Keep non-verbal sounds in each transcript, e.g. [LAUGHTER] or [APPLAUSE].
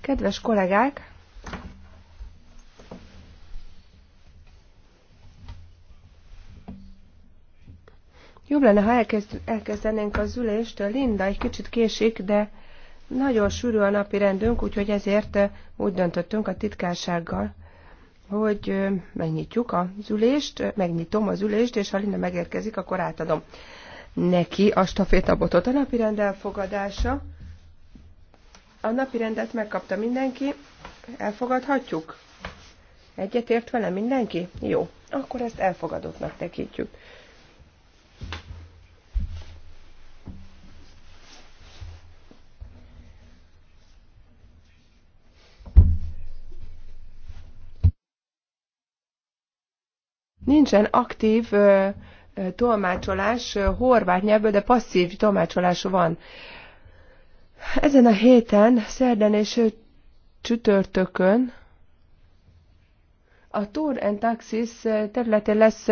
Kedves kollégák! Jobb lenne, ha elkezdenénk az ülést. Linda egy kicsit késik, de nagyon sűrű a napi rendünk, úgyhogy ezért úgy döntöttünk a titkársággal, hogy megnyitjuk az ülést, megnyitom az ülést, és ha Linda megérkezik, akkor átadom neki a stafétabotot a rend elfogadása. A napi rendet megkapta mindenki. Elfogadhatjuk? Egyetért vele mindenki? Jó, akkor ezt elfogadottnak tekintjük. Nincsen aktív ö, tolmácsolás horvát nyelvből, de passzív tolmácsolás van. Ezen a héten, szerden és csütörtökön a Tour and Taxis területén lesz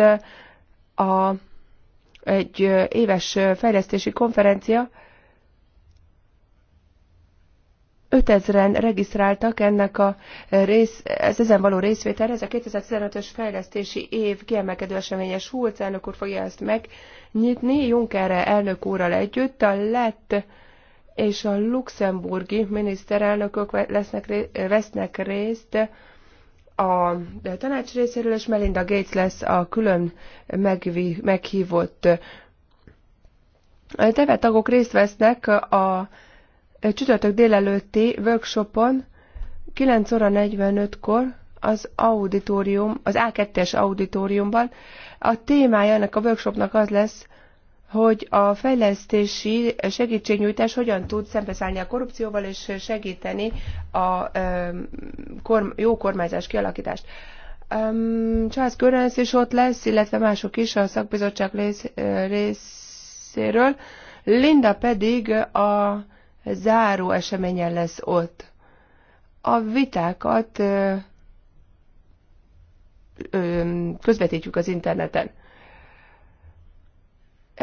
a, egy éves fejlesztési konferencia. 5000-en regisztráltak ennek a rész, ez ezen való részvétel, ez a 2015-ös fejlesztési év kiemelkedő eseményes Schulz elnök úr fogja ezt megnyitni, Junkerre elnök úrral együtt, a lett és a luxemburgi miniszterelnökök lesznek, vesznek részt a tanács részéről, és Melinda Gates lesz a külön megvi, meghívott teve tagok részt vesznek a csütörtök délelőtti workshopon 9 óra 45-kor az auditorium, az A2-es auditoriumban. A témája ennek a workshopnak az lesz, hogy a fejlesztési segítségnyújtás hogyan tud szembeszállni a korrupcióval és segíteni a jó kormányzás kialakítást. Charles Görens is ott lesz, illetve mások is a szakbizottság részéről. Linda pedig a záró eseményen lesz ott. A vitákat közvetítjük az interneten.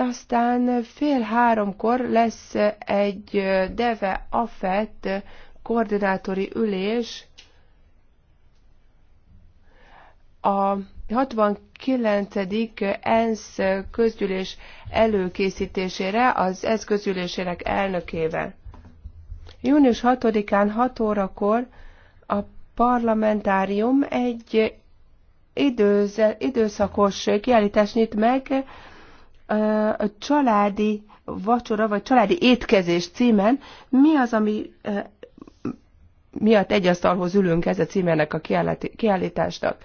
Aztán fél háromkor lesz egy Deve Afet koordinátori ülés a 69. ENSZ közgyűlés előkészítésére az ENSZ közgyűlésének elnökével. Június 6-án 6 órakor a parlamentárium egy időze, időszakos kiállítás nyit meg, a családi vacsora vagy családi étkezés címen mi az, ami miatt egy asztalhoz ülünk, ez a címenek a kiállításnak.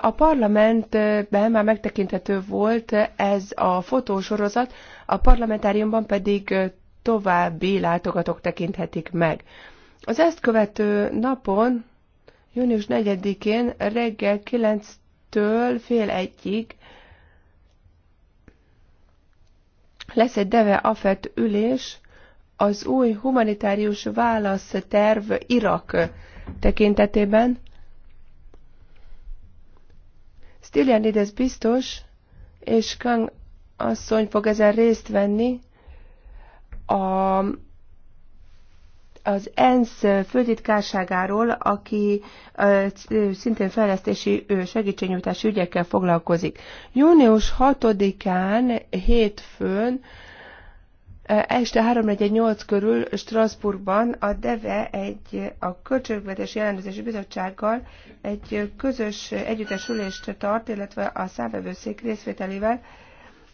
A parlamentben már megtekinthető volt ez a fotósorozat, a parlamentáriumban pedig további látogatók tekinthetik meg. Az ezt követő napon, június 4-én reggel 9-től fél egyig lesz egy Deve Afet ülés az új humanitárius válasz terv Irak tekintetében. Stylianides biztos, és Kang asszony fog ezen részt venni a az ENSZ főtitkárságáról, aki szintén fejlesztési segítségnyújtási ügyekkel foglalkozik. Június 6-án hétfőn este 348 körül Strasbourgban a DEVE egy a Költségvetési Ellenőrzési Bizottsággal egy közös együttesülést tart, illetve a számvevőszék részvételével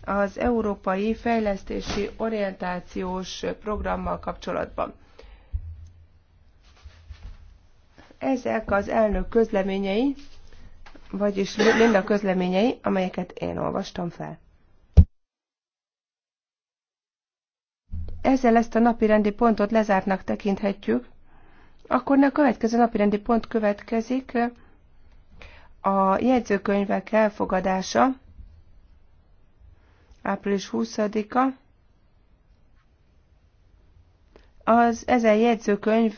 az Európai Fejlesztési Orientációs Programmal kapcsolatban. ezek az elnök közleményei, vagyis mind a közleményei, amelyeket én olvastam fel. Ezzel ezt a napirendi pontot lezártnak tekinthetjük. Akkor a következő napirendi pont következik, a jegyzőkönyvek elfogadása, április 20-a, az ezen jegyzőkönyv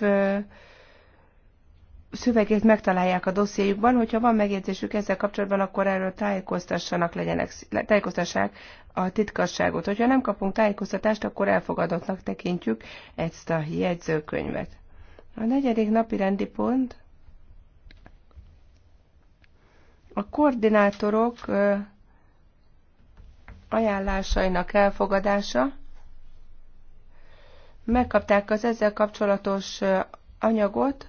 szövegét megtalálják a dossziéjukban, hogyha van megjegyzésük ezzel kapcsolatban, akkor erről tájékoztassanak legyenek, tájékoztassák a titkasságot. Hogyha nem kapunk tájékoztatást, akkor elfogadottnak tekintjük ezt a jegyzőkönyvet. A negyedik napi rendi pont a koordinátorok ajánlásainak elfogadása. Megkapták az ezzel kapcsolatos anyagot,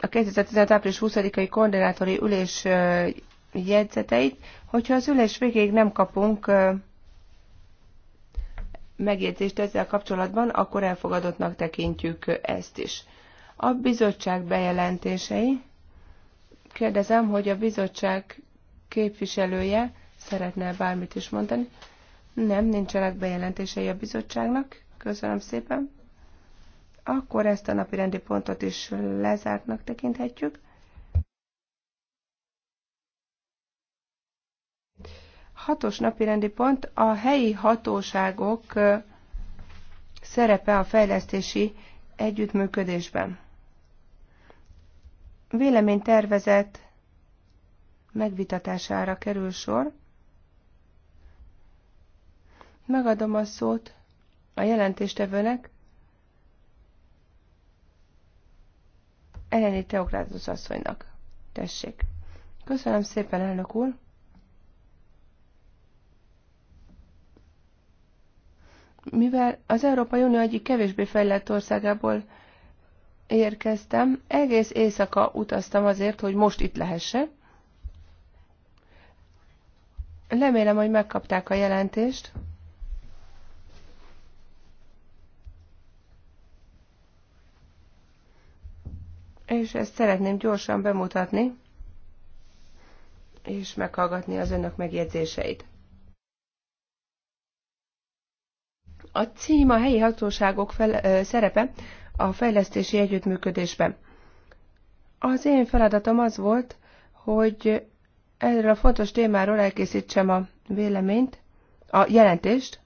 a 2015. április 20-ai koordinátori ülés jegyzeteit, hogyha az ülés végéig nem kapunk megjegyzést ezzel kapcsolatban, akkor elfogadottnak tekintjük ezt is. A bizottság bejelentései. Kérdezem, hogy a bizottság képviselője szeretne bármit is mondani. Nem, nincsenek bejelentései a bizottságnak. Köszönöm szépen akkor ezt a napi rendi pontot is lezártnak tekinthetjük. Hatos napi rendi pont a helyi hatóságok szerepe a fejlesztési együttműködésben. Véleménytervezet megvitatására kerül sor. Megadom a szót a jelentéstevőnek, Eleni Teokrátus asszonynak. Tessék. Köszönöm szépen, elnök úr. Mivel az Európai Unió egyik kevésbé fejlett országából érkeztem, egész éjszaka utaztam azért, hogy most itt lehesse. Remélem, hogy megkapták a jelentést. és ezt szeretném gyorsan bemutatni, és meghallgatni az önök megjegyzéseit. A cím a helyi hatóságok fel, ö, szerepe a fejlesztési együttműködésben. Az én feladatom az volt, hogy erről a fontos témáról elkészítsem a véleményt, a jelentést,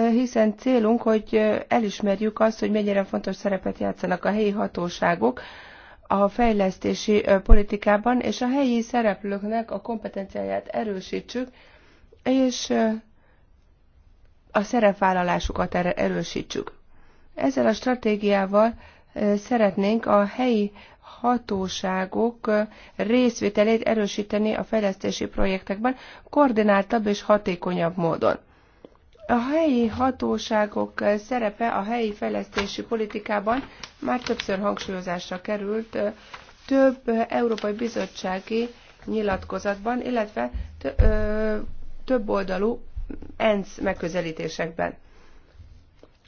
hiszen célunk, hogy elismerjük azt, hogy mennyire fontos szerepet játszanak a helyi hatóságok a fejlesztési politikában, és a helyi szereplőknek a kompetenciáját erősítsük, és a szerepvállalásukat erősítsük. Ezzel a stratégiával szeretnénk a helyi hatóságok részvételét erősíteni a fejlesztési projektekben koordináltabb és hatékonyabb módon. A helyi hatóságok szerepe a helyi fejlesztési politikában már többször hangsúlyozásra került több Európai Bizottsági nyilatkozatban, illetve több oldalú ENSZ megközelítésekben.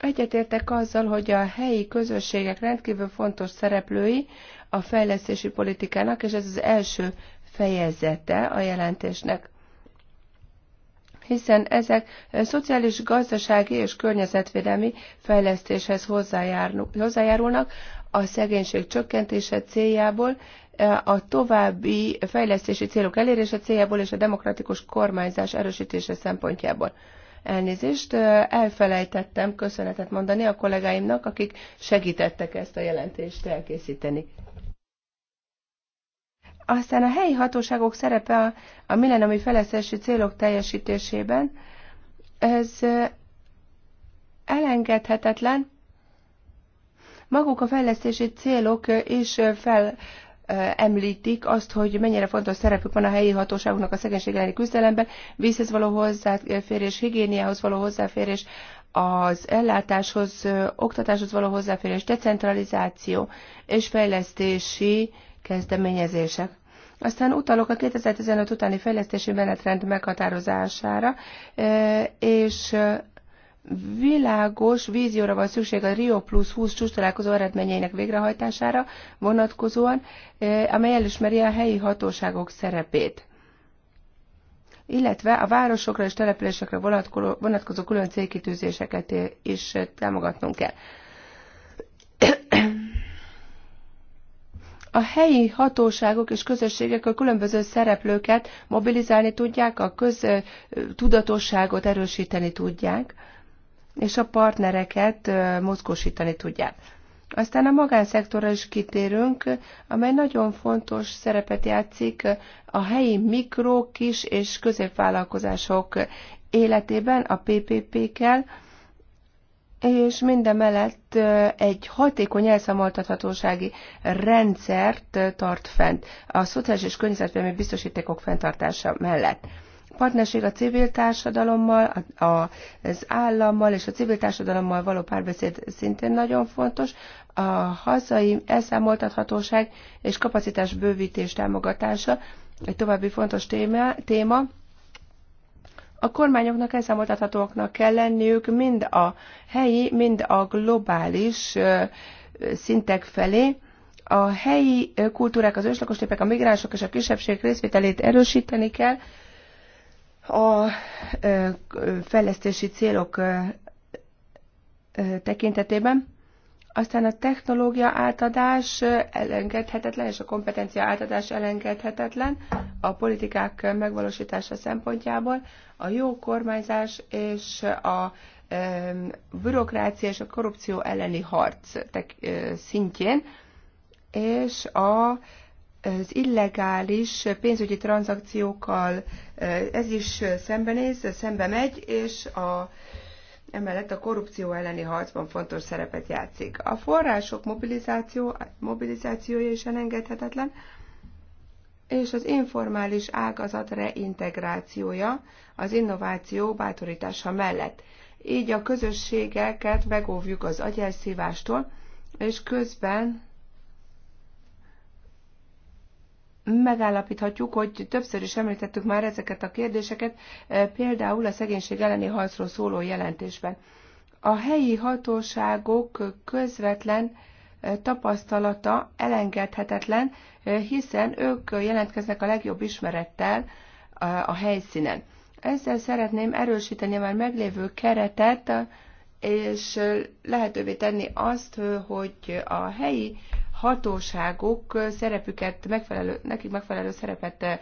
Egyetértek azzal, hogy a helyi közösségek rendkívül fontos szereplői a fejlesztési politikának, és ez az első fejezete a jelentésnek hiszen ezek szociális, gazdasági és környezetvédelmi fejlesztéshez hozzájárulnak a szegénység csökkentése céljából, a további fejlesztési célok elérése céljából és a demokratikus kormányzás erősítése szempontjából. Elnézést, elfelejtettem köszönetet mondani a kollégáimnak, akik segítettek ezt a jelentést elkészíteni. Aztán a helyi hatóságok szerepe a, a millenami feleszési célok teljesítésében, ez elengedhetetlen. Maguk a fejlesztési célok is fel, említik azt, hogy mennyire fontos szerepük van a helyi hatóságoknak a szegénység elleni küzdelemben, vízhez való hozzáférés, higiéniához való hozzáférés, az ellátáshoz, oktatáshoz való hozzáférés, decentralizáció és fejlesztési kezdeményezések. Aztán utalok a 2015 utáni fejlesztési menetrend meghatározására, e, és e, világos vízióra van szükség a Rio Plus 20 csúcs találkozó eredményeinek végrehajtására vonatkozóan, e, amely elismeri a helyi hatóságok szerepét illetve a városokra és településekre vonatkozó külön célkitűzéseket is támogatnunk kell a helyi hatóságok és közösségek a különböző szereplőket mobilizálni tudják, a köztudatosságot erősíteni tudják, és a partnereket mozgósítani tudják. Aztán a magánszektorra is kitérünk, amely nagyon fontos szerepet játszik a helyi mikro, kis és középvállalkozások életében a ppp kel és mindemellett egy hatékony elszámoltathatósági rendszert tart fent a szociális és környezetvédelmi biztosítékok fenntartása mellett. A partnerség a civil társadalommal, az állammal és a civil társadalommal való párbeszéd szintén nagyon fontos. A hazai elszámoltathatóság és kapacitás bővítés támogatása egy további fontos téma, téma a kormányoknak elszámoltathatóaknak kell lenniük mind a helyi, mind a globális szintek felé. A helyi kultúrák, az őslakos népek, a migránsok és a kisebbség részvételét erősíteni kell. A fejlesztési célok tekintetében aztán a technológia átadás elengedhetetlen, és a kompetencia átadás elengedhetetlen a politikák megvalósítása szempontjából. A jó kormányzás és a bürokrácia és a korrupció elleni harc szintjén, és a az illegális pénzügyi tranzakciókkal ez is szembenéz, szembe megy, és a emellett a korrupció elleni harcban fontos szerepet játszik. A források mobilizáció, mobilizációja is elengedhetetlen, és az informális ágazat reintegrációja az innováció bátorítása mellett. Így a közösségeket megóvjuk az agyelszívástól, és közben megállapíthatjuk, hogy többször is említettük már ezeket a kérdéseket, e, például a szegénység elleni harcról szóló jelentésben. A helyi hatóságok közvetlen e, tapasztalata elengedhetetlen, e, hiszen ők jelentkeznek a legjobb ismerettel a helyszínen. Ezzel szeretném erősíteni a már meglévő keretet, és lehetővé tenni azt, hogy a helyi hatóságok szerepüket megfelelő, nekik megfelelő szerepet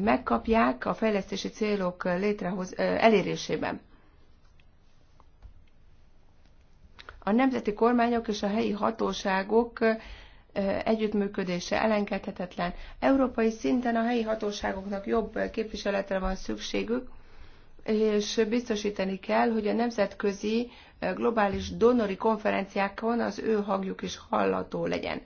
megkapják a fejlesztési célok létrehoz, elérésében. A nemzeti kormányok és a helyi hatóságok együttműködése elengedhetetlen. Európai szinten a helyi hatóságoknak jobb képviseletre van szükségük, és biztosítani kell, hogy a nemzetközi globális donori konferenciákon az ő hangjuk is hallató legyen.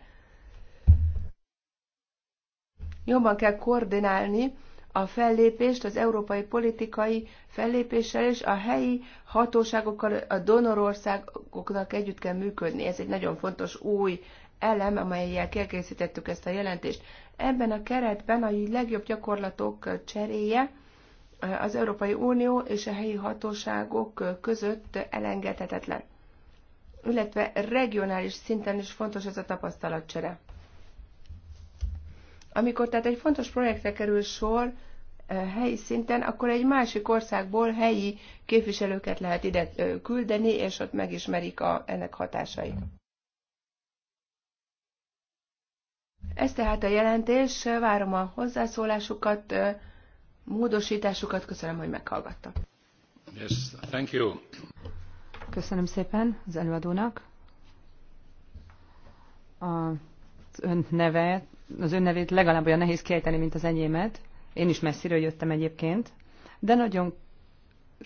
Jobban kell koordinálni a fellépést az európai politikai fellépéssel, és a helyi hatóságokkal, a donorországoknak együtt kell működni. Ez egy nagyon fontos új elem, amelyel kiegészítettük ezt a jelentést. Ebben a keretben a legjobb gyakorlatok cseréje, az Európai Unió és a helyi hatóságok között elengedhetetlen. Illetve regionális szinten is fontos ez a tapasztalatcsere. Amikor tehát egy fontos projektre kerül sor eh, helyi szinten, akkor egy másik országból helyi képviselőket lehet ide eh, küldeni, és ott megismerik a, ennek hatásait. Ez tehát a jelentés, várom a hozzászólásukat, eh, módosításukat. Köszönöm, hogy meghallgattak. Yes, thank you. Köszönöm szépen az előadónak. Az ön neve, az ön nevét legalább olyan nehéz kiejteni, mint az enyémet. Én is messziről jöttem egyébként, de nagyon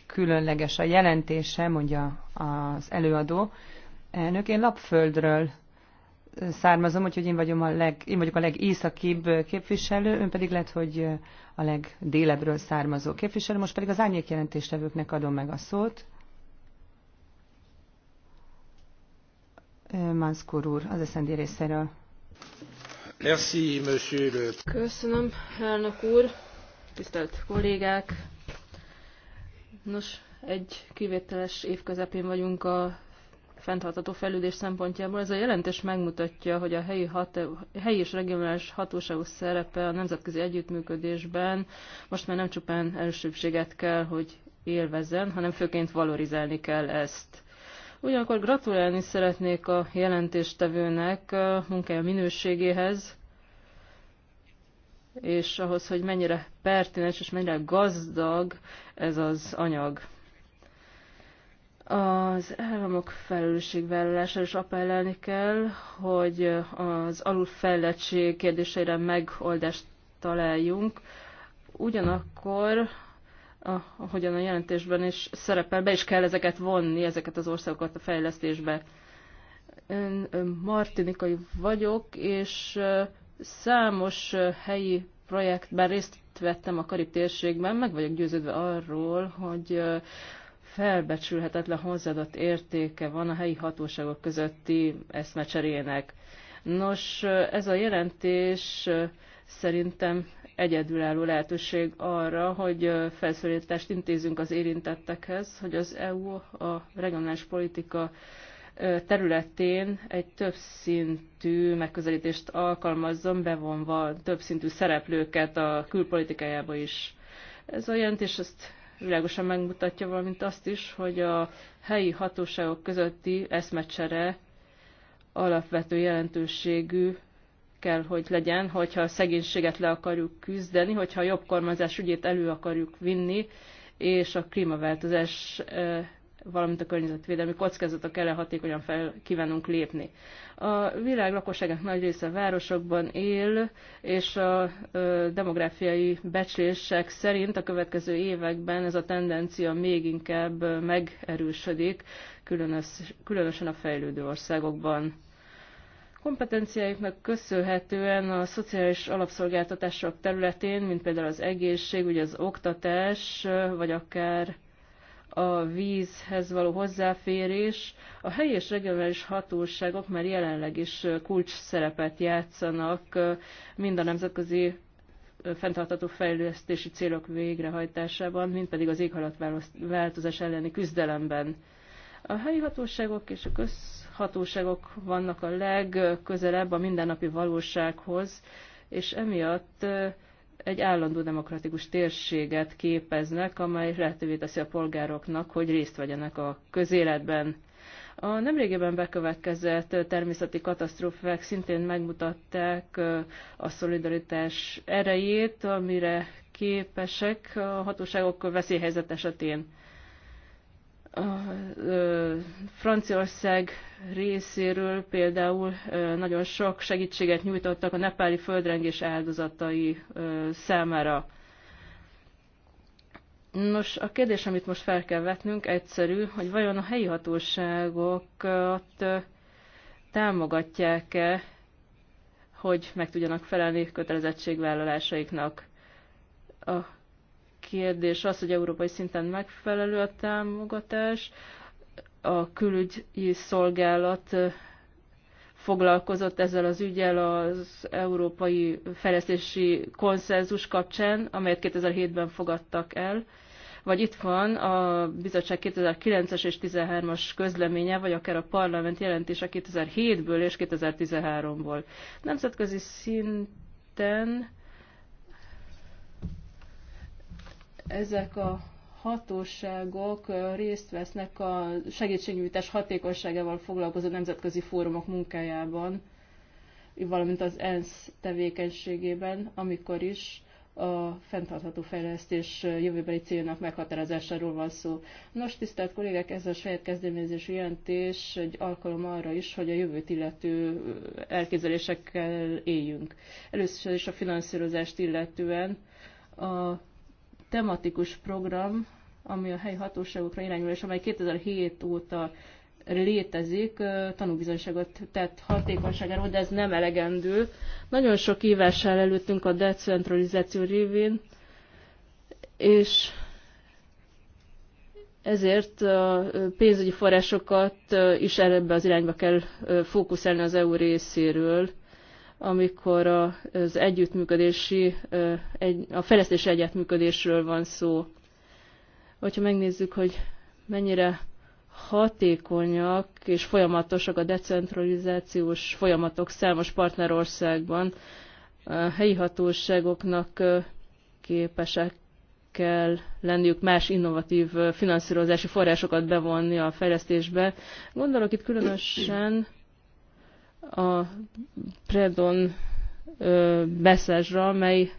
különleges a jelentése, mondja az előadó. Elnök, én lapföldről származom, úgyhogy én, vagyom a leg, én vagyok a legészakibb képviselő, ön pedig lehet, hogy a legdélebről származó képviselő. Most pedig az árnyék jelentéstevőknek adom meg a szót. Manszkor úr, az SZND részéről. Merci, monsieur Köszönöm, elnök úr, tisztelt kollégák. Nos, egy kivételes évközepén vagyunk a fenntartható fejlődés szempontjából. Ez a jelentés megmutatja, hogy a helyi, hat, helyi és regionális hatóságos szerepe a nemzetközi együttműködésben most már nem csupán elsőbséget kell, hogy élvezzen, hanem főként valorizálni kell ezt. Ugyanakkor gratulálni szeretnék a jelentéstevőnek a munkája minőségéhez, és ahhoz, hogy mennyire pertinens és mennyire gazdag ez az anyag. Az államok felelősségvállalása is appellelni kell, hogy az alulfejlettség kérdésére megoldást találjunk. Ugyanakkor, ahogyan a jelentésben is szerepel, be is kell ezeket vonni, ezeket az országokat a fejlesztésbe. Én martinikai vagyok, és számos helyi projektben részt vettem a Karib térségben, meg vagyok győződve arról, hogy felbecsülhetetlen hozzáadott értéke van a helyi hatóságok közötti eszmecserének. Nos, ez a jelentés szerintem egyedülálló lehetőség arra, hogy felszólítást intézünk az érintettekhez, hogy az EU a regionális politika területén egy többszintű megközelítést alkalmazzon, bevonva többszintű szereplőket a külpolitikájába is. Ez a jelentés ezt világosan megmutatja, valamint azt is, hogy a helyi hatóságok közötti eszmecsere alapvető jelentőségű kell, hogy legyen, hogyha a szegénységet le akarjuk küzdeni, hogyha a jobb kormányzás ügyét elő akarjuk vinni, és a klímaváltozás eh, valamint a környezetvédelmi kockázatok ellen hatékonyan fel kívánunk lépni. A világ lakosságának nagy része városokban él, és a demográfiai becslések szerint a következő években ez a tendencia még inkább megerősödik, különösen a fejlődő országokban kompetenciáiknak köszönhetően a szociális alapszolgáltatások területén, mint például az egészség, ugye az oktatás, vagy akár a vízhez való hozzáférés, a helyi és regionális hatóságok már jelenleg is kulcs szerepet játszanak mind a nemzetközi fenntartható fejlesztési célok végrehajtásában, mind pedig az éghajlatváltozás elleni küzdelemben. A helyi hatóságok és a közhatóságok vannak a legközelebb a mindennapi valósághoz, és emiatt egy állandó demokratikus térséget képeznek, amely lehetővé teszi a polgároknak, hogy részt vegyenek a közéletben. A nemrégében bekövetkezett természeti katasztrófák szintén megmutatták a szolidaritás erejét, amire képesek a hatóságok veszélyhelyzet esetén a Franciaország részéről például nagyon sok segítséget nyújtottak a nepáli földrengés áldozatai számára. Nos, a kérdés, amit most fel kell vetnünk, egyszerű, hogy vajon a helyi hatóságokat támogatják-e, hogy meg tudjanak felelni kötelezettségvállalásaiknak. A kérdés az, hogy európai szinten megfelelő a támogatás. A külügyi szolgálat foglalkozott ezzel az ügyel az Európai Fejlesztési Konszenzus kapcsán, amelyet 2007-ben fogadtak el. Vagy itt van a bizottság 2009-es és 13-as közleménye, vagy akár a parlament jelentése 2007-ből és 2013-ból. Nemzetközi szinten ezek a hatóságok részt vesznek a segítségnyújtás hatékonyságával foglalkozó nemzetközi fórumok munkájában, valamint az ENSZ tevékenységében, amikor is a fenntartható fejlesztés jövőbeli célnak meghatározásáról van szó. Nos, tisztelt kollégák, ez a saját kezdeményezésű jelentés egy alkalom arra is, hogy a jövőt illető elképzelésekkel éljünk. Először is a finanszírozást illetően a tematikus program, ami a helyi hatóságokra irányul, és amely 2007 óta létezik, tanúbizonyságot tett hatékonyságáról, de ez nem elegendő. Nagyon sok ívás áll előttünk a decentralizáció révén, és ezért a pénzügyi forrásokat is erre az irányba kell fókuszálni az EU részéről amikor az együttműködési, a fejlesztési együttműködésről van szó. Hogyha megnézzük, hogy mennyire hatékonyak és folyamatosak a decentralizációs folyamatok számos partnerországban, a helyi hatóságoknak képesek kell lenniük más innovatív finanszírozási forrásokat bevonni a fejlesztésbe. Gondolok itt különösen a Predon beszázsra, mely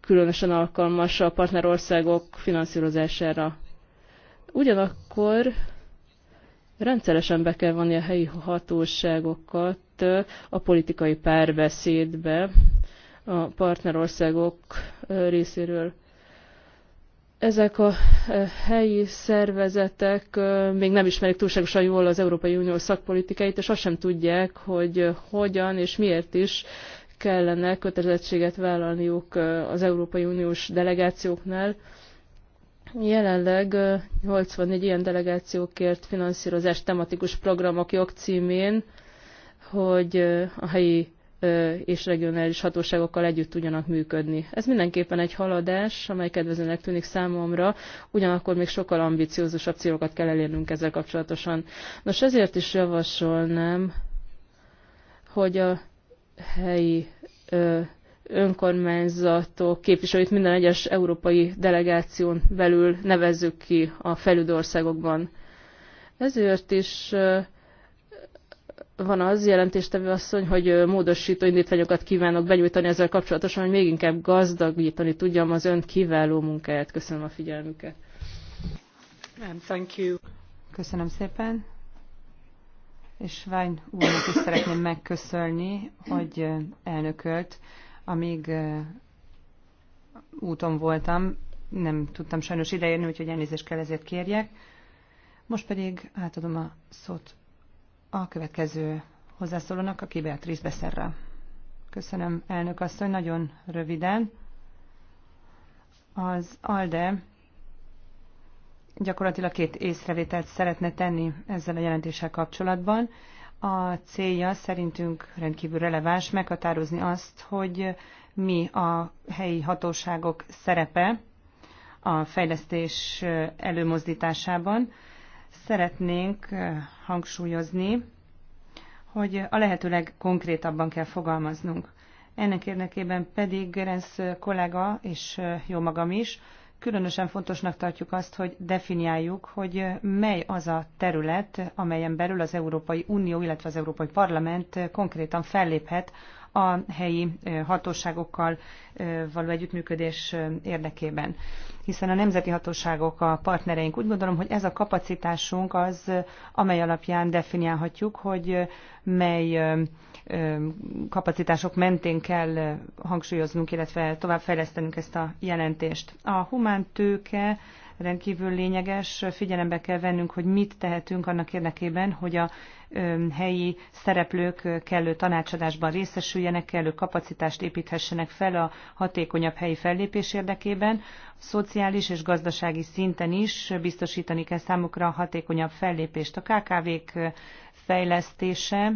különösen alkalmas a partnerországok finanszírozására. Ugyanakkor rendszeresen be kell vonni a helyi hatóságokat a politikai párbeszédbe a partnerországok részéről ezek a helyi szervezetek még nem ismerik túlságosan jól az Európai Unió szakpolitikáit, és azt sem tudják, hogy hogyan és miért is kellene kötelezettséget vállalniuk az Európai Uniós delegációknál. Jelenleg 84 ilyen delegációkért finanszírozás tematikus programok jogcímén, hogy a helyi és regionális hatóságokkal együtt tudjanak működni. Ez mindenképpen egy haladás, amely kedvezőnek tűnik számomra, ugyanakkor még sokkal ambiciózusabb célokat kell elérnünk ezzel kapcsolatosan. Nos, ezért is javasolnám, hogy a helyi önkormányzatok képviselőit minden egyes európai delegáción belül nevezzük ki a felüldországokban. Ezért is van az jelentéstevő asszony, hogy módosító indítványokat kívánok benyújtani ezzel kapcsolatosan, hogy még inkább gazdagítani tudjam az ön kiváló munkáját. Köszönöm a figyelmüket. Thank you. Köszönöm szépen. És Vány úrnak is szeretném megköszönni, hogy elnökölt, amíg úton voltam. Nem tudtam sajnos idejönni, úgyhogy elnézést kell ezért kérjek. Most pedig átadom a szót a következő hozzászólónak, aki Beatrice Beszerra. Köszönöm, elnök asszony, nagyon röviden. Az ALDE gyakorlatilag két észrevételt szeretne tenni ezzel a jelentéssel kapcsolatban. A célja szerintünk rendkívül releváns meghatározni azt, hogy mi a helyi hatóságok szerepe a fejlesztés előmozdításában, Szeretnénk hangsúlyozni, hogy a lehetőleg konkrétabban kell fogalmaznunk. Ennek érdekében pedig Gerenc kollega és jó magam is különösen fontosnak tartjuk azt, hogy definiáljuk, hogy mely az a terület, amelyen belül az Európai Unió, illetve az Európai Parlament konkrétan felléphet a helyi hatóságokkal való együttműködés érdekében. Hiszen a nemzeti hatóságok a partnereink. Úgy gondolom, hogy ez a kapacitásunk az, amely alapján definiálhatjuk, hogy mely kapacitások mentén kell hangsúlyoznunk, illetve továbbfejlesztenünk ezt a jelentést. A humántőke rendkívül lényeges. Figyelembe kell vennünk, hogy mit tehetünk annak érdekében, hogy a helyi szereplők kellő tanácsadásban részesüljenek, kellő kapacitást építhessenek fel a hatékonyabb helyi fellépés érdekében. szociális és gazdasági szinten is biztosítani kell számukra a hatékonyabb fellépést. A KKV-k fejlesztése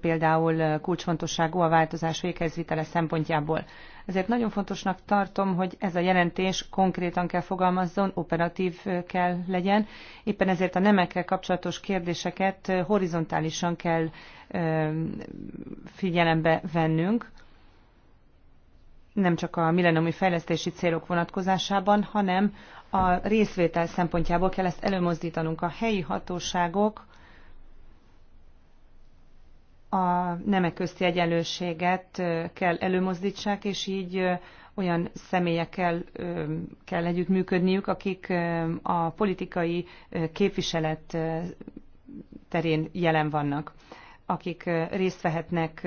például kulcsfontosságú a változás véghezvitele szempontjából. Ezért nagyon fontosnak tartom, hogy ez a jelentés konkrétan kell fogalmazzon, operatív kell legyen. Éppen ezért a nemekkel kapcsolatos kérdéseket horizontálisan kell figyelembe vennünk nem csak a millenniumi fejlesztési célok vonatkozásában, hanem a részvétel szempontjából kell ezt előmozdítanunk. A helyi hatóságok a nemek közti egyenlőséget kell előmozdítsák, és így olyan személyekkel kell együttműködniük, akik a politikai képviselet terén jelen vannak akik részt vehetnek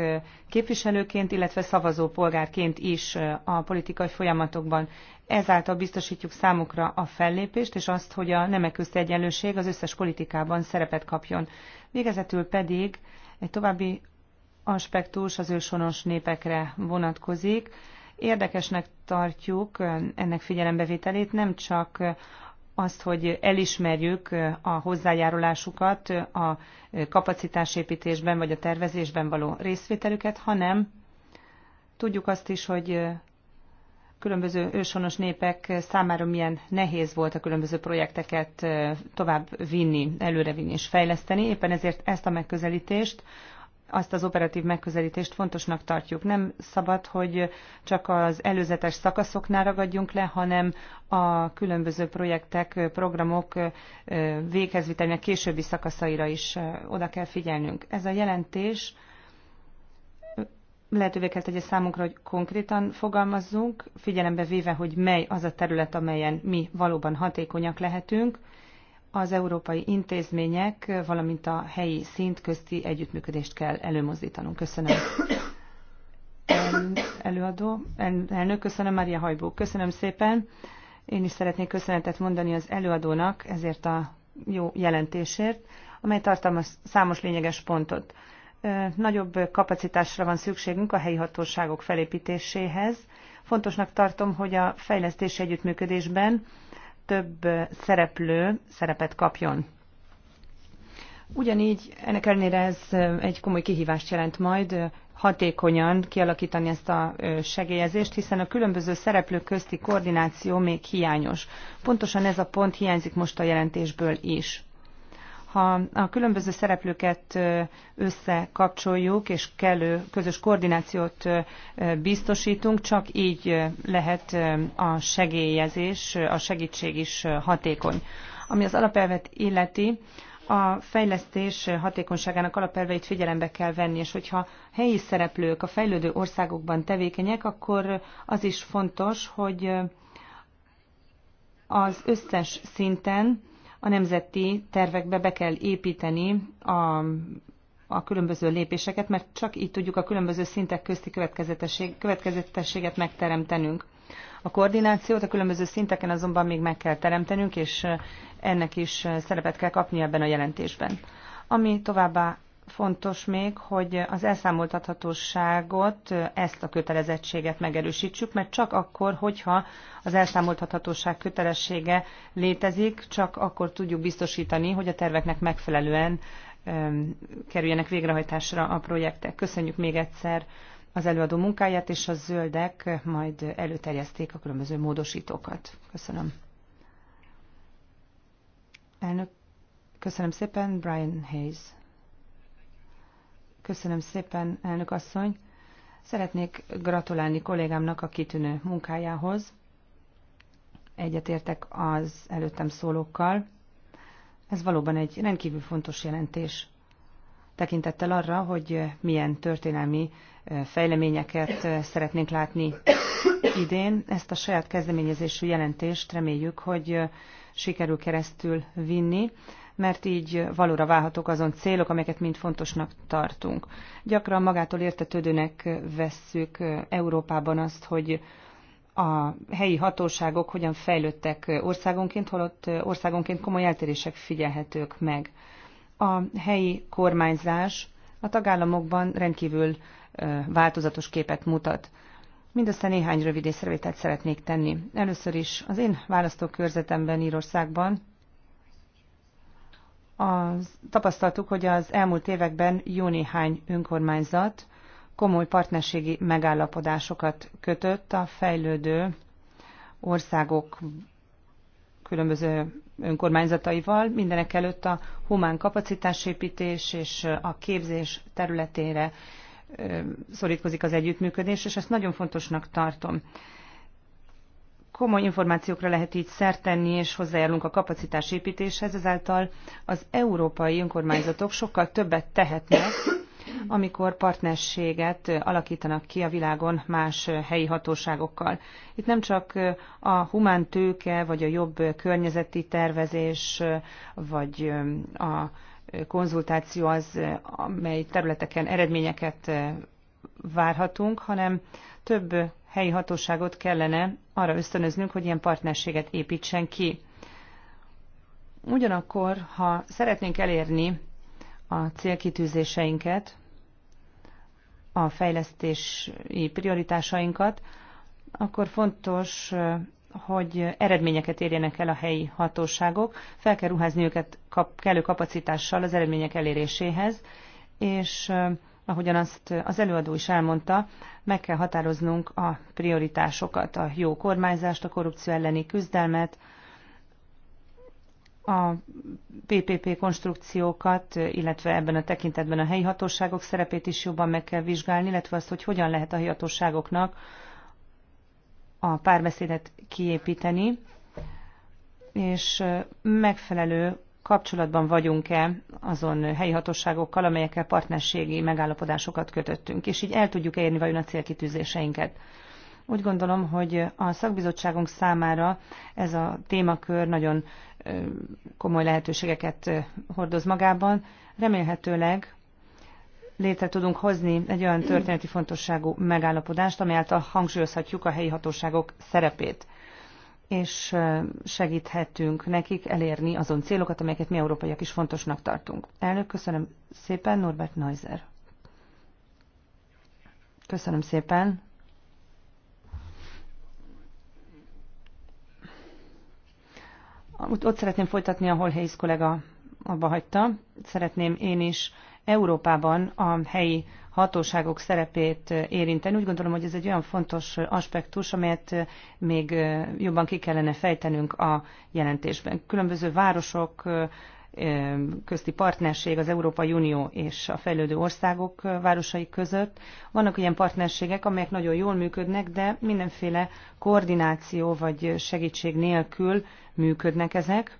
képviselőként, illetve szavazó polgárként is a politikai folyamatokban. Ezáltal biztosítjuk számukra a fellépést, és azt, hogy a nemek közti egyenlőség az összes politikában szerepet kapjon. Végezetül pedig egy további aspektus az őshonos népekre vonatkozik. Érdekesnek tartjuk ennek figyelembevételét nem csak azt, hogy elismerjük a hozzájárulásukat a kapacitásépítésben vagy a tervezésben való részvételüket, hanem tudjuk azt is, hogy különböző őshonos népek számára milyen nehéz volt a különböző projekteket tovább vinni, előrevinni és fejleszteni. Éppen ezért ezt a megközelítést, azt az operatív megközelítést fontosnak tartjuk. Nem szabad, hogy csak az előzetes szakaszoknál ragadjunk le, hanem a különböző projektek, programok véghezvitelnek későbbi szakaszaira is oda kell figyelnünk. Ez a jelentés lehetővé kell tegye számunkra, hogy konkrétan fogalmazzunk, figyelembe véve, hogy mely az a terület, amelyen mi valóban hatékonyak lehetünk, az európai intézmények, valamint a helyi szint közti együttműködést kell előmozdítanunk. Köszönöm. előadó, elnök, köszönöm, Mária Hajbó. Köszönöm szépen. Én is szeretnék köszönetet mondani az előadónak ezért a jó jelentésért, amely tartalmaz számos lényeges pontot nagyobb kapacitásra van szükségünk a helyi hatóságok felépítéséhez. Fontosnak tartom, hogy a fejlesztési együttműködésben több szereplő szerepet kapjon. Ugyanígy ennek ellenére ez egy komoly kihívást jelent majd hatékonyan kialakítani ezt a segélyezést, hiszen a különböző szereplők közti koordináció még hiányos. Pontosan ez a pont hiányzik most a jelentésből is ha a különböző szereplőket összekapcsoljuk, és kellő közös koordinációt biztosítunk, csak így lehet a segélyezés, a segítség is hatékony. Ami az alapelvet illeti, a fejlesztés hatékonyságának alapelveit figyelembe kell venni, és hogyha helyi szereplők a fejlődő országokban tevékenyek, akkor az is fontos, hogy az összes szinten a nemzeti tervekbe be kell építeni a a különböző lépéseket, mert csak így tudjuk a különböző szintek közti következetesség, következetességet megteremtenünk. A koordinációt a különböző szinteken azonban még meg kell teremtenünk, és eh, ennek is eh, szerepet kell kapnia ebben a jelentésben. Ami továbbá Fontos még, hogy az elszámoltathatóságot, ezt a kötelezettséget megerősítsük, mert csak akkor, hogyha az elszámoltathatóság kötelessége létezik, csak akkor tudjuk biztosítani, hogy a terveknek megfelelően kerüljenek végrehajtásra a projektek. Köszönjük még egyszer az előadó munkáját, és a zöldek majd előterjeszték a különböző módosítókat. Köszönöm. Elnök, köszönöm szépen, Brian Hayes. Köszönöm szépen, elnök asszony. Szeretnék gratulálni kollégámnak a kitűnő munkájához. Egyetértek az előttem szólókkal. Ez valóban egy rendkívül fontos jelentés. Tekintettel arra, hogy milyen történelmi fejleményeket szeretnénk látni idén, ezt a saját kezdeményezésű jelentést reméljük, hogy sikerül keresztül vinni mert így valóra válhatók azon célok, amelyeket mind fontosnak tartunk. Gyakran magától értetődőnek vesszük Európában azt, hogy a helyi hatóságok hogyan fejlődtek országonként, holott országonként komoly eltérések figyelhetők meg. A helyi kormányzás a tagállamokban rendkívül változatos képet mutat. Mindössze néhány rövid észrevételt szeretnék tenni. Először is az én választókörzetemben Írországban az, tapasztaltuk, hogy az elmúlt években jó néhány önkormányzat komoly partnerségi megállapodásokat kötött a fejlődő országok különböző önkormányzataival, mindenek előtt a humán kapacitásépítés és a képzés területére szorítkozik az együttműködés, és ezt nagyon fontosnak tartom komoly információkra lehet így szert tenni, és hozzájárulunk a kapacitásépítéshez, ezáltal az európai önkormányzatok sokkal többet tehetnek, amikor partnerséget alakítanak ki a világon más helyi hatóságokkal. Itt nem csak a humán tőke, vagy a jobb környezeti tervezés, vagy a konzultáció az, amely területeken eredményeket várhatunk, hanem több helyi hatóságot kellene arra ösztönöznünk, hogy ilyen partnerséget építsen ki. Ugyanakkor, ha szeretnénk elérni a célkitűzéseinket, a fejlesztési prioritásainkat, akkor fontos, hogy eredményeket érjenek el a helyi hatóságok, fel kell ruházni őket kap, kellő kapacitással az eredmények eléréséhez, és ahogyan azt az előadó is elmondta, meg kell határoznunk a prioritásokat, a jó kormányzást, a korrupció elleni küzdelmet, a PPP konstrukciókat, illetve ebben a tekintetben a helyi hatóságok szerepét is jobban meg kell vizsgálni, illetve azt, hogy hogyan lehet a helyi hatóságoknak a párbeszédet kiépíteni, és megfelelő kapcsolatban vagyunk-e azon helyi hatóságokkal, amelyekkel partnerségi megállapodásokat kötöttünk, és így el tudjuk érni vajon a célkitűzéseinket. Úgy gondolom, hogy a szakbizottságunk számára ez a témakör nagyon komoly lehetőségeket hordoz magában. Remélhetőleg létre tudunk hozni egy olyan történeti fontosságú megállapodást, amely által hangsúlyozhatjuk a helyi hatóságok szerepét és segíthetünk nekik elérni azon célokat, amelyeket mi európaiak is fontosnak tartunk. Elnök, köszönöm szépen, Norbert Neuser. Köszönöm szépen. Ott szeretném folytatni, ahol Hayes kollega abba hagyta. Szeretném én is Európában a helyi hatóságok szerepét érinteni. Úgy gondolom, hogy ez egy olyan fontos aspektus, amelyet még jobban ki kellene fejtenünk a jelentésben. Különböző városok, közti partnerség az Európai Unió és a fejlődő országok városai között. Vannak ilyen partnerségek, amelyek nagyon jól működnek, de mindenféle koordináció vagy segítség nélkül működnek ezek.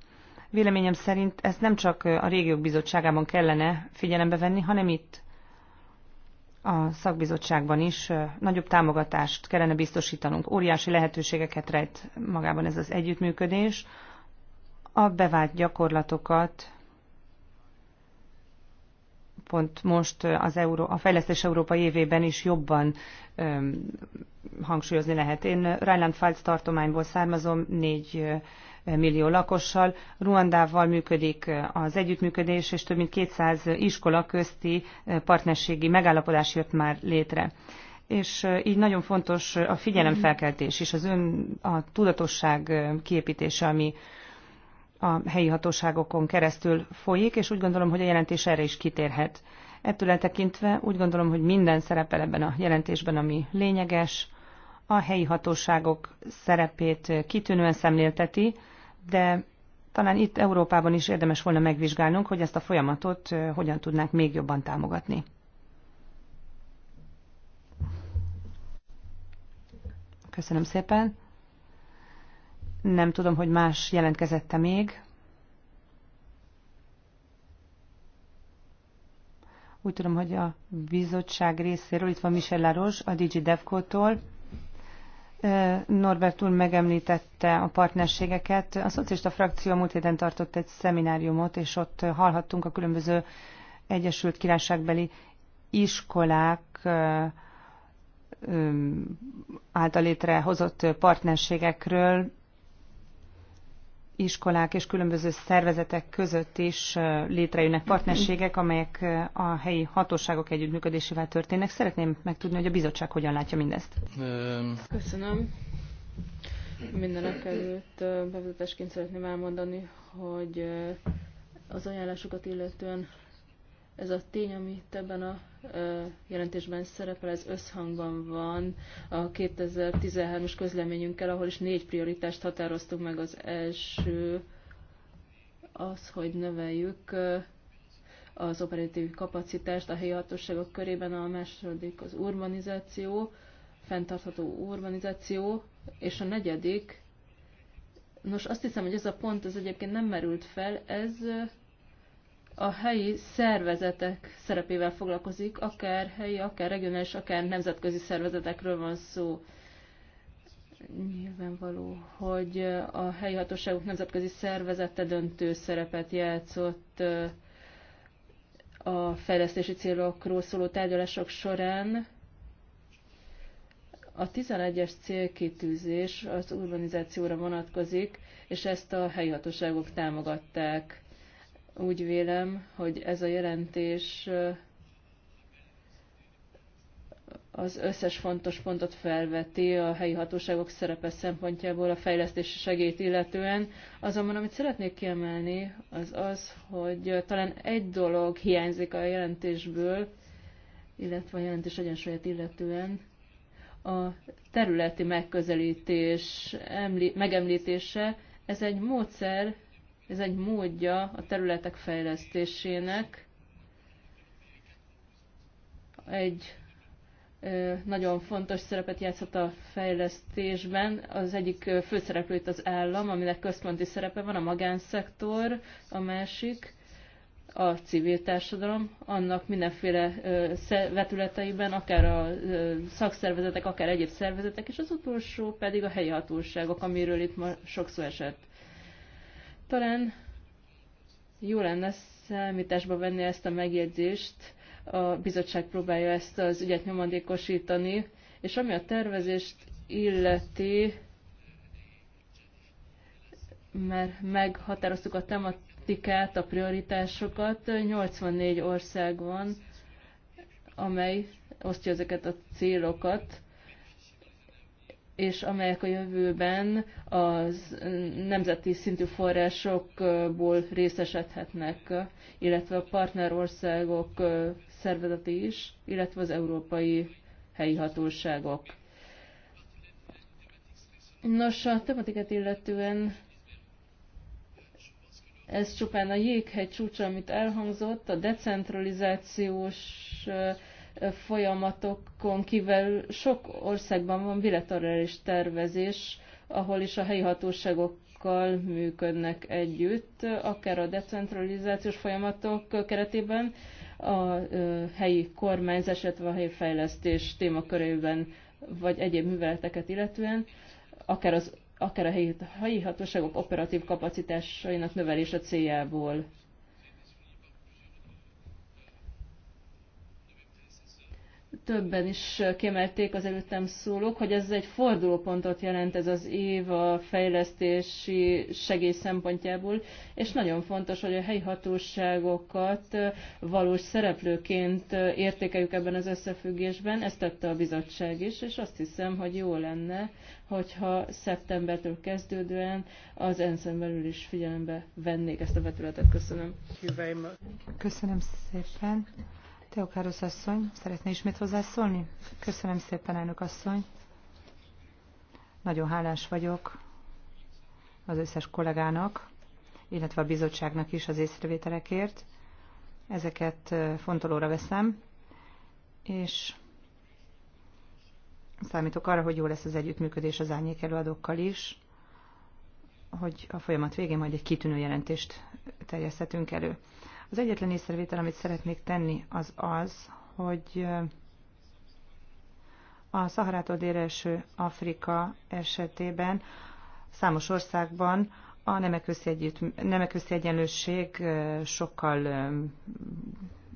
Véleményem szerint ezt nem csak a régiók bizottságában kellene figyelembe venni, hanem itt a szakbizottságban is nagyobb támogatást kellene biztosítanunk. Óriási lehetőségeket rejt magában ez az együttműködés. A bevált gyakorlatokat pont most az Euró, a Fejlesztés Európa évében is jobban öm, hangsúlyozni lehet. Én Rheinland-Pfalz tartományból származom, négy millió lakossal. Ruandával működik az együttműködés, és több mint 200 iskola közti partnerségi megállapodás jött már létre. És így nagyon fontos a figyelemfelkeltés és az ön, a tudatosság kiépítése, ami a helyi hatóságokon keresztül folyik, és úgy gondolom, hogy a jelentés erre is kitérhet. Ettől eltekintve úgy gondolom, hogy minden szerepel ebben a jelentésben, ami lényeges, a helyi hatóságok szerepét kitűnően szemlélteti, de talán itt Európában is érdemes volna megvizsgálnunk, hogy ezt a folyamatot hogyan tudnánk még jobban támogatni. Köszönöm szépen. Nem tudom, hogy más jelentkezette még. Úgy tudom, hogy a bizottság részéről, itt van Michel Laros, a DigiDevco-tól. Norbert úr megemlítette a partnerségeket. A szocialista frakció múlt héten tartott egy szemináriumot, és ott hallhattunk a különböző Egyesült Királyságbeli iskolák által létrehozott partnerségekről, iskolák és különböző szervezetek között is létrejönnek partnerségek, amelyek a helyi hatóságok együttműködésével történnek. Szeretném megtudni, hogy a bizottság hogyan látja mindezt. Köszönöm. Mindenek előtt bevezetésként szeretném elmondani, hogy az ajánlásokat illetően ez a tény, amit ebben a jelentésben szerepel, ez összhangban van a 2013-as közleményünkkel, ahol is négy prioritást határoztunk meg. Az első az, hogy növeljük az operatív kapacitást a helyi hatóságok körében, a második az urbanizáció, fenntartható urbanizáció, és a negyedik, nos azt hiszem, hogy ez a pont, ez egyébként nem merült fel, ez a helyi szervezetek szerepével foglalkozik, akár helyi, akár regionális, akár nemzetközi szervezetekről van szó. Nyilvánvaló, hogy a helyi hatóságok nemzetközi szervezete döntő szerepet játszott a fejlesztési célokról szóló tárgyalások során. A 11-es célkitűzés az urbanizációra vonatkozik, és ezt a helyi hatóságok támogatták úgy vélem, hogy ez a jelentés az összes fontos pontot felveti a helyi hatóságok szerepe szempontjából a fejlesztési segélyt illetően. Azonban, amit szeretnék kiemelni, az az, hogy talán egy dolog hiányzik a jelentésből, illetve a jelentés egyensúlyát illetően, a területi megközelítés emli- megemlítése. Ez egy módszer, ez egy módja a területek fejlesztésének, egy nagyon fontos szerepet játszott a fejlesztésben. Az egyik főszereplő itt az állam, aminek központi szerepe van, a magánszektor, a másik a civil társadalom, annak mindenféle vetületeiben, akár a szakszervezetek, akár egyéb szervezetek, és az utolsó pedig a helyi hatóságok, amiről itt ma sokszor esett talán jó lenne számításba venni ezt a megjegyzést, a bizottság próbálja ezt az ügyet nyomandékosítani, és ami a tervezést illeti, mert meghatároztuk a tematikát, a prioritásokat, 84 ország van, amely osztja ezeket a célokat, és amelyek a jövőben az nemzeti szintű forrásokból részesedhetnek, illetve a partnerországok szervezeti is, illetve az európai helyi hatóságok. Nos, a tematikát illetően ez csupán a jéghegy csúcsa, amit elhangzott, a decentralizációs folyamatokon kívül sok országban van bilaterális tervezés, ahol is a helyi hatóságokkal működnek együtt, akár a decentralizációs folyamatok keretében, a helyi kormányzás, illetve a helyi fejlesztés témakörében, vagy egyéb műveleteket illetően, akár, az, akár a helyi, helyi hatóságok operatív kapacitásainak növelése céljából többen is kiemelték az előttem szólók, hogy ez egy fordulópontot jelent ez az év a fejlesztési segély szempontjából, és nagyon fontos, hogy a helyi hatóságokat valós szereplőként értékeljük ebben az összefüggésben, ezt tette a bizottság is, és azt hiszem, hogy jó lenne, hogyha szeptembertől kezdődően az ENSZ-en belül is figyelembe vennék ezt a vetületet. Köszönöm. Köszönöm szépen. Teokárusz asszony, szeretné ismét hozzászólni? Köszönöm szépen, elnök asszony. Nagyon hálás vagyok az összes kollégának, illetve a bizottságnak is az észrevételekért. Ezeket fontolóra veszem, és számítok arra, hogy jó lesz az együttműködés az árnyék előadókkal is, hogy a folyamat végén majd egy kitűnő jelentést terjeszthetünk elő. Az egyetlen észrevétel, amit szeretnék tenni, az az, hogy a Szaharától délre eső Afrika esetében számos országban a nemek, összeegyütt, nemek összeegyenlőség sokkal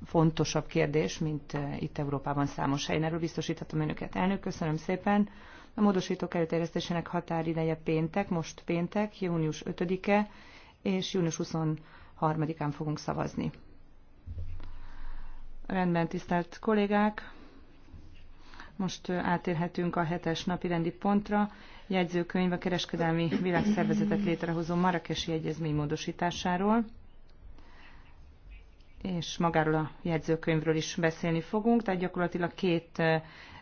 fontosabb kérdés, mint itt Európában számos helyen. Erről biztosíthatom önöket. Elnök, köszönöm szépen. A módosítók előterjesztésének határideje péntek, most péntek, június 5-e, és június 20 3-án fogunk szavazni. Rendben, tisztelt kollégák! Most átérhetünk a hetes napi rendi pontra. Jegyzőkönyv a kereskedelmi világszervezetet létrehozó Marrakesi Egyezmény módosításáról és magáról a jegyzőkönyvről is beszélni fogunk, tehát gyakorlatilag két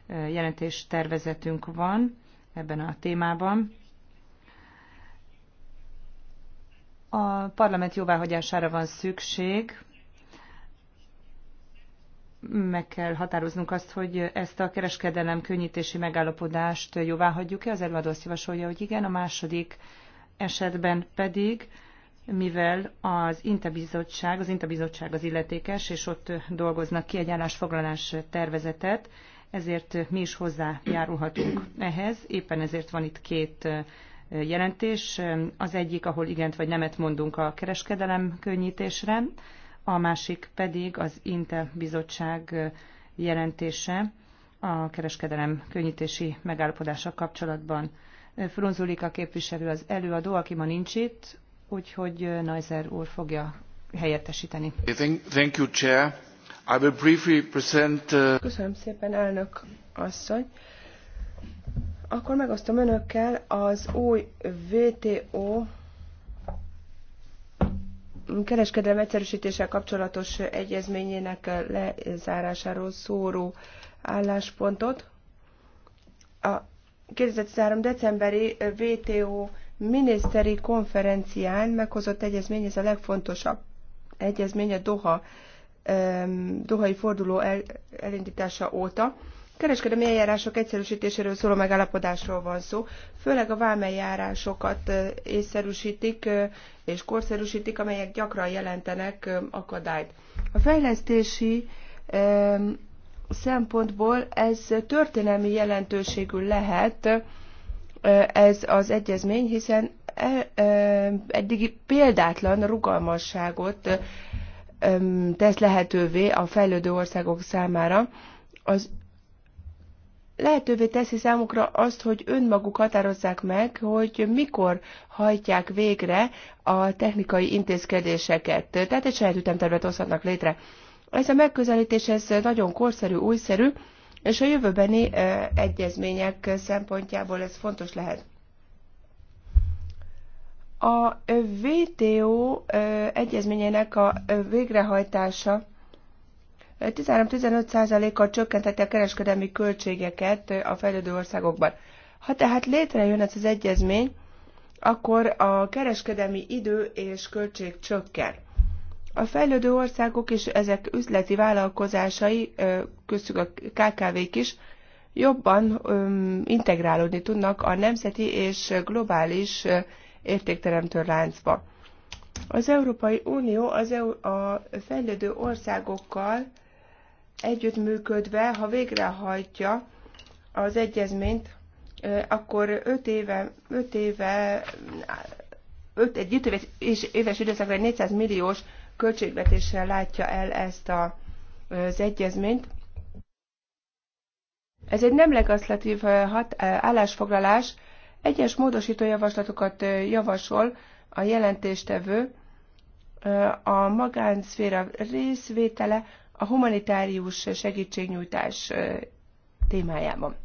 jelentés tervezetünk van ebben a témában. A parlament jóváhagyására van szükség. Meg kell határoznunk azt, hogy ezt a kereskedelem könnyítési megállapodást jóváhagyjuk-e. Az előadó azt javasolja, hogy igen. A második esetben pedig mivel az Interbizottság, az Interbizottság az illetékes, és ott dolgoznak ki egy állásfoglalás tervezetet, ezért mi is hozzájárulhatunk ehhez. Éppen ezért van itt két jelentés. Az egyik, ahol igent vagy nemet mondunk a kereskedelem könnyítésre, a másik pedig az INTE bizottság jelentése a kereskedelem könnyítési megállapodása kapcsolatban. Frunzulika képviselő az előadó, aki ma nincs itt, úgyhogy Neuser úr fogja helyettesíteni. Thank you, Chair. I will briefly present, uh... Köszönöm szépen, elnök asszony akkor megosztom önökkel az új VTO kereskedelem egyszerűsítéssel kapcsolatos egyezményének lezárásáról szóró álláspontot. A 2013. decemberi VTO miniszteri konferencián meghozott egyezmény, ez a legfontosabb egyezmény a Doha, Dohai forduló el, elindítása óta kereskedelmi eljárások egyszerűsítéséről szóló megállapodásról van szó, főleg a vámeljárásokat észszerűsítik és korszerűsítik, amelyek gyakran jelentenek akadályt. A fejlesztési szempontból ez történelmi jelentőségű lehet, ez az egyezmény, hiszen e, eddigi példátlan rugalmasságot tesz lehetővé a fejlődő országok számára. Az lehetővé teszi számukra azt, hogy önmaguk határozzák meg, hogy mikor hajtják végre a technikai intézkedéseket. Tehát egy saját ütemtervet hozhatnak létre. Ez a megközelítés ez nagyon korszerű, újszerű, és a jövőbeni egyezmények szempontjából ez fontos lehet. A VTO egyezményének a végrehajtása 13-15%-kal csökkentette a kereskedelmi költségeket a fejlődő országokban. Ha tehát létrejön ez az egyezmény, akkor a kereskedelmi idő és költség csökken. A fejlődő országok és ezek üzleti vállalkozásai, köztük a KKV-k is, jobban integrálódni tudnak a nemzeti és globális értékteremtő láncba. Az Európai Unió az EU, a fejlődő országokkal együttműködve, ha végrehajtja az egyezményt, akkor 5 éve, 5 éve, 5, egy éves, és éves időszakra egy 400 milliós költségvetéssel látja el ezt a, az egyezményt. Ez egy nem legaszlatív hat, állásfoglalás, egyes módosító javaslatokat javasol a jelentéstevő, a magánszféra részvétele a humanitárius segítségnyújtás témájában.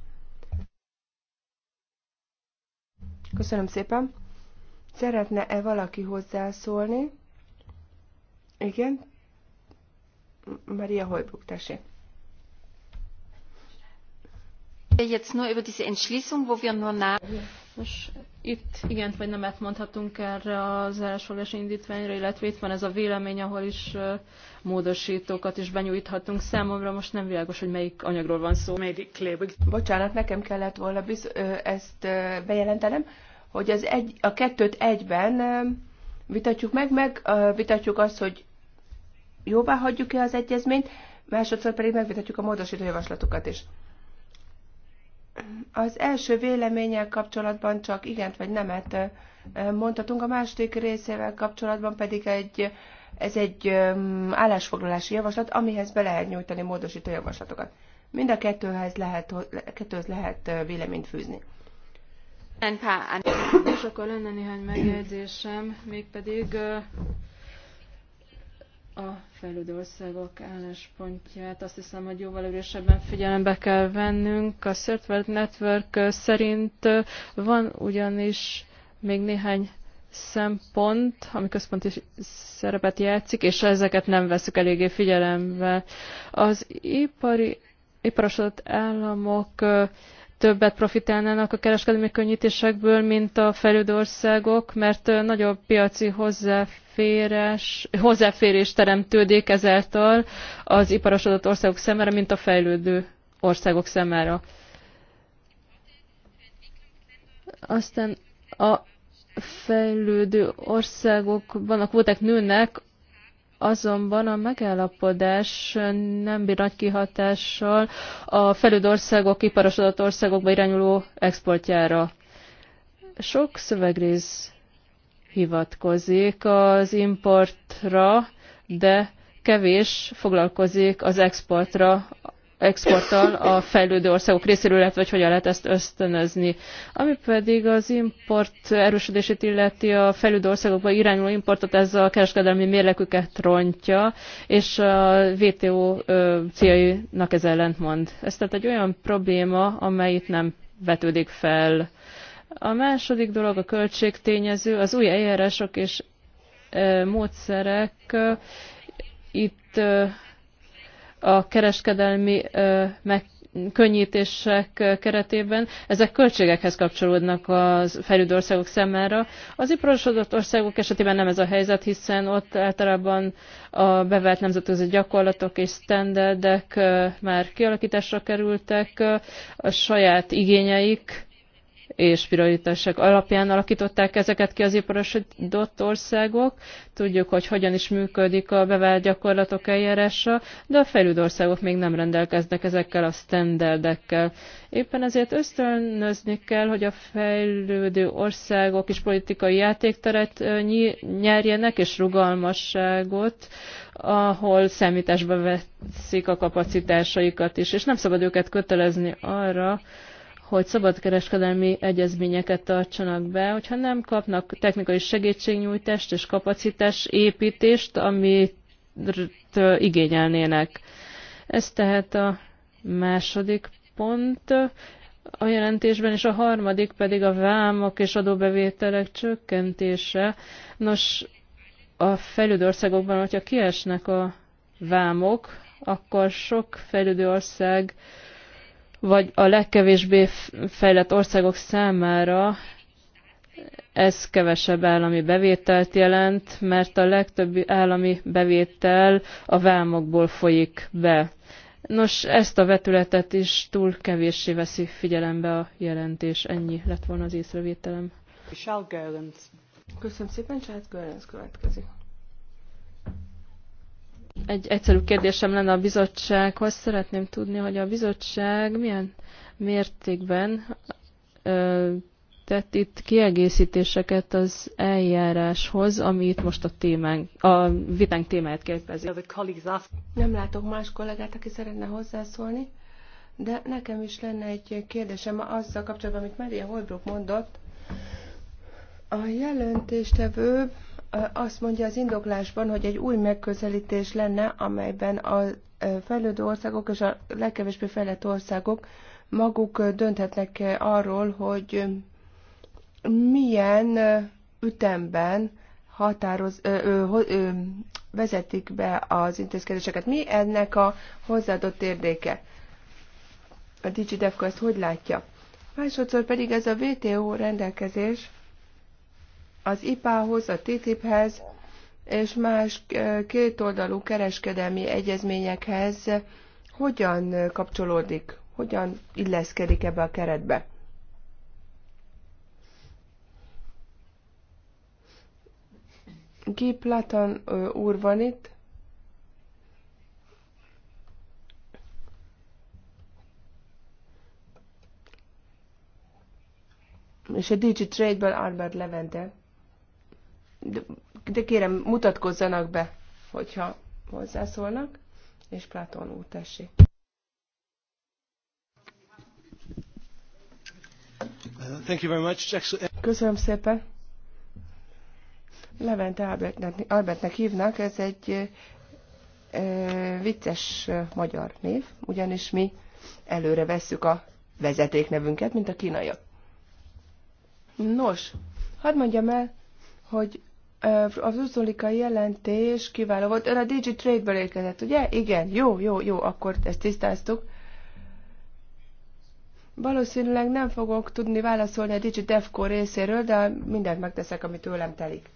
Köszönöm szépen. Szeretne-e valaki hozzászólni? Igen. Maria Holbruck, tessék. Jetzt nur über diese Entschließung, wo wir nur nach... Most itt igent vagy nemet mondhatunk erre az elsőleges indítványra, illetve itt van ez a vélemény, ahol is módosítókat is benyújthatunk. Számomra most nem világos, hogy melyik anyagról van szó. Bocsánat, nekem kellett volna biz- ezt bejelentenem, hogy az egy, a kettőt egyben vitatjuk meg, meg vitatjuk azt, hogy jóvá hagyjuk-e az egyezményt, másodszor pedig megvitatjuk a módosító javaslatokat is. Az első véleménnyel kapcsolatban csak igent vagy nemet mondhatunk, a második részével kapcsolatban pedig egy, ez egy állásfoglalási javaslat, amihez be lehet nyújtani módosító javaslatokat. Mind a kettőhez lehet, kettőhez lehet véleményt fűzni. És akkor lenne néhány megjegyzésem, mégpedig a fejlődő országok álláspontját azt hiszem, hogy jóval erősebben figyelembe kell vennünk. A World Network szerint van ugyanis még néhány szempont, ami központi szerepet játszik, és ezeket nem veszük eléggé figyelembe. Az ipari, iparosodott államok többet profitálnának a kereskedelmi könnyítésekből, mint a fejlődő országok, mert nagyobb piaci hozzáférés, hozzáférés teremtődik ezáltal az iparosodott országok szemére, mint a fejlődő országok szemére. Aztán a fejlődő országokban a kvóták nőnek, Azonban a megállapodás nem bír nagy kihatással a felüld országok, iparosodott országokba irányuló exportjára. Sok szövegrész hivatkozik az importra, de kevés foglalkozik az exportra, exporttal a fejlődő országok részéről, illetve hogy hogyan lehet ezt ösztönözni. Ami pedig az import erősödését illeti a fejlődő országokba irányuló importot, ez a kereskedelmi mérleküket rontja, és a WTO céljainak ez ellentmond. Ez tehát egy olyan probléma, amely itt nem vetődik fel. A második dolog a költségtényező, az új eljárások és módszerek itt a kereskedelmi meg könnyítések keretében. Ezek költségekhez kapcsolódnak a fejlődő országok számára. Az iparosodott országok esetében nem ez a helyzet, hiszen ott általában a bevált nemzetközi gyakorlatok és standardek már kialakításra kerültek, a saját igényeik és prioritások alapján alakították ezeket ki az iparosodott országok. Tudjuk, hogy hogyan is működik a bevált gyakorlatok eljárása, de a fejlődő országok még nem rendelkeznek ezekkel a standardekkel. Éppen ezért ösztönözni kell, hogy a fejlődő országok is politikai játékteret nyerjenek, és rugalmasságot, ahol számításba veszik a kapacitásaikat is, és nem szabad őket kötelezni arra, hogy szabadkereskedelmi egyezményeket tartsanak be, hogyha nem kapnak technikai segítségnyújtást és kapacitás építést, amit igényelnének. Ez tehát a második pont a jelentésben, és a harmadik pedig a vámok és adóbevételek csökkentése. Nos, a fejlődő országokban, hogyha kiesnek a vámok, akkor sok fejlődő ország vagy a legkevésbé fejlett országok számára ez kevesebb állami bevételt jelent, mert a legtöbb állami bevétel a vámokból folyik be. Nos, ezt a vetületet is túl kevéssé veszi figyelembe a jelentés. Ennyi lett volna az észrevételem. Köszönöm szépen, Charles Görlens következik. Egy egyszerű kérdésem lenne a bizottsághoz. Szeretném tudni, hogy a bizottság milyen mértékben ö, tett itt kiegészítéseket az eljáráshoz, ami itt most a, témánk, a vitánk témáját képezi. Nem látok más kollégát, aki szeretne hozzászólni, de nekem is lenne egy kérdésem azzal kapcsolatban, amit Maria Holbrook mondott. A jelentéstevő azt mondja az indoklásban, hogy egy új megközelítés lenne, amelyben a fejlődő országok és a legkevésbé fejlett országok maguk dönthetnek arról, hogy milyen ütemben határoz, ö, ö, ö, vezetik be az intézkedéseket. Mi ennek a hozzáadott érdéke? A DigiDevco ezt hogy látja? Másodszor pedig ez a WTO rendelkezés, az IPA-hoz, a TTIP-hez és más eh, kétoldalú kereskedelmi egyezményekhez hogyan kapcsolódik, hogyan illeszkedik ebbe a keretbe. Guy Platon úr van itt. És a Digitrade-ből Albert Levente de, de kérem, mutatkozzanak be, hogyha hozzászólnak, és Platón úr, tessék. Thank you very much. Köszönöm szépen. Levente Albertnek, Albertnek hívnak, ez egy e, vicces magyar név, ugyanis mi előre vesszük a vezetéknevünket, mint a kínaiak. Nos, hadd mondjam el, hogy az Uzolika jelentés kiváló volt. Ön a Digi Trade-ből érkezett, ugye? Igen, jó, jó, jó, akkor ezt tisztáztuk. Valószínűleg nem fogok tudni válaszolni a Digi Defco részéről, de mindent megteszek, amit tőlem telik.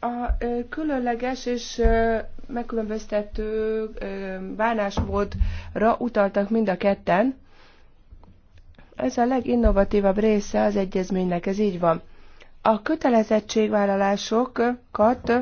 a különleges és megkülönböztető bánásmódra utaltak mind a ketten ez a leginnovatívabb része az egyezménynek, ez így van. A kötelezettségvállalásokat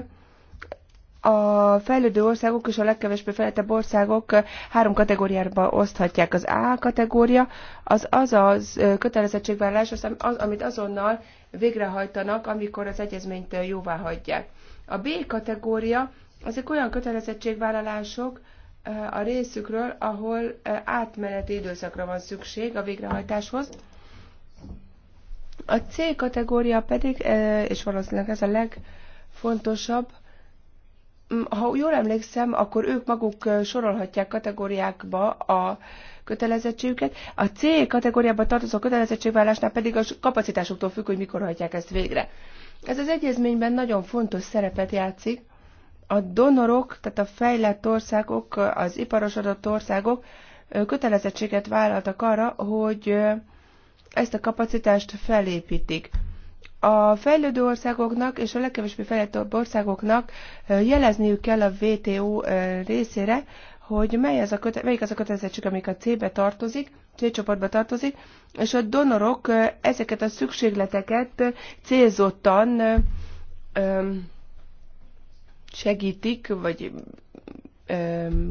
a fejlődő országok és a legkevésbé fejlettebb országok három kategóriába oszthatják. Az A kategória az az az kötelezettségvállalás, az, az, amit azonnal végrehajtanak, amikor az egyezményt jóvá hagyják. A B kategória azok olyan kötelezettségvállalások, a részükről, ahol átmeneti időszakra van szükség a végrehajtáshoz. A C kategória pedig, és valószínűleg ez a legfontosabb, ha jól emlékszem, akkor ők maguk sorolhatják kategóriákba a kötelezettségüket. A C kategóriába tartozó kötelezettségvállásnál pedig a kapacitásuktól függ, hogy mikor hajtják ezt végre. Ez az egyezményben nagyon fontos szerepet játszik, a donorok, tehát a fejlett országok, az iparosodott országok kötelezettséget vállaltak arra, hogy ezt a kapacitást felépítik. A fejlődő országoknak és a legkevésbé fejlett országoknak jelezniük kell a WTO részére, hogy mely az a köte- melyik az a kötelezettség, amik a C-be tartozik, C csoportba tartozik, és a donorok ezeket a szükségleteket célzottan segítik, vagy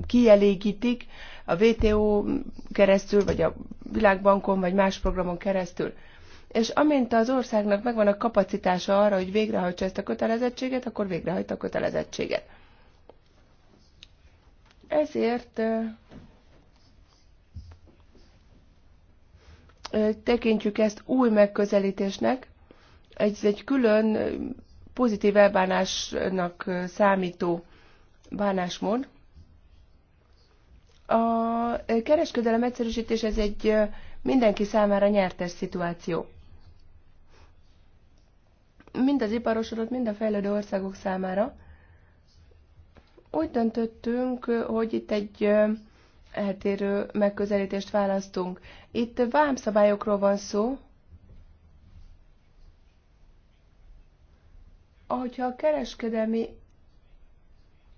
kielégítik a WTO keresztül, vagy a Világbankon, vagy más programon keresztül. És amint az országnak megvan a kapacitása arra, hogy végrehajtsa ezt a kötelezettséget, akkor végrehajt a kötelezettséget. Ezért tekintjük ezt új megközelítésnek, ez egy külön pozitív elbánásnak számító bánásmód. A kereskedelem egyszerűsítés ez egy mindenki számára nyertes szituáció. Mind az iparosodott, mind a fejlődő országok számára. Úgy döntöttünk, hogy itt egy eltérő megközelítést választunk. Itt vámszabályokról van szó, hogyha a kereskedelmi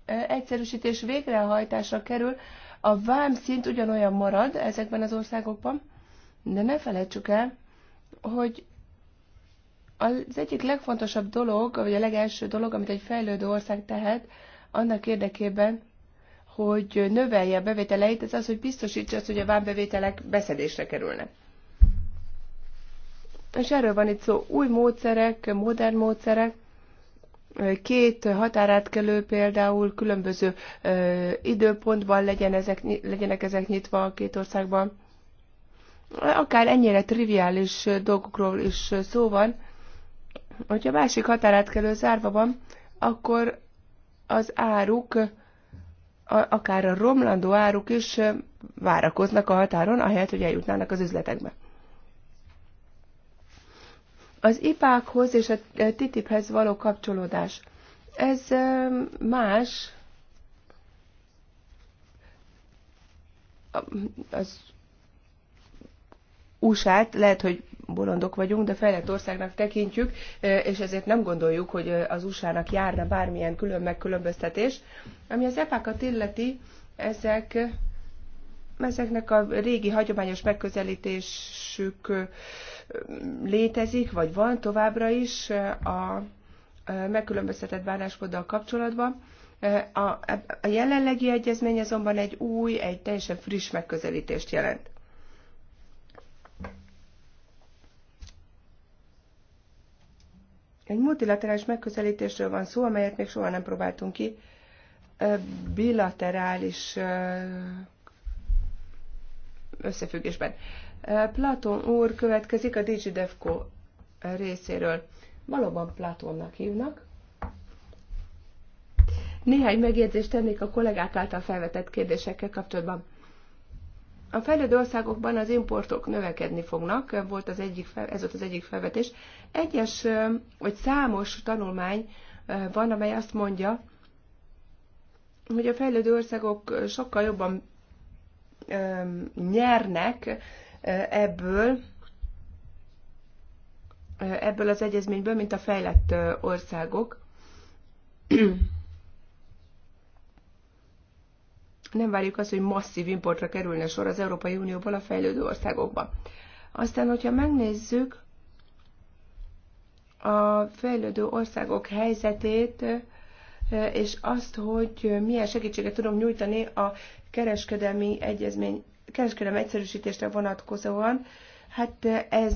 egyszerűsítés végrehajtásra kerül, a vám szint ugyanolyan marad ezekben az országokban, de ne felejtsük el, hogy az egyik legfontosabb dolog, vagy a legelső dolog, amit egy fejlődő ország tehet, annak érdekében, hogy növelje a bevételeit, ez az, hogy biztosítsa azt, hogy a vámbevételek beszedésre kerülnek. És erről van itt szó, új módszerek, modern módszerek, két határátkelő például különböző időpontban legyen ezek, legyenek ezek nyitva a két országban. Akár ennyire triviális dolgokról is szó van. Hogyha másik határátkelő zárva van, akkor az áruk, akár a romlandó áruk is várakoznak a határon, ahelyett, hogy eljutnának az üzletekbe. Az IPÁKhoz és a titiphez való kapcsolódás. Ez más, az usa lehet, hogy bolondok vagyunk, de fejlett országnak tekintjük, és ezért nem gondoljuk, hogy az USA-nak járna bármilyen külön megkülönböztetés. Ami az epákat illeti, ezek ezeknek a régi hagyományos megközelítésük létezik, vagy van továbbra is a megkülönböztetett bánásmóddal kapcsolatban. A, a jelenlegi egyezmény azonban egy új, egy teljesen friss megközelítést jelent. Egy multilaterális megközelítésről van szó, amelyet még soha nem próbáltunk ki bilaterális összefüggésben. Platon úr következik a DigiDevco részéről. Valóban Platonnak hívnak. Néhány megjegyzést tennék a kollégák által felvetett kérdésekkel kapcsolatban. A fejlődő országokban az importok növekedni fognak, volt az egyik, ez volt az egyik felvetés. Egyes, vagy számos tanulmány van, amely azt mondja, hogy a fejlődő országok sokkal jobban nyernek ebből, ebből az egyezményből, mint a fejlett országok. [CLEARS THROAT] Nem várjuk azt, hogy masszív importra kerülne sor az Európai Unióból a fejlődő országokba. Aztán, hogyha megnézzük a fejlődő országok helyzetét, és azt, hogy milyen segítséget tudom nyújtani a kereskedelmi egyezmény, kereskedelmi egyszerűsítésre vonatkozóan. Hát ez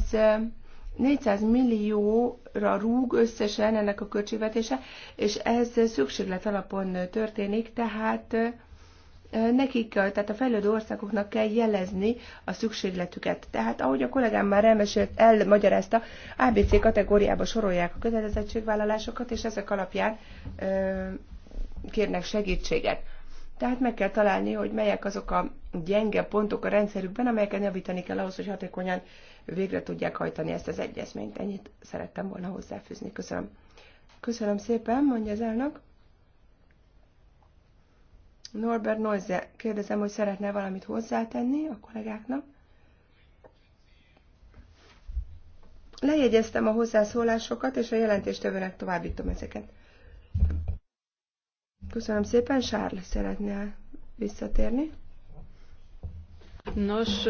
400 millióra rúg összesen ennek a költségvetése, és ez szükséglet alapon történik, tehát nekik, tehát a fejlődő országoknak kell jelezni a szükségletüket. Tehát ahogy a kollégám már elmesélt, elmagyarázta, ABC kategóriába sorolják a kötelezettségvállalásokat, és ezek alapján ö, kérnek segítséget. Tehát meg kell találni, hogy melyek azok a gyenge pontok a rendszerükben, amelyeket javítani kell ahhoz, hogy hatékonyan végre tudják hajtani ezt az egyezményt. Ennyit szerettem volna hozzáfűzni. Köszönöm. Köszönöm szépen, mondja az elnök. Norbert Noize, kérdezem, hogy szeretne valamit hozzátenni a kollégáknak. Lejegyeztem a hozzászólásokat, és a jelentéstevőnek továbbítom ezeket. Köszönöm szépen, Charles szeretne visszatérni? Nos,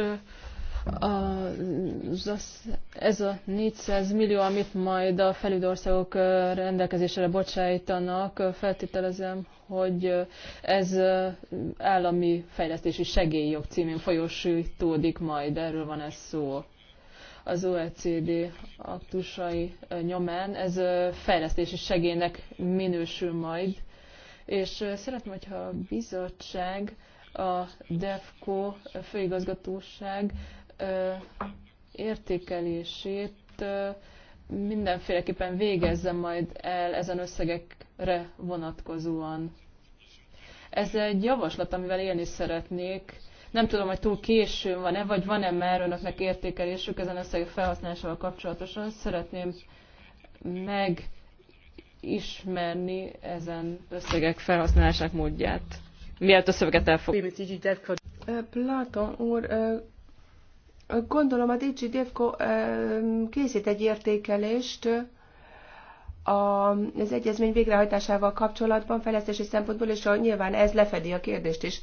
az, ez a 400 millió, amit majd a felüldő országok rendelkezésre bocsájtanak, feltételezem, hogy ez állami fejlesztési segélyjog címén folyosítódik majd, erről van ez szó az OECD aktusai nyomán. Ez fejlesztési segélynek minősül majd, és szeretném, hogyha a bizottság a DEFCO főigazgatóság értékelését mindenféleképpen végezze majd el ezen összegekre vonatkozóan. Ez egy javaslat, amivel élni szeretnék. Nem tudom, hogy túl későn van-e, vagy van-e már önöknek értékelésük ezen összeg felhasználásával kapcsolatosan. Szeretném megismerni ezen összegek felhasználásának módját. Miért a szöveget elfog. Platon úr, Gondolom a DG dévko készít egy értékelést az egyezmény végrehajtásával kapcsolatban, fejlesztési szempontból, és nyilván ez lefedi a kérdést is.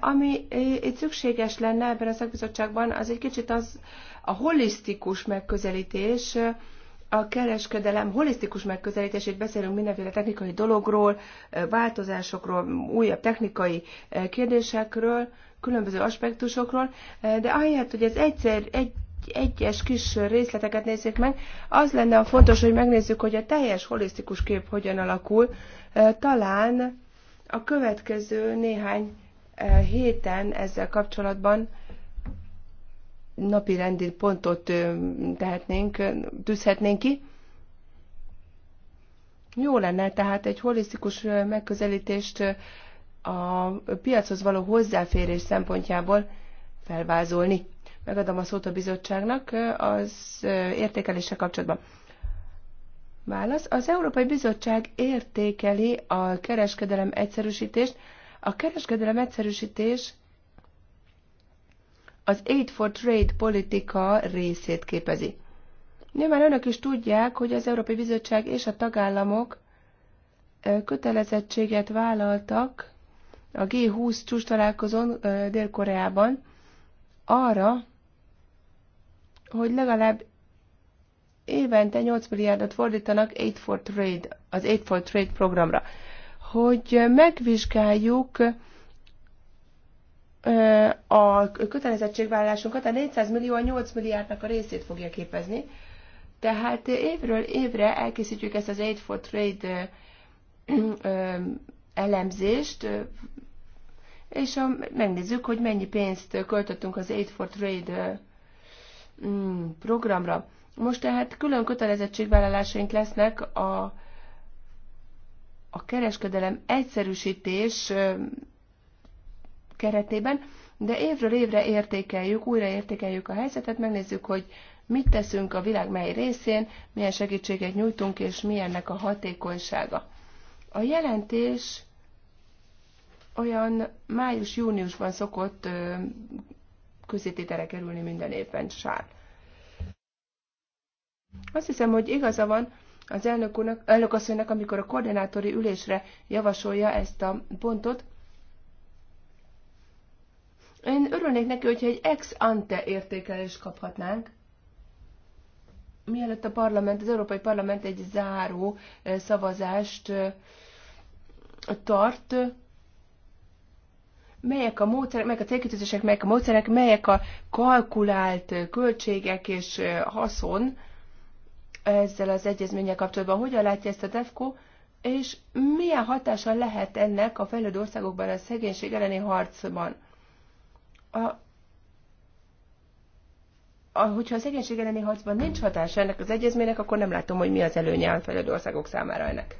Ami itt szükséges lenne ebben a szakbizottságban, az egy kicsit az a holisztikus megközelítés, a kereskedelem holisztikus megközelítését beszélünk mindenféle technikai dologról, változásokról, újabb technikai kérdésekről, különböző aspektusokról, e, de ahelyett, hogy ez egyszer egy egyes kis részleteket nézzük meg, az lenne a fontos, hogy megnézzük, hogy a teljes holisztikus kép hogyan alakul. E, talán a következő néhány e, héten ezzel kapcsolatban napi rendi pontot tehetnénk, tűzhetnénk ki. Jó lenne tehát egy holisztikus megközelítést a piachoz való hozzáférés szempontjából felvázolni. Megadom a szót a bizottságnak az értékelése kapcsolatban. Válasz. Az Európai Bizottság értékeli a kereskedelem egyszerűsítést. A kereskedelem egyszerűsítés az Aid for Trade politika részét képezi. Nyilván önök is tudják, hogy az Európai Bizottság és a tagállamok kötelezettséget vállaltak a G20 csúcs találkozón Dél-Koreában arra, hogy legalább évente 8 milliárdot fordítanak Aid for Trade, az Aid for Trade programra, hogy megvizsgáljuk a kötelezettségvállalásunkat, a 400 millió a 8 milliárdnak a részét fogja képezni. Tehát évről évre elkészítjük ezt az Aid for Trade elemzést, és a, megnézzük, hogy mennyi pénzt költöttünk az Aid for Trade mm, programra. Most tehát külön kötelezettségvállalásaink lesznek a, a kereskedelem egyszerűsítés keretében, de évről évre értékeljük, újra értékeljük a helyzetet, megnézzük, hogy mit teszünk a világ mely részén, milyen segítséget nyújtunk, és milyennek a hatékonysága. A jelentés olyan május-júniusban szokott közététere kerülni minden évben, Sár. Azt hiszem, hogy igaza van az elnök, úrnak, elnök asszonynak, amikor a koordinátori ülésre javasolja ezt a pontot. Én örülnék neki, hogyha egy ex-ante értékelést kaphatnánk, mielőtt a parlament, az Európai Parlament egy záró szavazást tart, melyek a módszerek, melyek a célkitűzések, melyek a módszerek, melyek a kalkulált költségek és haszon ezzel az egyezménnyel kapcsolatban. Hogyan látja ezt a DEFCO, és milyen hatása lehet ennek a fejlődő országokban a szegénység elleni harcban? A a, hogyha a szegénység elleni harcban nincs hatása ennek az egyezménynek, akkor nem látom, hogy mi az előnye a fejlődő országok számára ennek.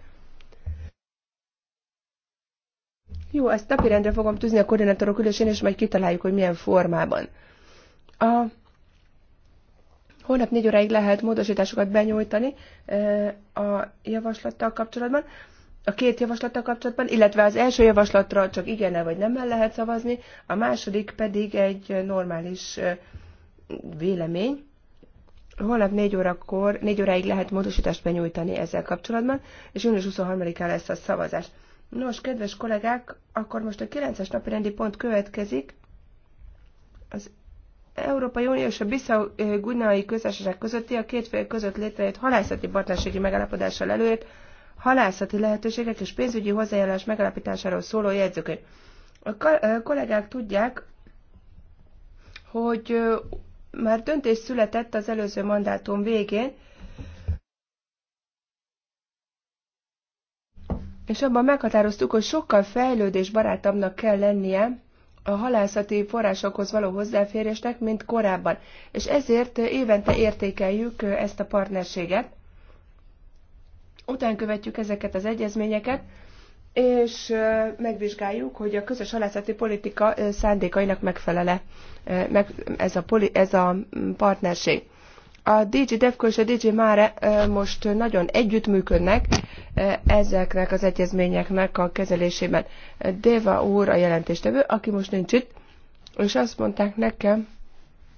Jó, ezt napirendre fogom tűzni a koordinátorok ülésén, és majd kitaláljuk, hogy milyen formában. A holnap négy óráig lehet módosításokat benyújtani a javaslattal kapcsolatban. A két javaslattal kapcsolatban, illetve az első javaslatra csak igennel vagy nemmel lehet szavazni, a második pedig egy normális vélemény. Holnap 4 órakor, 4 óráig lehet módosítást benyújtani ezzel kapcsolatban, és június 23-án lesz a szavazás. Nos, kedves kollégák, akkor most a 9-es napi rendi pont következik. Az Európai Unió és a Bissau Gunai közösségek közötti a két fél között létrejött halászati partnerségi megállapodással előtt halászati lehetőségek és pénzügyi hozzájárulás megállapításáról szóló jegyzőkönyv. A kollégák tudják, hogy már döntés született az előző mandátum végén, és abban meghatároztuk, hogy sokkal fejlődésbarátabbnak kell lennie a halászati forrásokhoz való hozzáférésnek, mint korábban. És ezért évente értékeljük ezt a partnerséget, után követjük ezeket az egyezményeket, és megvizsgáljuk, hogy a közös halászati politika szándékainak megfelele ez a, poli, ez a partnerség. A DG Defco és a DG Mare most nagyon együttműködnek ezeknek az egyezményeknek a kezelésében. Deva úr a jelentéstevő, aki most nincs itt, és azt mondták nekem,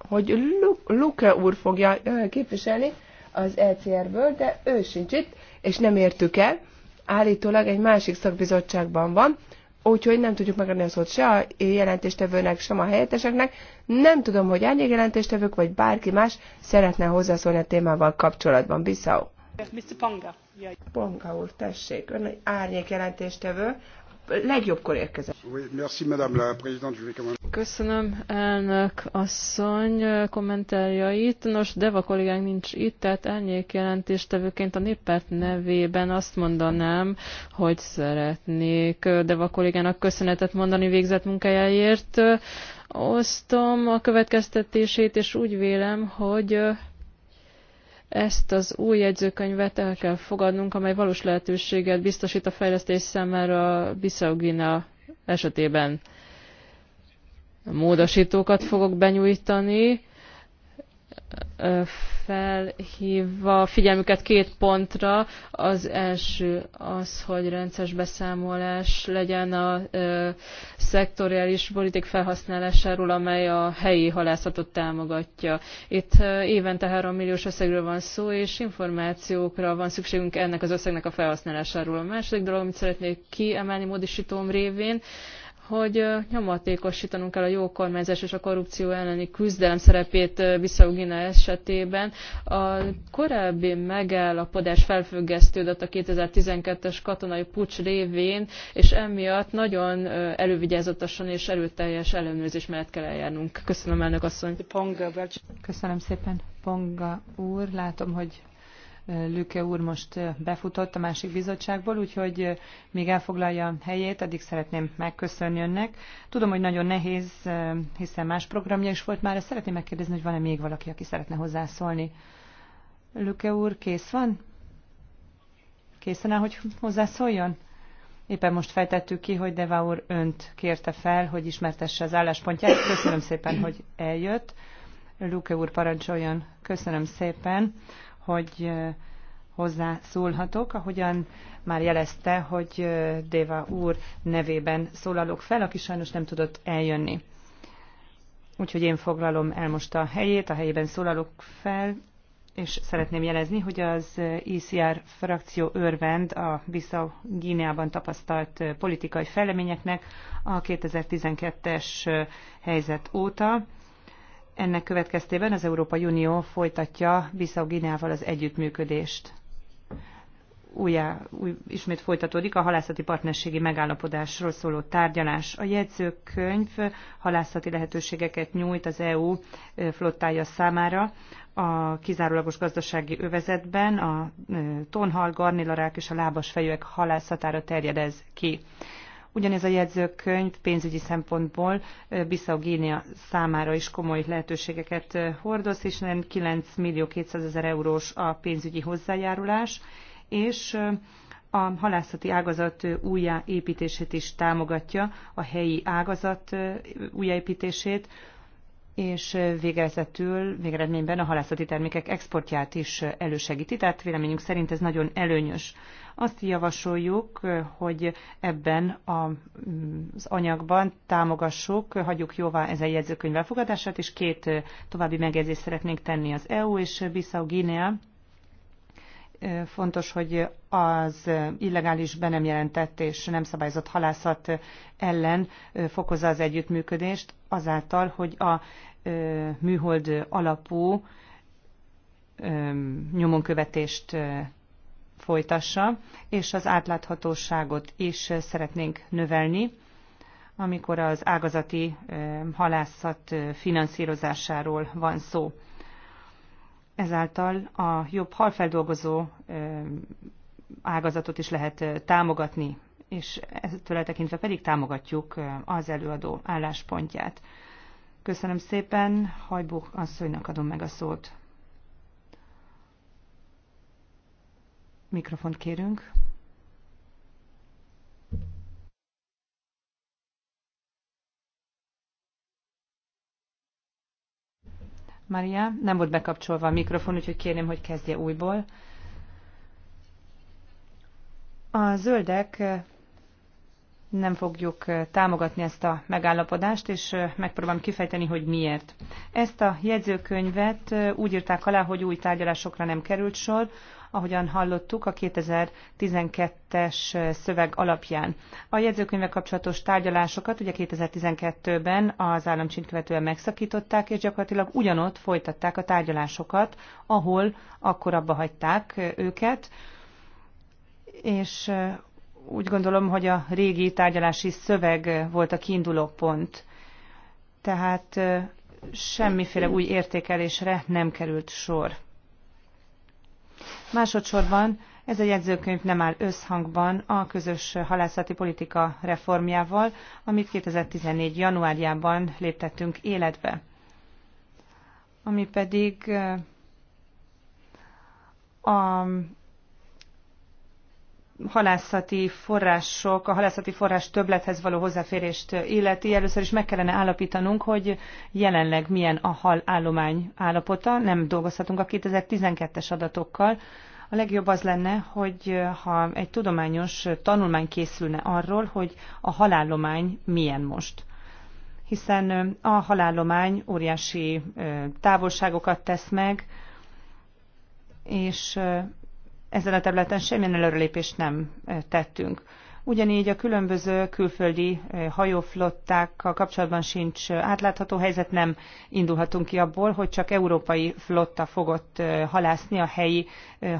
hogy Luke úr fogja képviselni az ECR-ből, de ő sincs itt, és nem értük el. Állítólag egy másik szakbizottságban van, úgyhogy nem tudjuk megadni a szót se a jelentéstevőnek, sem a helyetteseknek. Nem tudom, hogy árnyék jelentéstevők, vagy bárki más szeretne hozzászólni a témával kapcsolatban. Bissau. Mr. Ponga. Ponga úr, tessék, ön egy árnyék jelentéstevő legjobbkor érkezett. Köszönöm elnök asszony kommentárjait. Nos, Deva kollégánk nincs itt, tehát elnyék jelentéstevőként a néppárt nevében azt mondanám, hogy szeretnék Deva kollégának köszönetet mondani végzett munkájáért. Osztom a következtetését, és úgy vélem, hogy ezt az új jegyzőkönyvet el kell fogadnunk, amely valós lehetőséget biztosít a fejlesztés számára Bissau esetében. Módosítókat fogok benyújtani felhívva a figyelmüket két pontra. Az első az, hogy rendszeres beszámolás legyen a szektoriális politik felhasználásáról, amely a helyi halászatot támogatja. Itt évente 3 milliós összegről van szó, és információkra van szükségünk ennek az összegnek a felhasználásáról. A második dolog, amit szeretnék kiemelni módisítóm révén, hogy nyomatékosítanunk kell a jó kormányzás és a korrupció elleni küzdelem szerepét Visszaugina esetében. A korábbi megállapodás felfüggesztődött a 2012-es katonai pucs révén, és emiatt nagyon elővigyázatosan és erőteljes ellenőrzés mellett kell eljárnunk. Köszönöm, elnök asszony. Köszönöm szépen, Ponga úr. Látom, hogy Lüke úr most befutott a másik bizottságból, úgyhogy még elfoglalja a helyét, addig szeretném megköszönni önnek. Tudom, hogy nagyon nehéz, hiszen más programja is volt már, szeretném megkérdezni, hogy van-e még valaki, aki szeretne hozzászólni. Lüke úr, kész van? Készen áll, hogy hozzászóljon? Éppen most fejtettük ki, hogy Deva úr önt kérte fel, hogy ismertesse az álláspontját. Köszönöm szépen, hogy eljött. Luke úr parancsoljon. Köszönöm szépen hogy hozzá szólhatok, ahogyan már jelezte, hogy Déva úr nevében szólalok fel, aki sajnos nem tudott eljönni. Úgyhogy én foglalom el most a helyét, a helyében szólalok fel, és szeretném jelezni, hogy az ICR e frakció örvend a vissza Gíneában tapasztalt politikai fejleményeknek a 2012-es helyzet óta. Ennek következtében az Európai Unió folytatja Bissau Gineával az együttműködést. Újjá, új, ismét folytatódik a halászati partnerségi megállapodásról szóló tárgyalás. A jegyzőkönyv halászati lehetőségeket nyújt az EU flottája számára a kizárólagos gazdasági övezetben a tonhal, garnilarák és a lábas fejűek halászatára terjed ez ki. Ugyanez a jegyzőkönyv pénzügyi szempontból Bissau Gínia számára is komoly lehetőségeket hordoz, nem 9 millió 200 ezer eurós a pénzügyi hozzájárulás, és a halászati ágazat újjáépítését is támogatja, a helyi ágazat újjáépítését, és végezetül, végeredményben a halászati termékek exportját is elősegíti, tehát véleményünk szerint ez nagyon előnyös. Azt javasoljuk, hogy ebben az anyagban támogassuk, hagyjuk jóvá ezen jegyzőkönyv elfogadását, és két további megjegyzést szeretnénk tenni az EU és Bissau Guinea fontos, hogy az illegális be nem jelentett és nem szabályozott halászat ellen fokozza az együttműködést azáltal, hogy a műhold alapú nyomonkövetést folytassa, és az átláthatóságot is szeretnénk növelni, amikor az ágazati halászat finanszírozásáról van szó ezáltal a jobb halfeldolgozó ágazatot is lehet támogatni, és ettől tekintve pedig támogatjuk az előadó álláspontját. Köszönöm szépen, Hajbuk asszonynak adom meg a szót. Mikrofont kérünk. Maria. Nem volt bekapcsolva a mikrofon, úgyhogy kérném, hogy kezdje újból. A zöldek nem fogjuk támogatni ezt a megállapodást, és megpróbálom kifejteni, hogy miért. Ezt a jegyzőkönyvet úgy írták alá, hogy új tárgyalásokra nem került sor, ahogyan hallottuk, a 2012-es szöveg alapján. A jegyzőkönyve kapcsolatos tárgyalásokat ugye 2012-ben az államcsint követően megszakították, és gyakorlatilag ugyanott folytatták a tárgyalásokat, ahol akkor abba hagyták őket, és úgy gondolom, hogy a régi tárgyalási szöveg volt a kiinduló pont. Tehát semmiféle új értékelésre nem került sor. Másodszorban ez a jegyzőkönyv nem áll összhangban a közös halászati politika reformjával, amit 2014. januárjában léptettünk életbe. Ami pedig a halászati források, a halászati forrás töblethez való hozzáférést illeti. Először is meg kellene állapítanunk, hogy jelenleg milyen a hal állomány állapota. Nem dolgozhatunk a 2012-es adatokkal. A legjobb az lenne, hogy ha egy tudományos tanulmány készülne arról, hogy a halállomány milyen most hiszen a halállomány óriási távolságokat tesz meg, és ezen a területen semmilyen előrelépést nem tettünk. Ugyanígy a különböző külföldi hajóflottákkal kapcsolatban sincs átlátható helyzet, nem indulhatunk ki abból, hogy csak európai flotta fogott halászni a helyi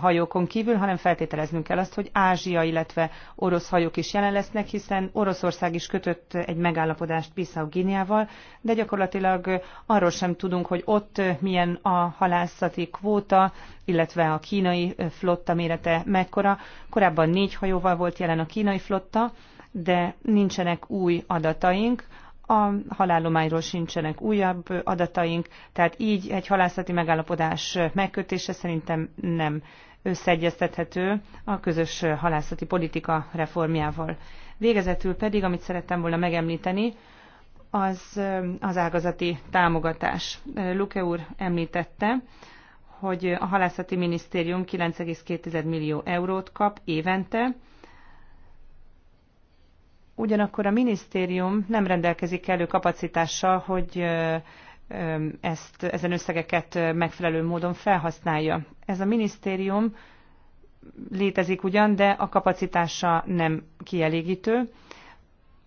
hajókon kívül, hanem feltételeznünk kell azt, hogy Ázsia, illetve orosz hajók is jelen lesznek, hiszen Oroszország is kötött egy megállapodást Bissau Gíniával, de gyakorlatilag arról sem tudunk, hogy ott milyen a halászati kvóta, illetve a kínai flotta mérete mekkora. Korábban négy hajóval volt jelen a kínai flotta, de nincsenek új adataink, a halállományról sincsenek újabb adataink, tehát így egy halászati megállapodás megkötése szerintem nem összeegyeztethető a közös halászati politika reformjával. Végezetül pedig, amit szerettem volna megemlíteni, az, az ágazati támogatás. Luke úr említette, hogy a halászati minisztérium 9,2 millió eurót kap évente, ugyanakkor a minisztérium nem rendelkezik elő kapacitással, hogy ezt, ezen összegeket megfelelő módon felhasználja. Ez a minisztérium létezik ugyan, de a kapacitása nem kielégítő,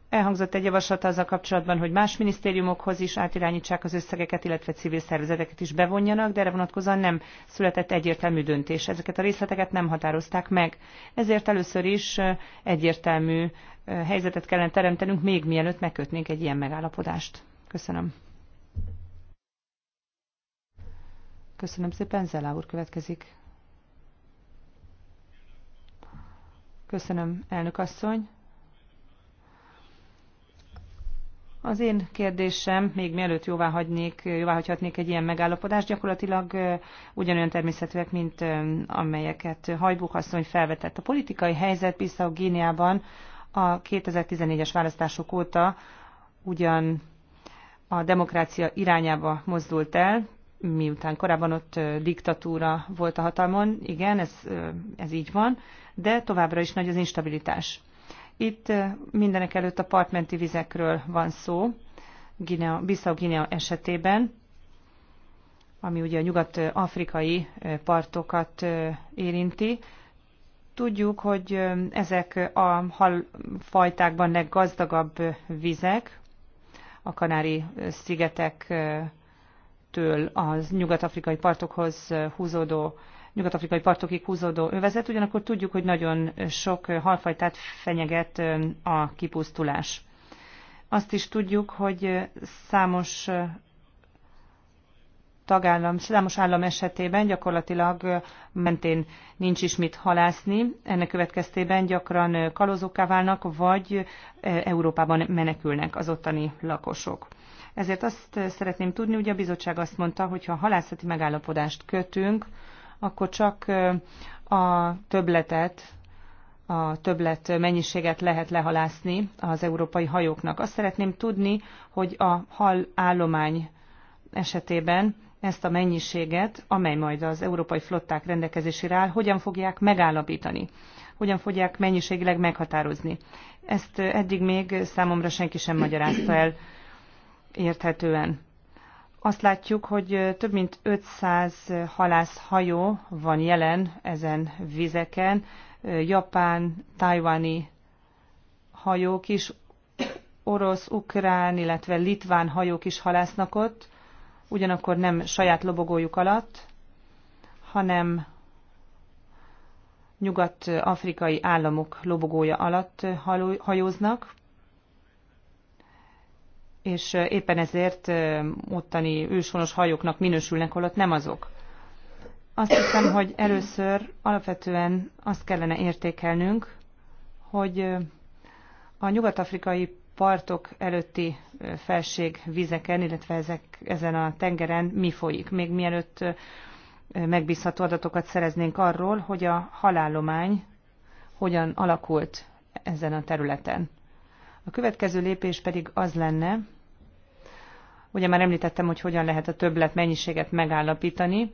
Elhangzott egy javaslat azzal kapcsolatban, hogy más minisztériumokhoz is átirányítsák az összegeket, illetve civil szervezeteket is bevonjanak, de erre vonatkozóan nem született egyértelmű döntés. Ezeket a részleteket nem határozták meg. Ezért először is egyértelmű helyzetet kellene teremtenünk, még mielőtt megkötnénk egy ilyen megállapodást. Köszönöm. Köszönöm szépen, Zelá úr következik. Köszönöm, elnök asszony. Az én kérdésem, még mielőtt jóvá, hagynék, jóvá hagyhatnék egy ilyen megállapodást, gyakorlatilag ugyanolyan természetűek, mint amelyeket Hajbuk asszony felvetett. A politikai helyzet Bissau Gíniában a 2014-es választások óta ugyan a demokrácia irányába mozdult el, miután korábban ott diktatúra volt a hatalmon, igen, ez, ez így van, de továbbra is nagy az instabilitás. Itt mindenek előtt a partmenti vizekről van szó, Bissau-Guinea esetében, ami ugye a nyugat-afrikai partokat érinti. Tudjuk, hogy ezek a halfajtákban leggazdagabb vizek, a Kanári-szigetektől az nyugat-afrikai partokhoz húzódó nyugat-afrikai partokig húzódó övezet, ugyanakkor tudjuk, hogy nagyon sok halfajtát fenyeget a kipusztulás. Azt is tudjuk, hogy számos tagállam, számos állam esetében gyakorlatilag mentén nincs is mit halászni. Ennek következtében gyakran kalózókká válnak, vagy Európában menekülnek az ottani lakosok. Ezért azt szeretném tudni, ugye a bizottság azt mondta, hogy ha halászati megállapodást kötünk, akkor csak a többletet, a többlet mennyiséget lehet lehalászni az európai hajóknak. Azt szeretném tudni, hogy a hal állomány esetében ezt a mennyiséget, amely majd az európai flották rendelkezésére áll, hogyan fogják megállapítani, hogyan fogják mennyiségileg meghatározni. Ezt eddig még számomra senki sem magyarázta el érthetően. Azt látjuk, hogy több mint 500 halászhajó van jelen ezen vizeken, japán, tajvani hajók is, orosz, ukrán, illetve litván hajók is halásznak ott, ugyanakkor nem saját lobogójuk alatt, hanem nyugat-afrikai államok lobogója alatt hajóznak és éppen ezért ottani őshonos hajóknak minősülnek, holott nem azok. Azt hiszem, hogy először alapvetően azt kellene értékelnünk, hogy a nyugat-afrikai partok előtti felség vizeken, illetve ezek, ezen a tengeren mi folyik. Még mielőtt megbízható adatokat szereznénk arról, hogy a halállomány hogyan alakult ezen a területen. A következő lépés pedig az lenne, ugye már említettem, hogy hogyan lehet a többlet mennyiséget megállapítani,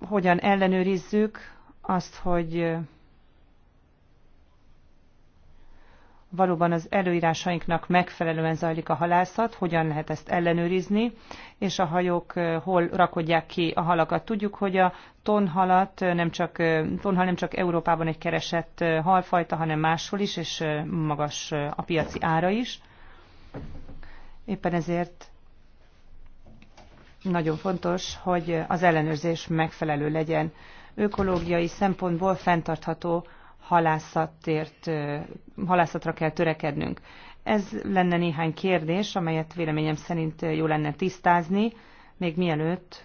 hogyan ellenőrizzük azt, hogy valóban az előírásainknak megfelelően zajlik a halászat, hogyan lehet ezt ellenőrizni, és a hajók eh, hol rakodják ki a halakat. Tudjuk, hogy a tonhalat eh, nem csak, eh, tonhal nem csak Európában egy keresett halfajta, hanem máshol is, és magas a piaci ára is. Éppen ezért nagyon fontos, hogy az ellenőrzés megfelelő legyen. Ökológiai szempontból fenntartható halászatért, halászatra kell törekednünk. Ez lenne néhány kérdés, amelyet véleményem szerint jó lenne tisztázni, még mielőtt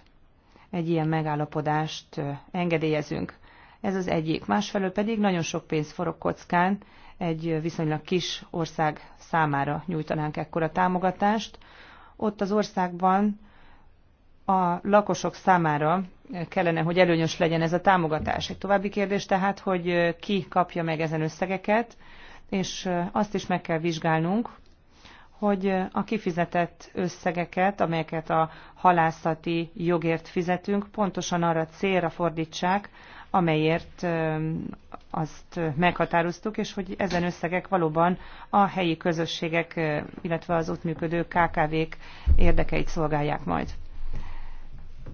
egy ilyen megállapodást engedélyezünk. Ez az egyik. Másfelől pedig nagyon sok pénz forog kockán, egy viszonylag kis ország számára nyújtanánk ekkora támogatást. Ott az országban a lakosok számára kellene, hogy előnyös legyen ez a támogatás. Egy további kérdés tehát, hogy ki kapja meg ezen összegeket, és azt is meg kell vizsgálnunk, hogy a kifizetett összegeket, amelyeket a halászati jogért fizetünk, pontosan arra célra fordítsák, amelyért azt meghatároztuk, és hogy ezen összegek valóban a helyi közösségek, illetve az ott működő KKV-k érdekeit szolgálják majd.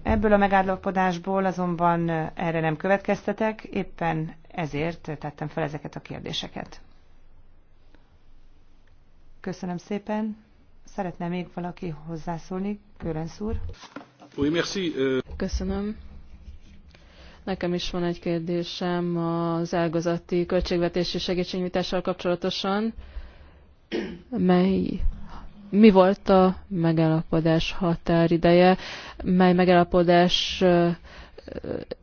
Ebből a megállapodásból azonban erre nem következtetek, éppen ezért tettem fel ezeket a kérdéseket. Köszönöm szépen. Szeretne még valaki hozzászólni? Körensz úr. Köszönöm. Nekem is van egy kérdésem az ágazati költségvetési segítségnyújtással kapcsolatosan, mely mi volt a megállapodás határideje, mely megállapodás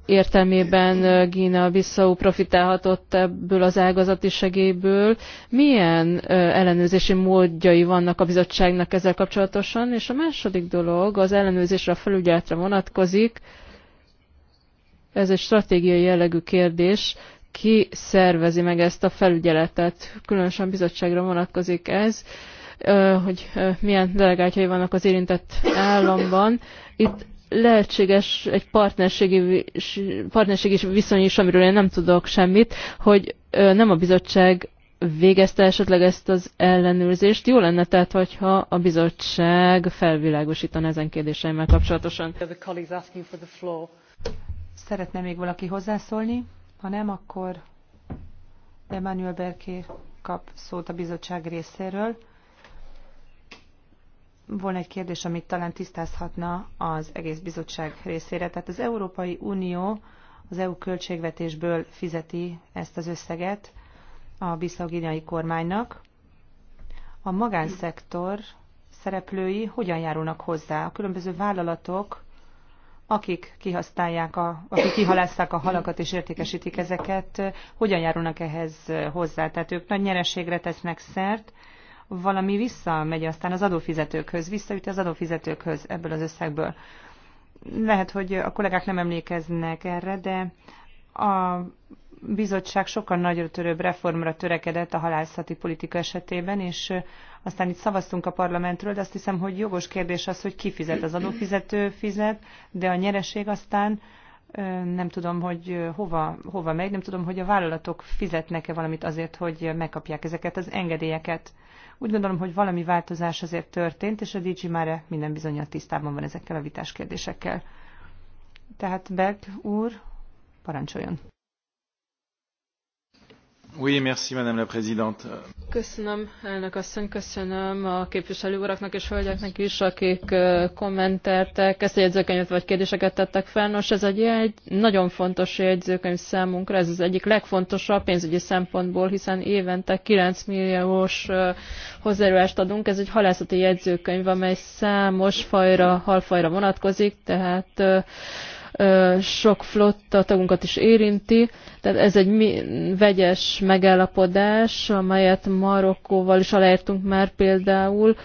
értelmében Gína Bissau profitálhatott ebből az ágazati segélyből. Milyen ellenőrzési módjai vannak a bizottságnak ezzel kapcsolatosan? És a második dolog az ellenőrzésre a felügyeletre vonatkozik. Ez egy stratégiai jellegű kérdés. Ki szervezi meg ezt a felügyeletet? Különösen bizottságra vonatkozik ez. Uh, hogy milyen delegátjai vannak az érintett államban. Itt lehetséges egy partnerségi, partnerségi viszony is, amiről én nem tudok semmit, hogy nem a bizottság végezte esetleg ezt az ellenőrzést. Jó lenne tehát, hogyha a bizottság felvilágosítan ezen kérdéseimmel kapcsolatosan. Szeretne még valaki hozzászólni? Ha nem, akkor Emmanuel Berké kap szót a bizottság részéről volna egy kérdés, amit talán tisztázhatna az egész bizottság részére. Tehát az Európai Unió az EU költségvetésből fizeti ezt az összeget a biszlagínai kormánynak. A magánszektor szereplői hogyan járulnak hozzá? A különböző vállalatok, akik kihasználják, a, akik kihalásszák a halakat és értékesítik ezeket, hogyan járulnak ehhez hozzá? Tehát ők nagy nyereségre tesznek szert, valami visszamegy aztán az adófizetőkhöz, visszajut az adófizetőkhöz ebből az összegből. Lehet, hogy a kollégák nem emlékeznek erre, de a bizottság sokkal nagyra törőbb reformra törekedett a halászati politika esetében, és aztán itt szavaztunk a parlamentről, de azt hiszem, hogy jogos kérdés az, hogy ki fizet az adófizető fizet, de a nyereség aztán nem tudom, hogy hova, hova megy, nem tudom, hogy a vállalatok fizetnek-e valamit azért, hogy megkapják ezeket az engedélyeket. Úgy gondolom, hogy valami változás azért történt, és a DG már minden bizony tisztában van ezekkel a vitás kérdésekkel. Tehát Berg úr, parancsoljon. Köszönöm, elnök asszony, köszönöm a képviselő uraknak és hölgyeknek is, akik kommenteltek ezt a jegyzőkönyvet vagy kérdéseket tettek fel. Nos, ez egy, nagyon fontos jegyzőkönyv számunkra, ez az egyik legfontosabb pénzügyi szempontból, hiszen évente nine milliós hozzájárulást adunk. Ez egy halászati jegyzőkönyv, amely számos fajra, halfajra vonatkozik, tehát sok flotta tagunkat is érinti, tehát ez egy vegyes megállapodás, amelyet Marokkóval is aláírtunk már például,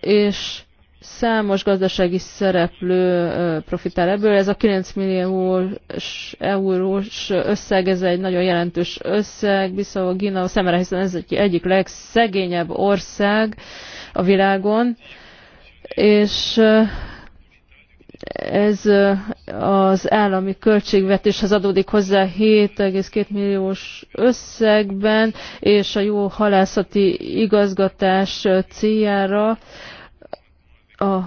és számos gazdasági szereplő profitál ebből. Ez a 9 millió eurós összeg, ez egy nagyon jelentős összeg, viszont a Gina szemre, hiszen ez egy egyik legszegényebb ország a világon, és ez az állami költségvetéshez adódik hozzá 7,2 milliós összegben, és a jó halászati igazgatás céljára a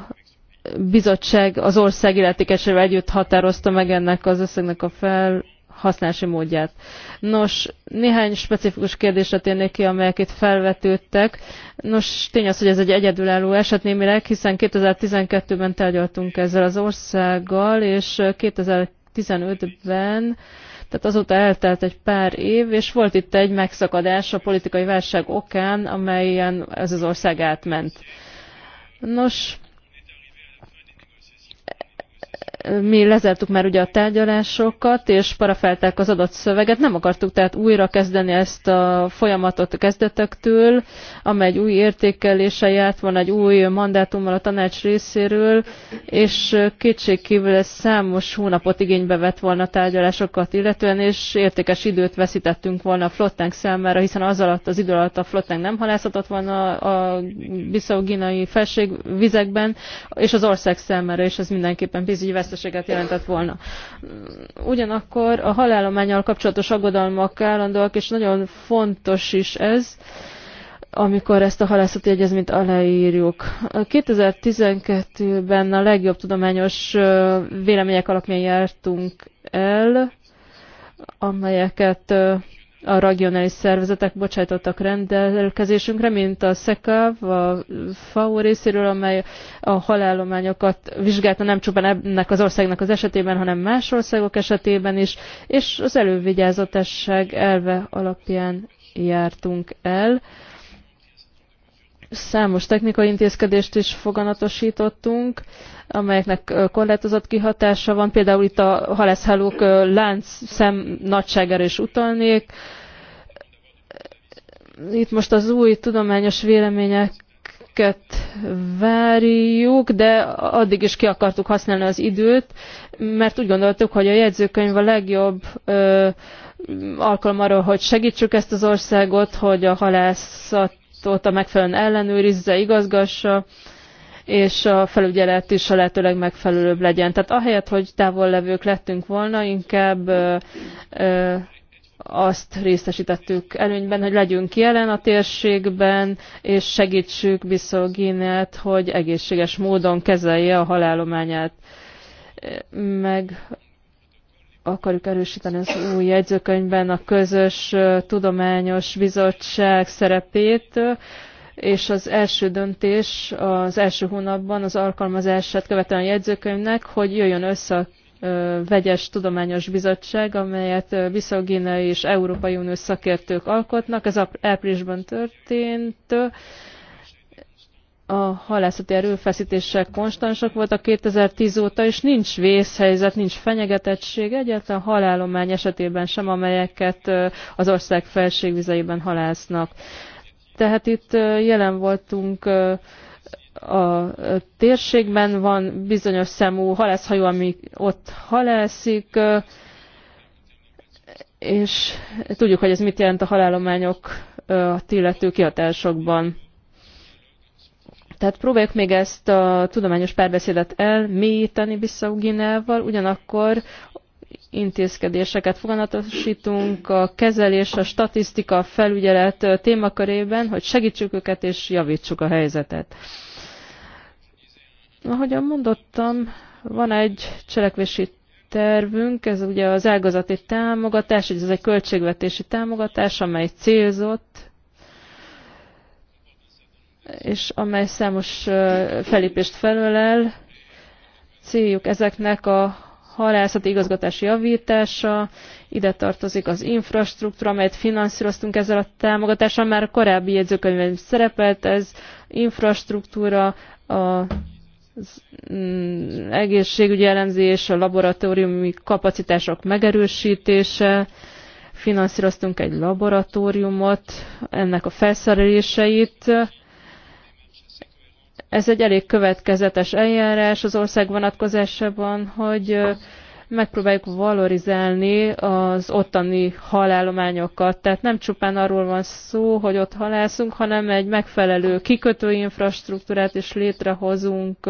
bizottság az ország illetékesével együtt határozta meg ennek az összegnek a fel használási módját. Nos, néhány specifikus kérdésre térnék ki, amelyek itt felvetődtek. Nos, tény az, hogy ez egy egyedülálló eset némileg, hiszen 2012-ben tárgyaltunk ezzel az országgal, és 2015-ben tehát azóta eltelt egy pár év, és volt itt egy megszakadás a politikai válság okán, amelyen ez az ország átment. Nos, mi lezártuk már ugye a tárgyalásokat, és parafelták az adott szöveget. Nem akartuk tehát újra kezdeni ezt a folyamatot a kezdetektől, amely egy új értékelése járt van, egy új mandátummal a tanács részéről, és kétségkívül ez számos hónapot igénybe vett volna a tárgyalásokat illetően, és értékes időt veszítettünk volna a flottánk számára, hiszen az alatt az idő alatt a flottánk nem halászhatott volna a bissau felségvizekben, és az ország számára, és ez mindenképpen pénzügyi veszteséget jelentett volna. Ugyanakkor a halálományal kapcsolatos aggodalmak állandóak, és nagyon fontos is ez, amikor ezt a halászati egyezményt aláírjuk. 2012-ben a legjobb tudományos vélemények alapján jártunk el, amelyeket a regionális szervezetek bocsájtottak rendelkezésünkre, mint a SZEKAV, a FAO részéről, amely a halállományokat vizsgálta nem csupán ennek az országnak az esetében, hanem más országok esetében is, és az elővigyázatesség elve alapján jártunk el. Számos technikai intézkedést is foganatosítottunk, amelyeknek korlátozott kihatása van. Például itt a halászhálók lánc szem nagyságára is utalnék. Itt most az új tudományos vélemények várjuk, de addig is ki akartuk használni az időt, mert úgy gondoltuk, hogy a jegyzőkönyv a legjobb ö, alkalom arra, hogy segítsük ezt az országot, hogy a halászat ott a megfelelően ellenőrizze, igazgassa, és a felügyelet is a lehetőleg megfelelőbb legyen. Tehát ahelyett, hogy távol levők lettünk volna, inkább ö, ö, azt részesítettük előnyben, hogy legyünk jelen a térségben, és segítsük Biszoginát, hogy egészséges módon kezelje a halálományát. Meg akarjuk erősíteni az új jegyzőkönyvben a közös tudományos bizottság szerepét, és az első döntés az első hónapban az alkalmazását követően a jegyzőkönyvnek, hogy jöjjön össze a vegyes tudományos bizottság, amelyet bissau és Európai Unió szakértők alkotnak. Ez áprilisban történt a halászati erőfeszítések konstansak voltak 2010 óta, és nincs vészhelyzet, nincs fenyegetettség, egyetlen halálomány esetében sem, amelyeket az ország felségvizeiben halásznak. Tehát itt jelen voltunk a térségben, van bizonyos szemú halászhajó, ami ott halászik, és tudjuk, hogy ez mit jelent a halálományok a illető kihatásokban. Tehát próbáljuk még ezt a tudományos párbeszédet elmélyíteni Bissau Ginával, ugyanakkor intézkedéseket foganatosítunk a kezelés, a statisztika, a felügyelet témakörében, hogy segítsük őket és javítsuk a helyzetet. Ahogyan mondottam, van egy cselekvési tervünk, ez ugye az ágazati támogatás, ez egy költségvetési támogatás, amely célzott és amely számos felépést felölel. Céljuk ezeknek a halászati igazgatási javítása, ide tartozik az infrastruktúra, amelyet finanszíroztunk ezzel a támogatással, már a korábbi jegyzőkönyvben szerepelt ez, infrastruktúra, a az mm, egészségügyi elemzés, a laboratóriumi kapacitások megerősítése, finanszíroztunk egy laboratóriumot, ennek a felszereléseit, ez egy elég következetes eljárás az ország vonatkozásában, hogy megpróbáljuk valorizálni az ottani halállományokat. Tehát nem csupán arról van szó, hogy ott halászunk, hanem egy megfelelő kikötői infrastruktúrát is létrehozunk,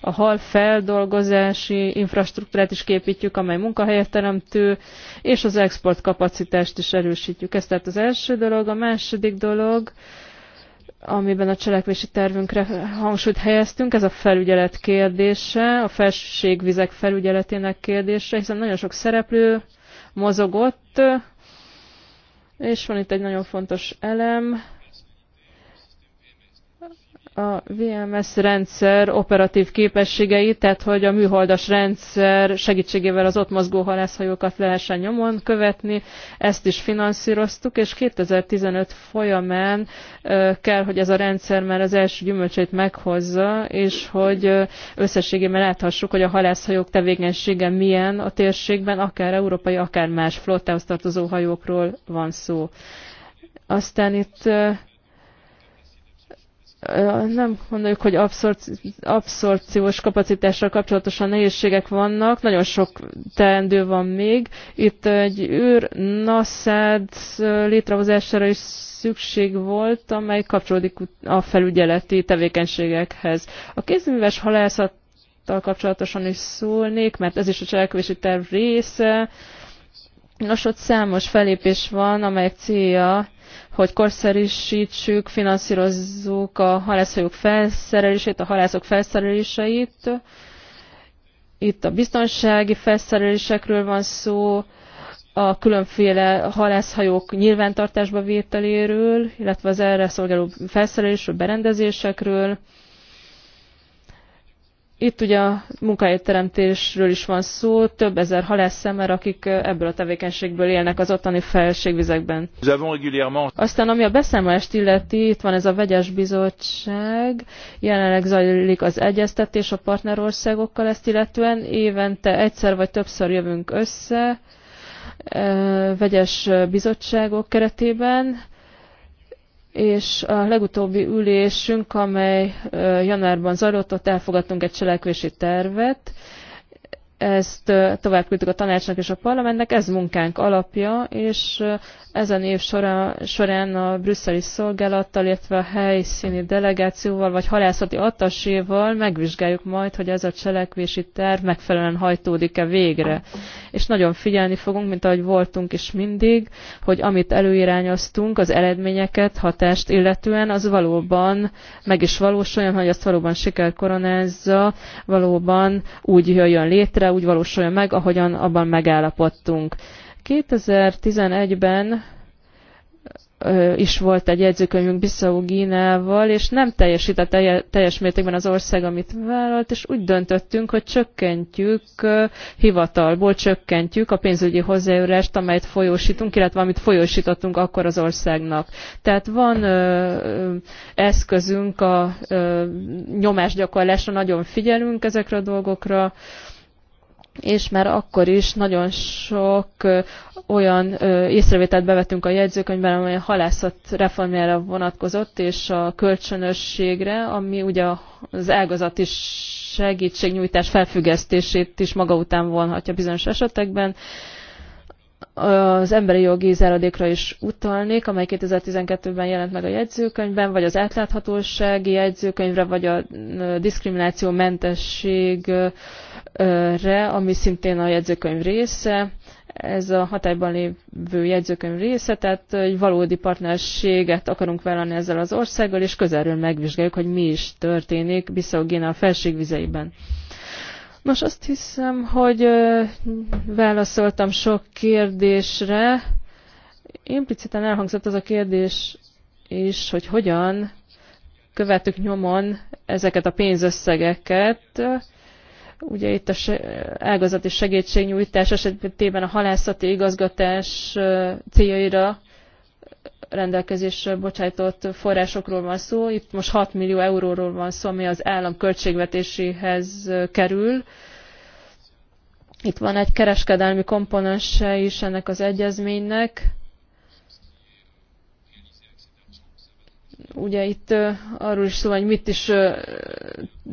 a hal feldolgozási infrastruktúrát is képítjük, amely munkahelyet teremtő, és az exportkapacitást is erősítjük. Ez tehát az első dolog. A második dolog, amiben a cselekvési tervünkre hangsúlyt helyeztünk, ez a felügyelet kérdése, a felségvizek felügyeletének kérdése, hiszen nagyon sok szereplő mozogott, és van itt egy nagyon fontos elem, a VMS rendszer operatív képességei tehát hogy a műholdas rendszer segítségével az ott mozgó halászhajókat lehessen nyomon követni, ezt is finanszíroztuk, és 2015 folyamán kell, hogy ez a rendszer már az első gyümölcsét meghozza, és hogy összességében láthassuk, hogy a halászhajók tevékenysége milyen a térségben, akár európai, akár más flottához tartozó hajókról van szó. Aztán itt nem mondjuk, hogy abszorpciós kapacitással kapcsolatosan nehézségek vannak, nagyon sok teendő van még. Itt egy űr NASAD létrehozására is szükség volt, amely kapcsolódik a felügyeleti tevékenységekhez. A kézműves halászattal kapcsolatosan is szólnék, mert ez is a cselekvési terv része. Nos, ott számos felépés van, amelyek célja hogy korszerűsítsük, finanszírozzuk a halászhajók felszerelését, a halászok felszereléseit. Itt a biztonsági felszerelésekről van szó, a különféle halászhajók nyilvántartásba vételéről, illetve az erre szolgáló felszerelésről, berendezésekről. Itt ugye a munkahelyteremtésről is van szó, több ezer halász akik ebből a tevékenységből élnek az ottani felségvizekben. Aztán ami a beszámolást illeti, itt van ez a vegyes bizottság, jelenleg zajlik az egyeztetés a partnerországokkal ezt illetően, évente egyszer vagy többször jövünk össze, vegyes bizottságok keretében, és a legutóbbi ülésünk, amely januárban zajlott, ott elfogadtunk egy cselekvési tervet, ezt tovább küldtük a tanácsnak és a parlamentnek, ez munkánk alapja, és ezen év során, a brüsszeli szolgálattal, illetve a helyszíni delegációval, vagy halászati attaséval megvizsgáljuk majd, hogy ez a cselekvési terv megfelelően hajtódik-e végre. És nagyon figyelni fogunk, mint ahogy voltunk is mindig, hogy amit előirányoztunk, az eredményeket, hatást illetően, az valóban meg is valósuljon, hogy azt valóban siker koronázza, valóban úgy jöjjön létre, úgy valósuljon meg, ahogyan abban megállapodtunk. 2011-ben is volt egy jegyzőkönyvünk Bissau Gínával, és nem teljesített teljes mértékben az ország, amit vállalt, és úgy döntöttünk, hogy csökkentjük hivatalból, csökkentjük a pénzügyi hozzájárást amelyet folyósítunk, illetve amit folyósítottunk akkor az országnak. Tehát van ö, eszközünk a ö, nyomásgyakorlásra, nagyon figyelünk ezekre a dolgokra, ö, és már akkor is nagyon sok olyan észrevételt bevetünk a jegyzőkönyvben, amely a halászat reformjára vonatkozott, és a kölcsönösségre, ami ugye az ágazat is segítségnyújtás felfüggesztését is maga után vonhatja bizonyos esetekben. Az emberi jogi záradékra is utalnék, amely 2012-ben jelent meg a jegyzőkönyvben, vagy az átláthatósági jegyzőkönyvre, vagy a diszkrimináció mentesség re, ami szintén a jegyzőkönyv része. Ez a hatályban lévő jegyzőkönyv része, tehát egy valódi partnerséget akarunk vállalni ezzel az országgal, és közelről megvizsgáljuk, hogy mi is történik bissau a felségvizeiben. Nos, azt hiszem, hogy válaszoltam sok kérdésre. Impliciten elhangzott az a kérdés is, hogy hogyan követük nyomon ezeket a pénzösszegeket, Ugye itt a ágazati segítségnyújtás esetében a halászati igazgatás céljaira rendelkezésre bocsájtott forrásokról van szó. Itt most 6 millió euróról van szó, ami az állam költségvetéséhez kerül. Itt van egy kereskedelmi komponense is ennek az egyezménynek ugye itt arról is szó, hogy mit is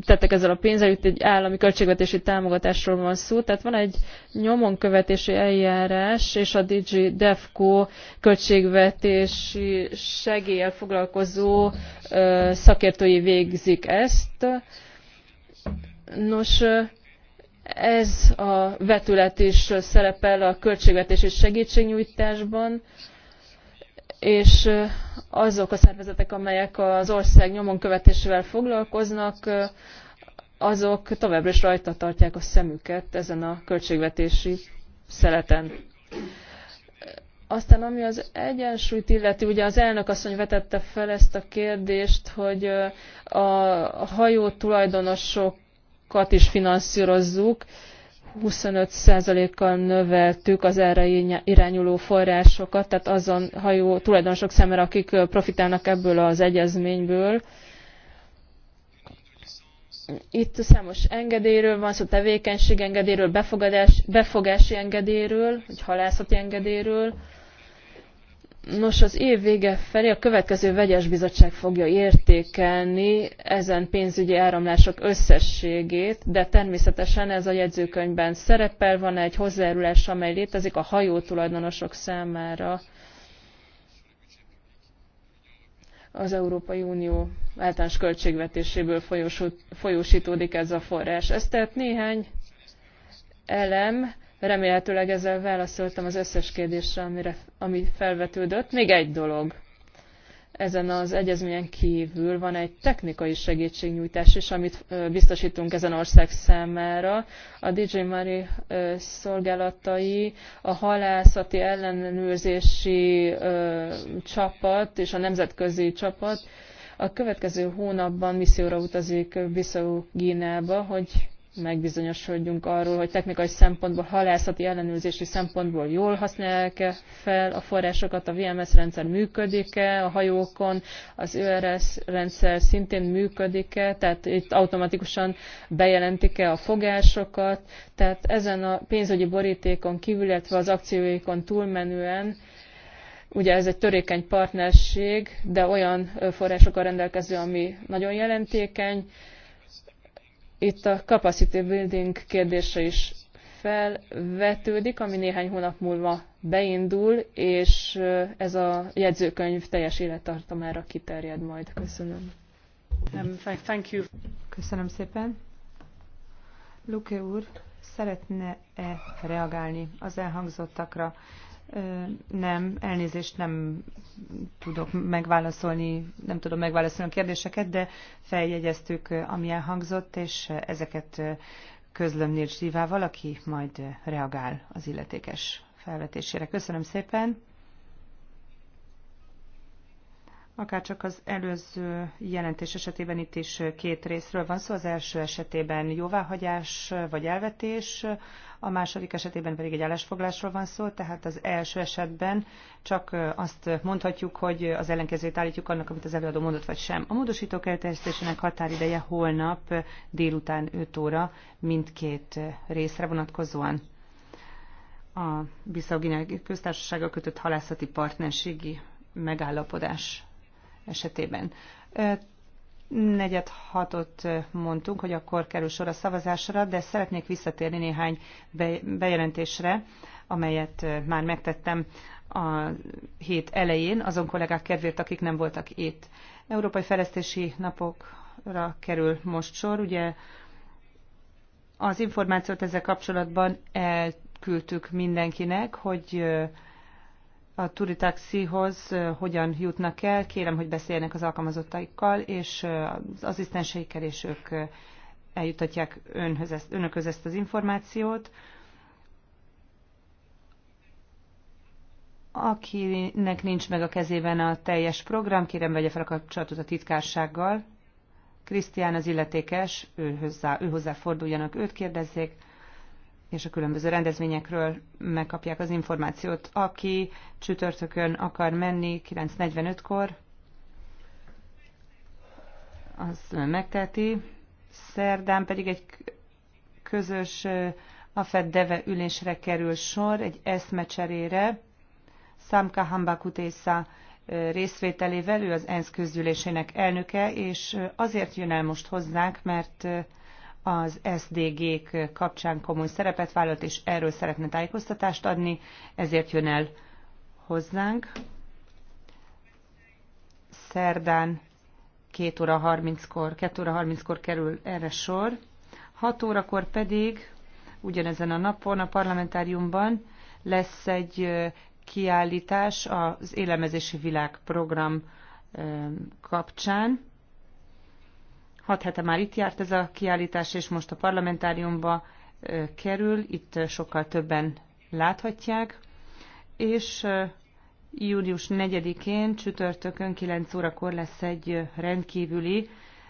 tettek ezzel a pénzzel, itt egy állami költségvetési támogatásról van szó, tehát van egy nyomonkövetési eljárás, és a DG DEFCO költségvetési segéllyel foglalkozó szakértői végzik ezt. Nos, ez a vetület is szerepel a költségvetési segítségnyújtásban, és azok a szervezetek, amelyek az ország nyomon követésével foglalkoznak, azok továbbra is rajta tartják a szemüket ezen a költségvetési szeleten. Aztán ami az egyensúlyt illeti, ugye az elnök asszony vetette fel ezt a kérdést, hogy a hajó tulajdonosokat is finanszírozzuk, 25%-kal növeltük az erre irányuló forrásokat, tehát azon hajó tulajdonosok számára, akik profitálnak ebből az egyezményből. Itt számos engedélyről van szó, tevékenység engedélyről, befogadás, befogási engedélyről, vagy halászati engedélyről Nos, az év vége felé a következő vegyes bizottság fogja értékelni ezen pénzügyi áramlások összességét, de természetesen ez a jegyzőkönyvben szerepel, van egy hozzájárulás, amely létezik a hajó tulajdonosok számára az Európai Unió általános költségvetéséből folyosítódik ez a forrás. Ez tehát néhány elem, Remélhetőleg ezzel válaszoltam az összes kérdésre, amire, ami felvetődött. Még egy dolog. Ezen az egyezményen kívül van egy technikai segítségnyújtás is, amit biztosítunk ezen ország számára. A DJ Mari szolgálatai, a halászati ellenőrzési csapat és a nemzetközi csapat a következő hónapban misszióra utazik Bissau Gínába, hogy megbizonyosodjunk arról, hogy technikai szempontból, halászati ellenőrzési szempontból jól használják-e fel a forrásokat, a VMS rendszer működik-e a hajókon, az ÖRS rendszer szintén működik-e, tehát itt automatikusan bejelentik-e a fogásokat, tehát ezen a pénzügyi borítékon kívül, illetve az akcióikon túlmenően ugye ez egy törékeny partnerség, de olyan forrásokkal rendelkező, ami nagyon jelentékeny, itt a capacity building kérdése is felvetődik, ami néhány hónap múlva beindul, és ez a jegyzőkönyv teljes élettartamára kiterjed majd. Köszönöm. Um, thank you. Köszönöm szépen. Luke úr, szeretne-e reagálni az elhangzottakra? Nem, elnézést nem tudok megválaszolni, nem tudom megválaszolni a kérdéseket, de feljegyeztük, ami elhangzott, és ezeket közlöm Nils Rivával, aki majd reagál az illetékes felvetésére. Köszönöm szépen! csak az előző jelentés esetében itt is két részről van szó, az első esetében jóváhagyás vagy elvetés, a második esetében pedig egy állásfoglásról van szó, tehát az első esetben csak azt mondhatjuk, hogy az ellenkezőt állítjuk annak, amit az előadó mondott, vagy sem. A módosítók elterjesztésének határideje holnap délután 5 óra mindkét részre vonatkozóan a Bissau-Guinea köztársasággal kötött halászati partnerségi megállapodás esetében. Negyed hatot mondtunk, hogy akkor kerül sor a szavazásra, de szeretnék visszatérni néhány bejelentésre, amelyet már megtettem a hét elején azon kollégák kedvéért, akik nem voltak itt. Európai Fejlesztési Napokra kerül most sor. Ugye az információt ezzel kapcsolatban elküldtük mindenkinek, hogy a turitaxihoz hogyan jutnak el. Kérem, hogy beszéljenek az alkalmazottaikkal, és az asszisztenseikkel, és ők eljutatják önhöz ezt, önökhöz ezt az információt. Akinek nincs meg a kezében a teljes program, kérem vegye fel a kapcsolatot a titkársággal. Krisztián az illetékes, ő hozzá, ő hozzá forduljanak, őt kérdezzék és a különböző rendezvényekről megkapják az információt. Aki csütörtökön akar menni 9.45-kor, az megteheti. Szerdán pedig egy közös AFED deve ülésre kerül sor, egy eszmecserére. Számka Hambakutésza részvételével, ő az ENSZ közgyűlésének elnöke, és azért jön el most hozzánk, mert az SDG-k kapcsán komoly szerepet vállalt, és erről szeretne tájékoztatást adni, ezért jön el hozzánk. Szerdán 2 óra 30-kor, 2 óra 30-kor kerül erre sor. 6 órakor pedig ugyanezen a napon a parlamentáriumban lesz egy kiállítás az élelmezési világprogram kapcsán. Hat hete már itt járt ez a kiállítás, és most a parlamentáriumba kerül, itt sokkal többen láthatják, és július 4-én csütörtökön 9 órakor lesz egy rendkívüli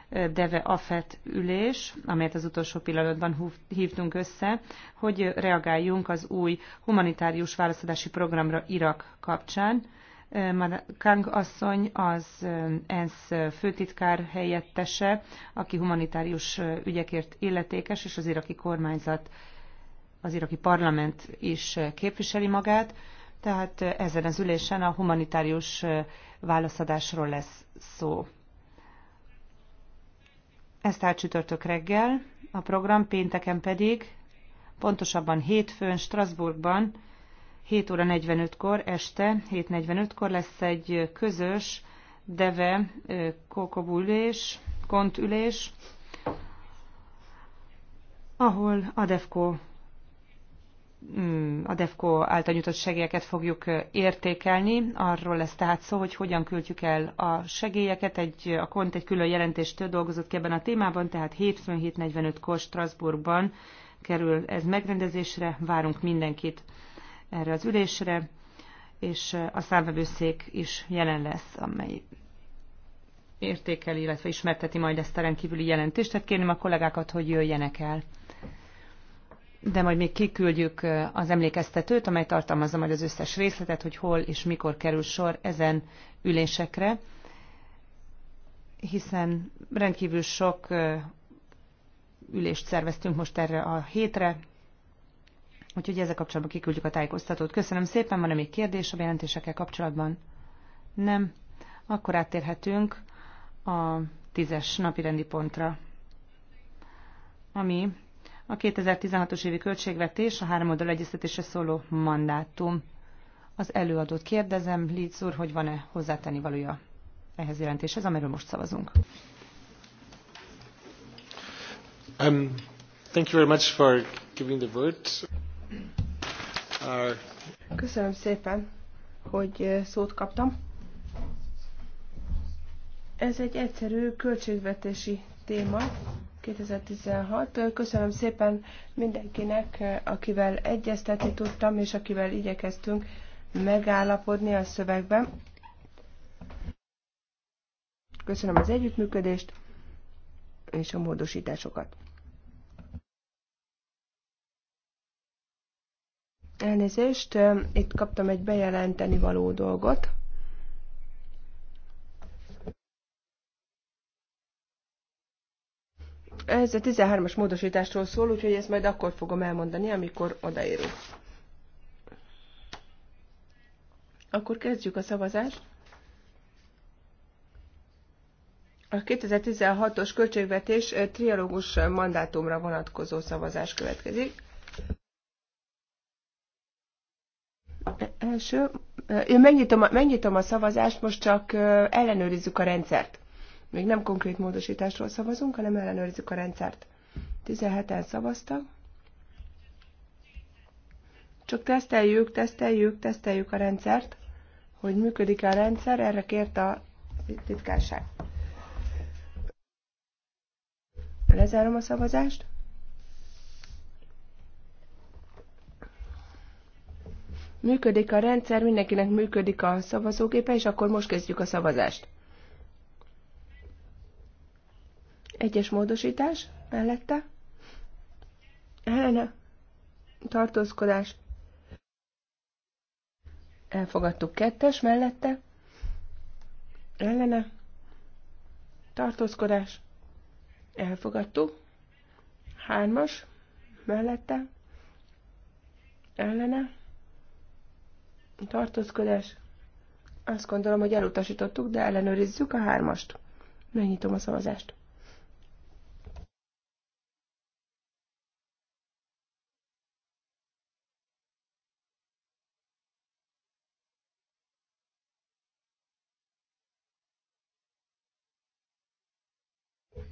Deve Afet ülés, amelyet az utolsó pillanatban hívtunk össze, hogy reagáljunk az új humanitárius válaszadási programra Irak kapcsán, Kang asszony az ENSZ főtitkár helyettese, aki humanitárius ügyekért illetékes, és az iraki kormányzat, az iraki parlament is képviseli magát. Tehát ezen az ülésen a humanitárius válaszadásról lesz szó. Ezt tehát csütörtök reggel, a program pénteken pedig, pontosabban hétfőn Strasbourgban 7 óra 45-kor, este 7.45-kor lesz egy közös deve kokobülés, kontülés, ahol a DEFCO mm, a DEFCO által nyújtott segélyeket fogjuk értékelni. Arról lesz tehát szó, hogy hogyan küldjük el a segélyeket. Egy, a KONT egy külön jelentéstől dolgozott ki ebben a témában, tehát 77.45-kor Strasbourgban kerül ez megrendezésre. Várunk mindenkit erre az ülésre, és a számvevőszék is jelen lesz, amely értékeli, illetve ismerteti majd ezt a rendkívüli jelentést, tehát kérném a kollégákat, hogy jöjjenek el. De majd még kiküldjük az emlékeztetőt, amely tartalmazza majd az összes részletet, hogy hol és mikor kerül sor ezen ülésekre, hiszen rendkívül sok ülést szerveztünk most erre a hétre, Úgyhogy ezzel kapcsolatban kiküldjük a tájékoztatót. Köszönöm szépen, van-e még kérdés a jelentésekkel kapcsolatban? Nem. Akkor áttérhetünk a tízes napi rendi pontra, ami a 2016-os évi költségvetés, a oldal egyeztetésre szóló mandátum. Az előadót kérdezem, Lidz úr, hogy van-e hozzátenni valója ehhez jelentéshez, amiről most szavazunk. Um, thank you very much for giving the word. Köszönöm szépen, hogy eh, szót kaptam. Ez egy egyszerű költségvetési téma, 2016. Köszönöm szépen mindenkinek, eh, akivel egyeztetni tudtam, és akivel igyekeztünk megállapodni a szövegben. Köszönöm az együttműködést és a módosításokat. Elnézést, itt kaptam egy bejelenteni való dolgot. Ez a 13-as módosításról szól, úgyhogy ezt majd akkor fogom elmondani, amikor odaérünk. Akkor kezdjük a szavazást. A 2016-os költségvetés trialógus mandátumra vonatkozó szavazás következik. Első, én megnyitom, megnyitom a szavazást, most csak ellenőrizzük a rendszert. Még nem konkrét módosításról szavazunk, hanem ellenőrizzük a rendszert. 17-en szavaztak. Csak teszteljük, teszteljük, teszteljük a rendszert, hogy működik a rendszer, erre kért a titkárság. Lezárom a szavazást. Működik a rendszer, mindenkinek működik a szavazógépe, és akkor most kezdjük a szavazást. Egyes módosítás mellette. Ellene. Tartózkodás. Elfogadtuk kettes mellette. Ellene. Tartózkodás. Elfogadtuk. Hármas mellette. Ellene tartózkodás. Azt gondolom, hogy elutasítottuk, de ellenőrizzük a hármast. Megnyitom a szavazást.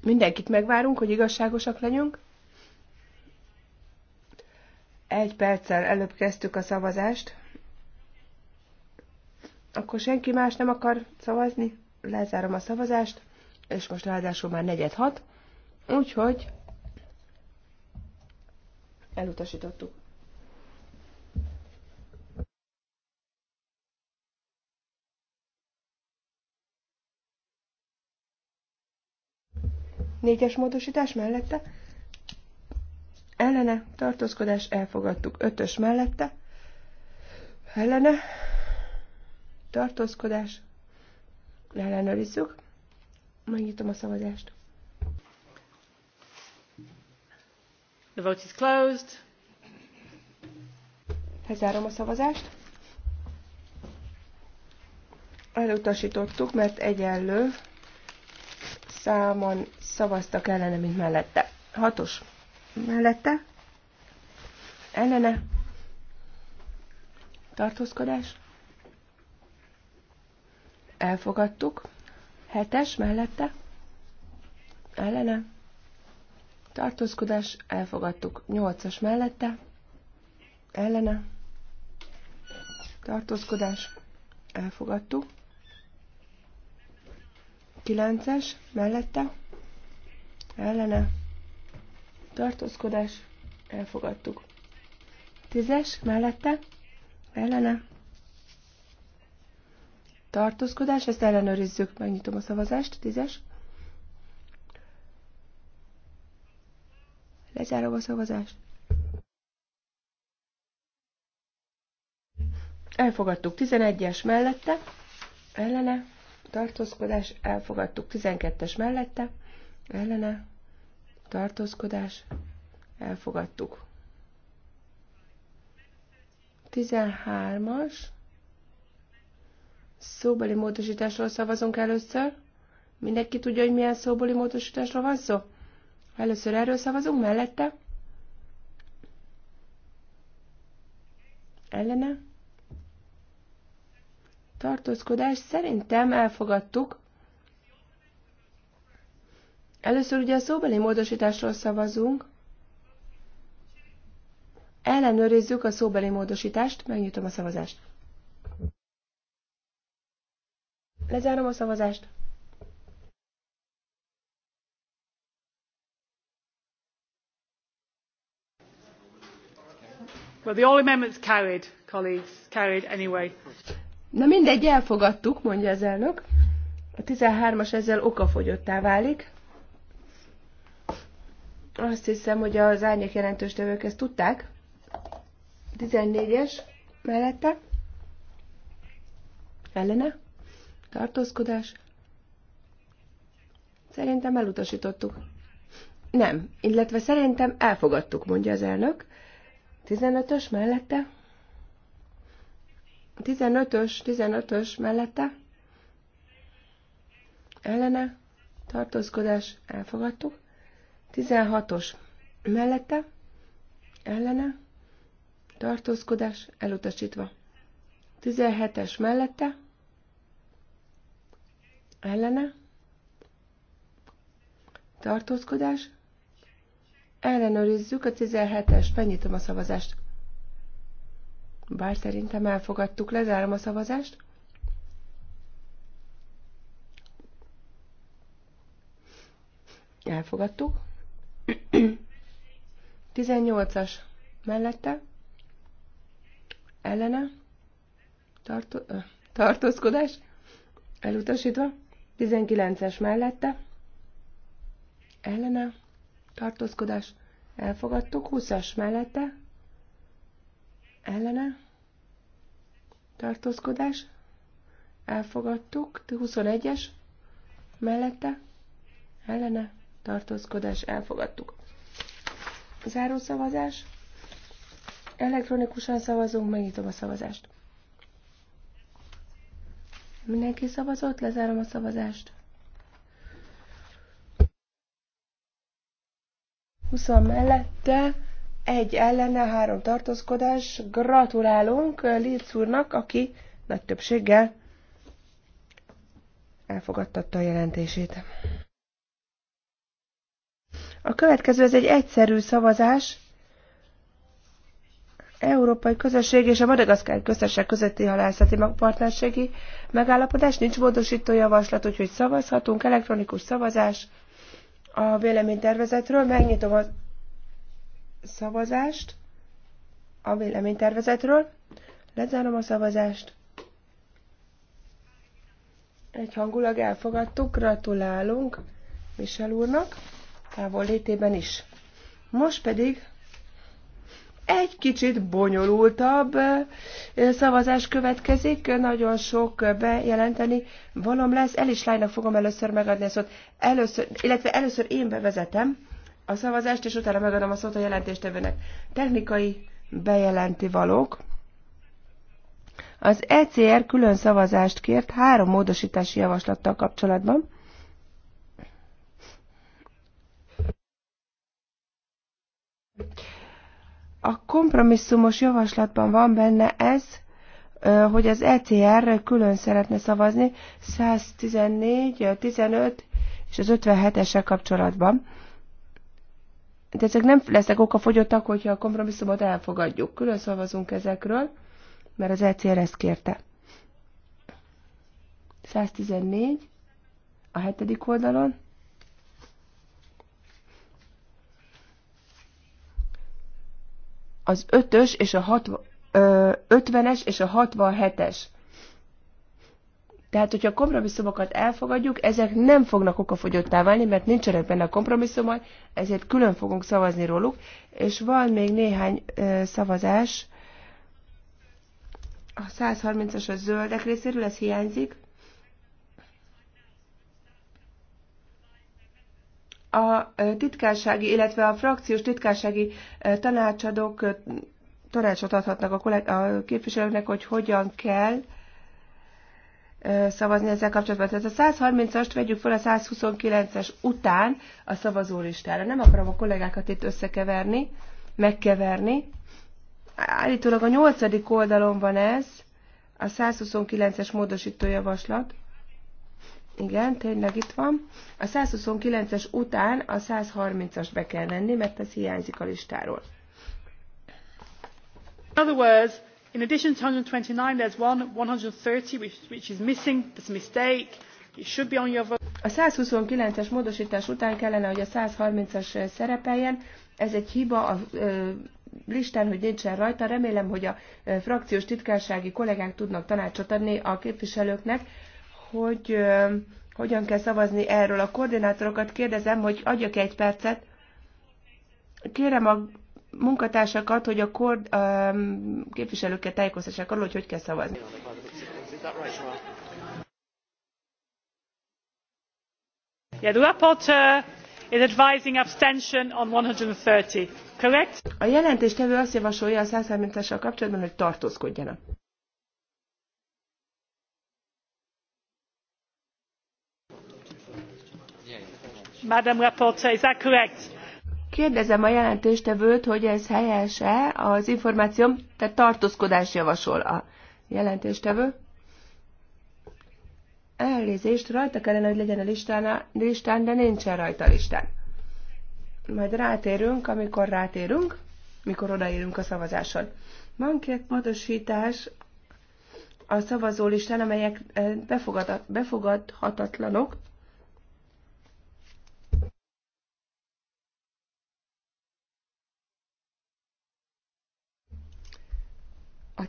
Mindenkit megvárunk, hogy igazságosak legyünk. Egy perccel előbb kezdtük a szavazást. Akkor senki más nem akar szavazni? Lezárom a szavazást, és most ráadásul már negyed hat, úgyhogy elutasítottuk. Négyes módosítás mellette. Ellene tartózkodás elfogadtuk. Ötös mellette. Ellene tartózkodás, ellenőrizzük, megnyitom a szavazást. The vote is closed. Lezárom a szavazást. Elutasítottuk, mert egyenlő számon szavaztak ellene, mint mellette. Hatos mellette, ellene, tartózkodás, elfogadtuk. Hetes mellette, ellene, tartózkodás, elfogadtuk. Nyolcas mellette, ellene, tartózkodás, elfogadtuk. Kilences mellette, ellene, tartózkodás, elfogadtuk. Tízes mellette, ellene, tartózkodás, ezt ellenőrizzük, megnyitom a szavazást, tízes. Lezárom a szavazást. Elfogadtuk 11-es mellette, ellene, tartózkodás, elfogadtuk 12-es mellette, ellene, tartózkodás, elfogadtuk. 13-as, Szóbeli módosításról szavazunk először. Mindenki tudja, hogy milyen szóbeli módosításról van szó? Először erről szavazunk, mellette. Ellene. Tartózkodás szerintem elfogadtuk. Először ugye a szóbeli módosításról szavazunk. Ellenőrizzük a szóbeli módosítást, megnyitom a szavazást. Lezárom a szavazást. Well, the all amendments carried, colleagues, carried anyway. Na mindegy, elfogadtuk, mondja az elnök. A 13-as ezzel okafogyottá válik. Azt hiszem, hogy az árnyék jelentős tevők ezt tudták. 14-es mellette. Ellene tartózkodás. Szerintem elutasítottuk. Nem, illetve szerintem elfogadtuk, mondja az elnök. 15-ös mellette? 15-ös, 15-ös mellette? Ellene? Tartózkodás, elfogadtuk. 16-os mellette? Ellene? Tartózkodás, elutasítva. 17-es mellette? ellene, tartózkodás, ellenőrizzük a 17 es megnyitom a szavazást. Bár szerintem elfogadtuk, lezárom a szavazást. Elfogadtuk. 18-as mellette, ellene, tartó, tartózkodás, elutasítva. 19-es mellette, ellene, tartózkodás, elfogadtuk, 20-as mellette, ellene, tartózkodás, elfogadtuk, 21-es mellette, ellene, tartózkodás, elfogadtuk. Zárószavazás, elektronikusan szavazunk, megnyitom a szavazást. Mindenki szavazott, lezárom a szavazást. 20 mellette, egy ellene, három tartózkodás. Gratulálunk Lilc úrnak, aki nagy többséggel elfogadtatta a jelentését. A következő ez egy egyszerű szavazás, Európai Közösség és a Madagaszkári Közösség közötti halászati partnerségi megállapodás. Nincs módosító javaslat, úgyhogy szavazhatunk. Elektronikus szavazás a véleménytervezetről. Megnyitom a szavazást a véleménytervezetről. Lezárom a szavazást. hangulag elfogadtuk, gratulálunk Michel úrnak, távol létében is. Most pedig egy kicsit bonyolultabb eh, szavazás következik, nagyon sok bejelenteni valom lesz. El is lánynak fogom először megadni a szót, először, illetve először én bevezetem a szavazást, és utána megadom a szót a jelentéstevőnek. Technikai bejelenti valók. Az ECR külön szavazást kért három módosítási javaslattal kapcsolatban. Thank you. A kompromisszumos javaslatban van benne ez, hogy az ECR külön szeretne szavazni 114, 15 és az 57-essel kapcsolatban. De ezek nem lesznek okafogyottak, hogyha a kompromisszumot elfogadjuk. Külön szavazunk ezekről, mert az ECR ezt kérte. 114 a hetedik oldalon, az 5-ös és a 50-es és a 67-es. Tehát, hogyha a kompromisszumokat elfogadjuk, ezek nem fognak okafogyottá válni, mert nincsenek benne a kompromisszumok, ezért külön fogunk szavazni róluk, és van még néhány ö, szavazás. A 130-as a zöldek részéről, ez hiányzik. a titkársági, illetve a frakciós titkársági tanácsadók tanácsot adhatnak a, kollég, a képviselőknek, hogy hogyan kell szavazni ezzel kapcsolatban. Tehát a 130-ast vegyük fel a 129-es után a szavazólistára. Nem akarom a kollégákat itt összekeverni, megkeverni. Állítólag a 8. oldalon van ez, a 129-es módosító javaslat. Igen, tényleg itt van. A 129-es után a 130-as be kell venni, mert ez hiányzik a listáról. In other words, in addition to 129, there's one 130 which, which is missing. That's a mistake. It should be on your vote. A 129-es módosítás után kellene, hogy a 130-as szerepeljen. Ez egy hiba a listán, hogy nincsen rajta. Remélem, hogy a frakciós titkársági kollégák tudnak tanácsot adni a képviselőknek hogy hogyan kell szavazni erről. A koordinátorokat kérdezem, hogy adjak egy percet. Kérem a munkatársakat, hogy a kord, a képviselőkkel tájékoztassák arról, hogy hogy kell szavazni. is advising abstention on 130, correct? A jelentéstevő azt javasolja a 130-essel kapcsolatban, hogy tartózkodjanak. Kérdezem a jelentéstevőt, hogy ez helyese az információm, tehát tartózkodás javasol a jelentéstevő. Elnézést, rajta kellene, hogy legyen a listán, listán, de nincsen rajta a listán. Majd rátérünk, amikor rátérünk, mikor odaérünk a szavazáson. Van két módosítás a szavazólistán, amelyek eh, befogadhatatlanok,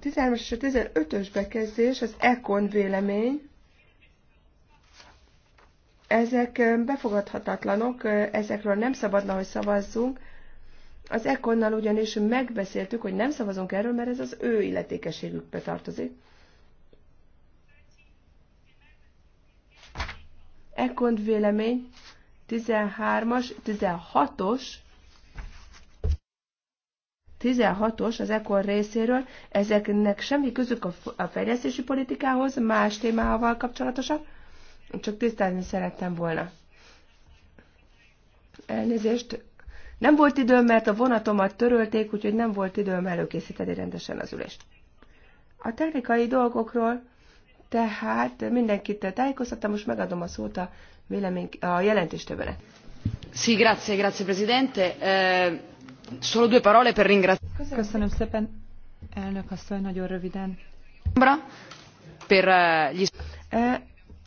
13-as és a 15-ös bekezdés, az ECON vélemény, ezek befogadhatatlanok, ezekről nem szabadna, hogy szavazzunk. Az Ekonnal ugyanis megbeszéltük, hogy nem szavazunk erről, mert ez az ő illetékességükbe tartozik. Econ vélemény 13-as, 16-os 16-os az ekkor részéről, ezeknek semmi közük a fejlesztési politikához, más témával kapcsolatosak, csak tisztelni szerettem volna. Elnézést, nem volt időm, mert a vonatomat törölték, úgyhogy nem volt időm előkészíteni rendesen az ülést. A technikai dolgokról tehát mindenkit tájékoztattam, most megadom a szót a, vélemény, a jelentéstevőnek. Sí, grazie, grazie, presidente. Uh... Köszönöm szépen, elnök asszony, nagyon röviden. Eh, eh,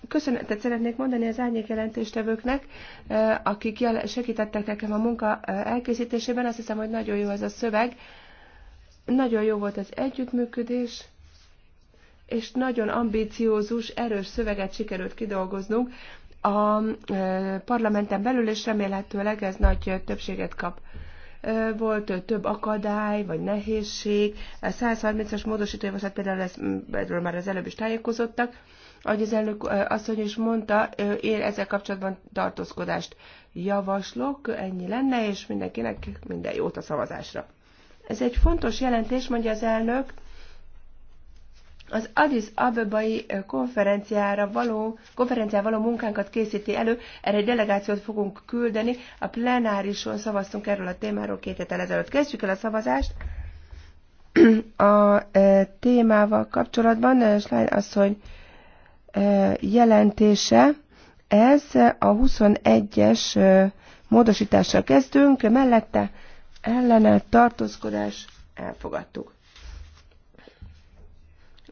köszönetet szeretnék mondani az árnyék jelentéstevőknek, eh, akik segítettek nekem a munka elkészítésében. Azt hiszem, hogy nagyon jó ez a szöveg. Nagyon jó volt az együttműködés, és nagyon ambiciózus erős szöveget sikerült kidolgoznunk a parlamenten belül, és remélhetőleg ez nagy többséget kap volt több akadály vagy nehézség. A 130-as módosítójavaslat például ez, erről már az előbb is tájékozottak. Ahogy az elnök asszony is mondta, én ezzel kapcsolatban tartózkodást javaslok, ennyi lenne, és mindenkinek minden jót a szavazásra. Ez egy fontos jelentés, mondja az elnök, az Addis Abebai konferenciára való, konferenciára való munkánkat készíti elő, erre egy delegációt fogunk küldeni, a plenárison szavaztunk erről a témáról két héttel ezelőtt. Kezdjük el a szavazást [CLEARS THROAT] a témával kapcsolatban, Slány asszony jelentése, ez a 21-es módosítással kezdünk, mellette ellene tartózkodás elfogadtuk.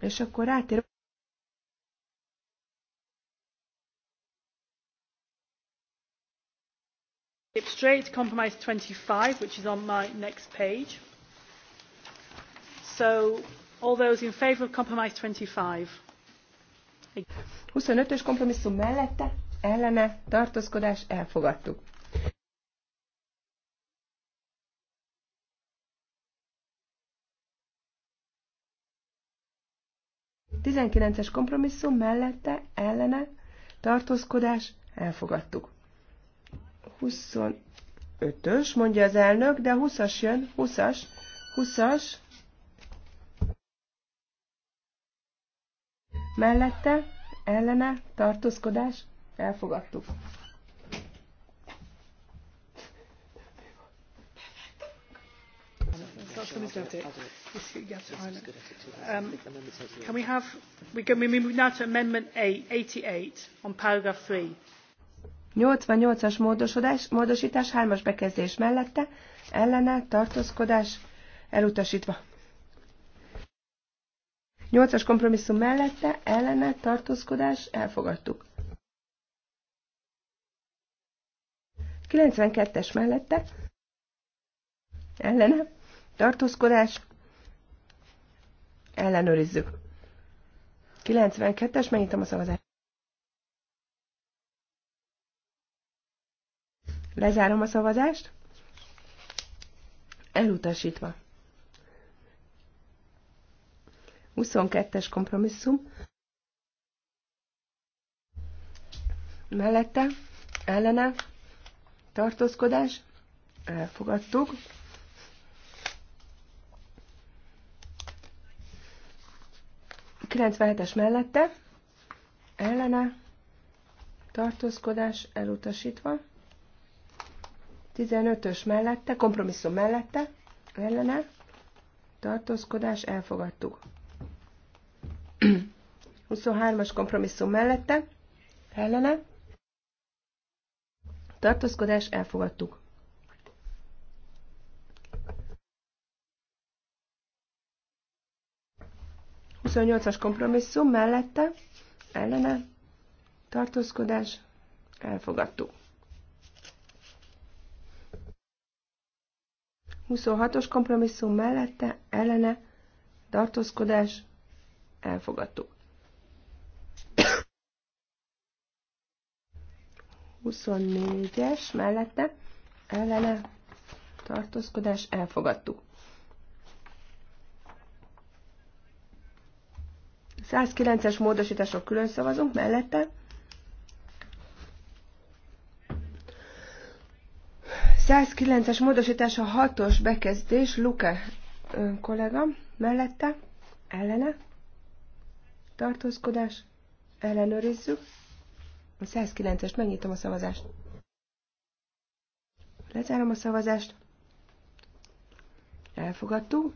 És akkor átérünk. skip straight to compromise 25, which is on my next page. So, all those in favour of compromise 25? 25-ös kompromisszum mellette, ellene, tartózkodás, elfogadtuk. 19-es kompromisszum mellette ellene tartózkodás elfogadtuk. 25-ös, mondja az elnök, de 20-as jön, 20-as, 20-as, mellette ellene tartózkodás elfogadtuk. Um, can we have, we can we move now to amendment 8, 88 on paragraph 3. 88-as módosodás, módosítás, hármas bekezdés mellette, ellene, tartózkodás, elutasítva. 8-as kompromisszum mellette, ellene, tartózkodás, elfogadtuk. 92-es mellette, ellene, tartózkodás, ellenőrizzük. 92-es, megnyitom a szavazást. Lezárom a szavazást. Elutasítva. 22-es kompromisszum. Mellette, ellene, tartózkodás, elfogadtuk. 97-es mellette, ellene, tartózkodás elutasítva. 15-ös mellette, kompromisszum mellette, ellene, tartózkodás elfogadtuk. 23-as [CLEARS THROAT] kompromisszum mellette, ellene, tartózkodás elfogadtuk. 28-as kompromisszum mellette, ellene, tartózkodás, elfogadtuk. 26-os kompromisszum mellette, ellene, tartózkodás, elfogadtuk. 24-es mellette, ellene, tartózkodás, elfogadtuk. 109-es módosítások külön szavazunk mellette. 109-es módosítás a 6-os bekezdés, Luke kollega mellette, ellene, tartózkodás, ellenőrizzük. A 109-est megnyitom a szavazást. Lezárom a szavazást. Elfogadtuk.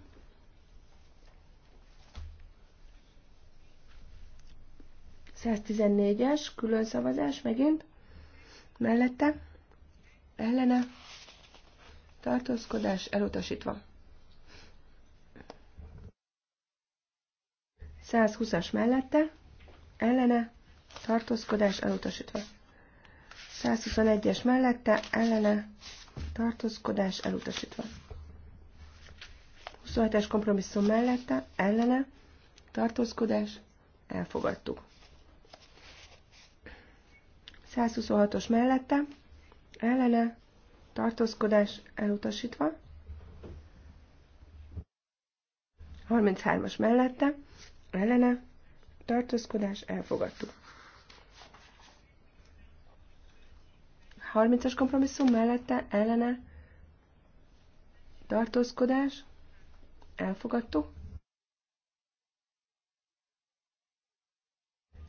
114-es, külön szavazás megint, mellette, ellene, tartózkodás elutasítva. 120-as mellette, ellene, tartózkodás elutasítva. 121-es mellette, ellene, tartózkodás elutasítva. 27-es kompromisszum mellette, ellene, tartózkodás, elfogadtuk. 126-os mellette, ellene, tartózkodás elutasítva, 33-as mellette, ellene, tartózkodás elfogadtuk. 30-as kompromisszum mellette, ellene, tartózkodás elfogadtuk.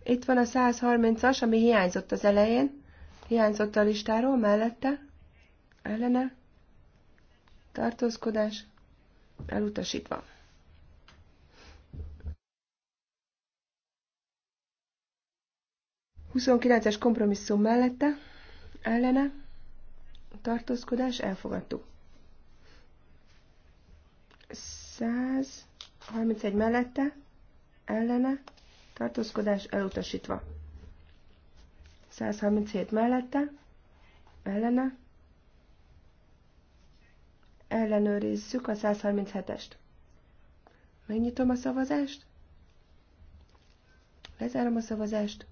Itt van a 130-as, ami hiányzott az elején. Hiányzott a listáról, mellette. Ellene. Tartózkodás. Elutasítva. 29-es kompromisszum mellette. Ellene. Tartózkodás. Elfogadtuk. 131 mellette. Ellene tartózkodás elutasítva. 137 mellette, ellene, ellenőrizzük a 137-est. Megnyitom a szavazást, lezárom a szavazást,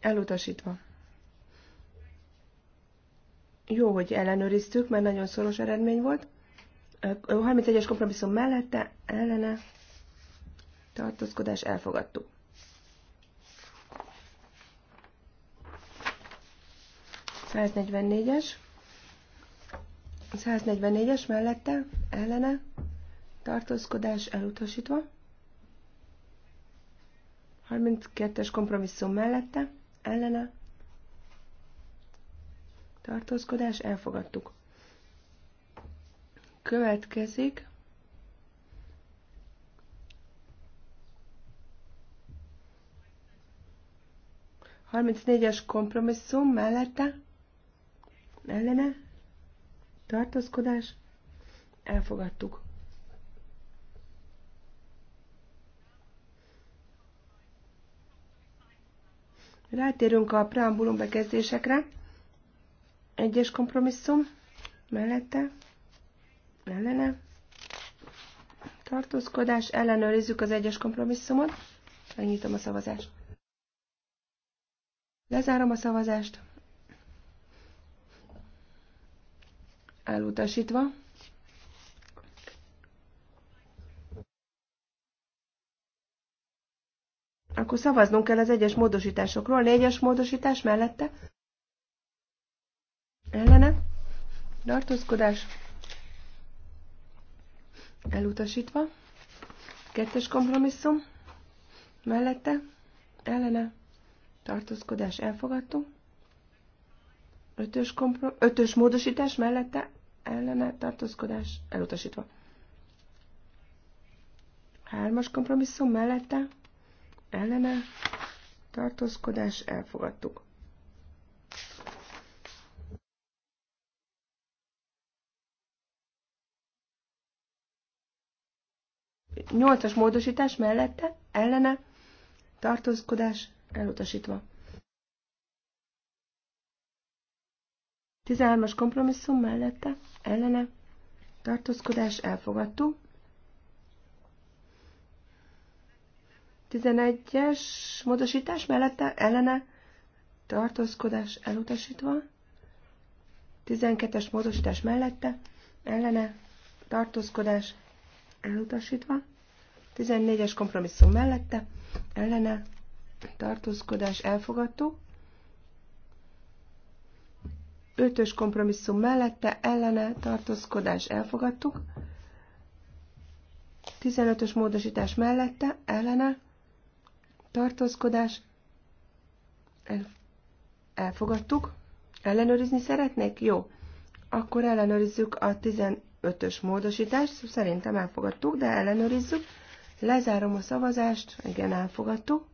elutasítva. Jó, hogy ellenőriztük, mert nagyon szoros eredmény volt. 31-es kompromisszum mellette, ellene, tartózkodás elfogadtuk. es 144-es mellette, ellene, tartózkodás elutasítva. 32-es kompromisszum mellette, ellene, tartózkodás elfogadtuk. Következik 34-es kompromisszum mellette, ellene, tartózkodás, elfogadtuk. Rátérünk a preambulum bekezdésekre. Egyes kompromisszum, mellette, ellene, tartózkodás, ellenőrizzük az egyes kompromisszumot, megnyitom a szavazást. Lezárom a szavazást. Elutasítva. Akkor szavaznunk kell az egyes módosításokról. Négyes módosítás mellette. Ellene. Tartózkodás. Elutasítva. Kettes kompromisszum. Mellette. Ellene tartózkodás elfogadtuk. Ötös, komprom- ötös módosítás mellette ellene tartózkodás elutasítva. Hármas kompromisszum mellette ellene tartózkodás elfogadtuk. Nyolcas módosítás mellette ellene tartózkodás elutasítva. 13-as kompromisszum mellette, ellene, tartózkodás, elfogadtuk. 11-es módosítás mellette, ellene, tartózkodás, elutasítva. 12-es módosítás mellette, ellene, tartózkodás, elutasítva. 14-es kompromisszum mellette, ellene, tartózkodás elfogadtuk. Ötös kompromisszum mellette ellene tartózkodás elfogadtuk. 15-ös módosítás mellette ellene tartózkodás elfogadtuk. Ellenőrizni szeretnék? Jó. Akkor ellenőrizzük a 15-ös módosítást. Szerintem elfogadtuk, de ellenőrizzük. Lezárom a szavazást. Igen, elfogadtuk.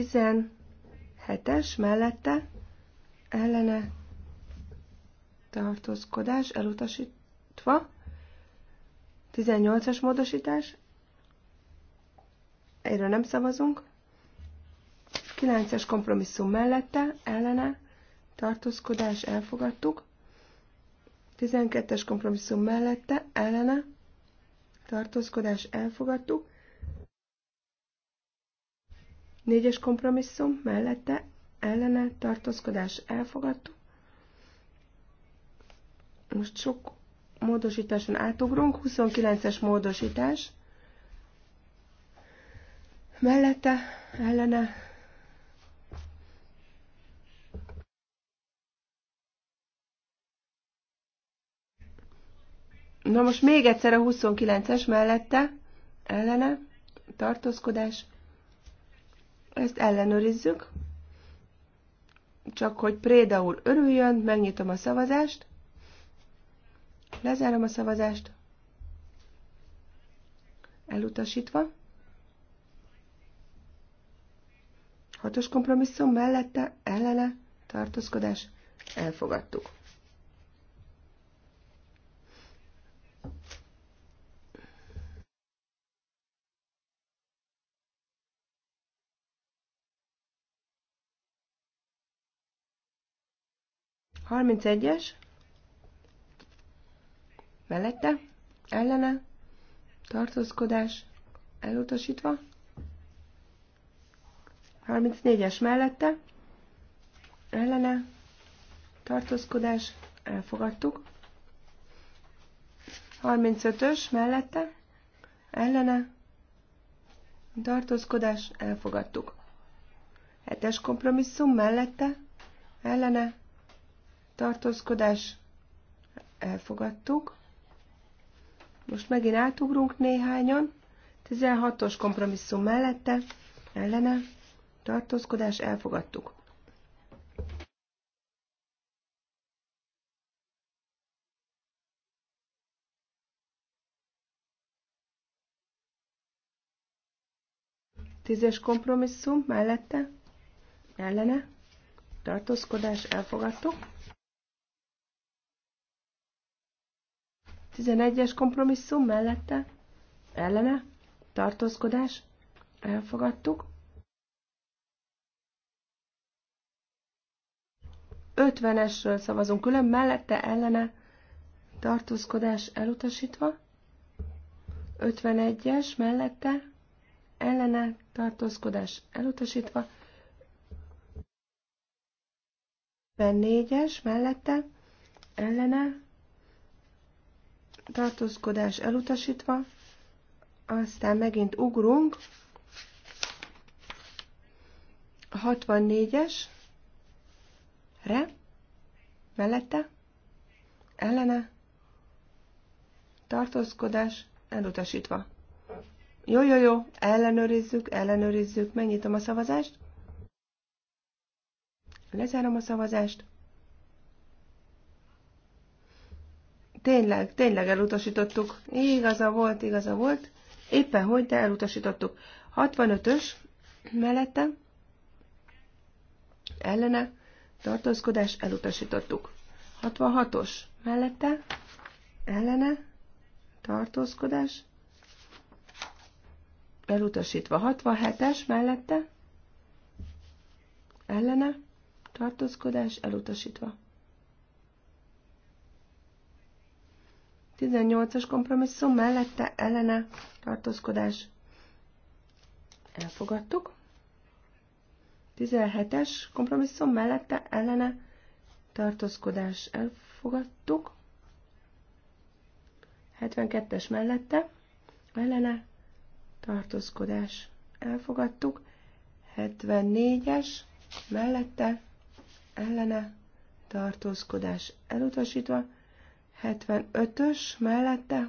17-es mellette ellene tartózkodás elutasítva. 18-as módosítás. Erről nem szavazunk. 9-es kompromisszum mellette ellene tartózkodás elfogadtuk. 12-es kompromisszum mellette ellene tartózkodás elfogadtuk. Négyes kompromisszum mellette ellene tartózkodás elfogadtuk. Most sok módosításon átugrunk. 29-es módosítás. Mellette ellene Na most még egyszer a 29-es mellette ellene tartózkodás ezt ellenőrizzük. Csak hogy Préda úr örüljön, megnyitom a szavazást. Lezárom a szavazást. Elutasítva. Hatos kompromisszum mellette ellene tartózkodás elfogadtuk. 31-es, mellette, ellene, tartózkodás, elutasítva, 34-es mellette, ellene, tartózkodás, elfogadtuk, 35-ös mellette, ellene, tartózkodás, elfogadtuk. 7-es kompromisszum mellette, ellene, tartózkodás, elfogadtuk. Most megint átugrunk néhányan. 16-os kompromisszum mellette, ellene, tartózkodás, elfogadtuk. Tízes kompromisszum mellette, ellene, tartózkodás, elfogadtuk. 11-es kompromisszum mellette, ellene, tartózkodás, elfogadtuk. 50-esről szavazunk külön, mellette, ellene, tartózkodás elutasítva. 51-es mellette, ellene, tartózkodás elutasítva. 54-es mellette, ellene, tartózkodás elutasítva, aztán megint ugrunk, 64-es, re, mellette, ellene, tartózkodás elutasítva. Jó, jó, jó, ellenőrizzük, ellenőrizzük, megnyitom a szavazást, lezárom a szavazást, Tényleg, tényleg elutasítottuk. Igaza volt, igaza volt. Éppen hogy, de elutasítottuk. 65-ös mellette ellene tartózkodás elutasítottuk. 66-os mellette ellene tartózkodás elutasítva. 67-es mellette ellene tartózkodás elutasítva. 18-as kompromisszum mellette ellene tartózkodás. Elfogadtuk. 17-es kompromisszum mellette ellene tartózkodás. Elfogadtuk. 72-es mellette ellene tartózkodás. Elfogadtuk. 74-es mellette ellene tartózkodás elutasítva. 75-ös mellette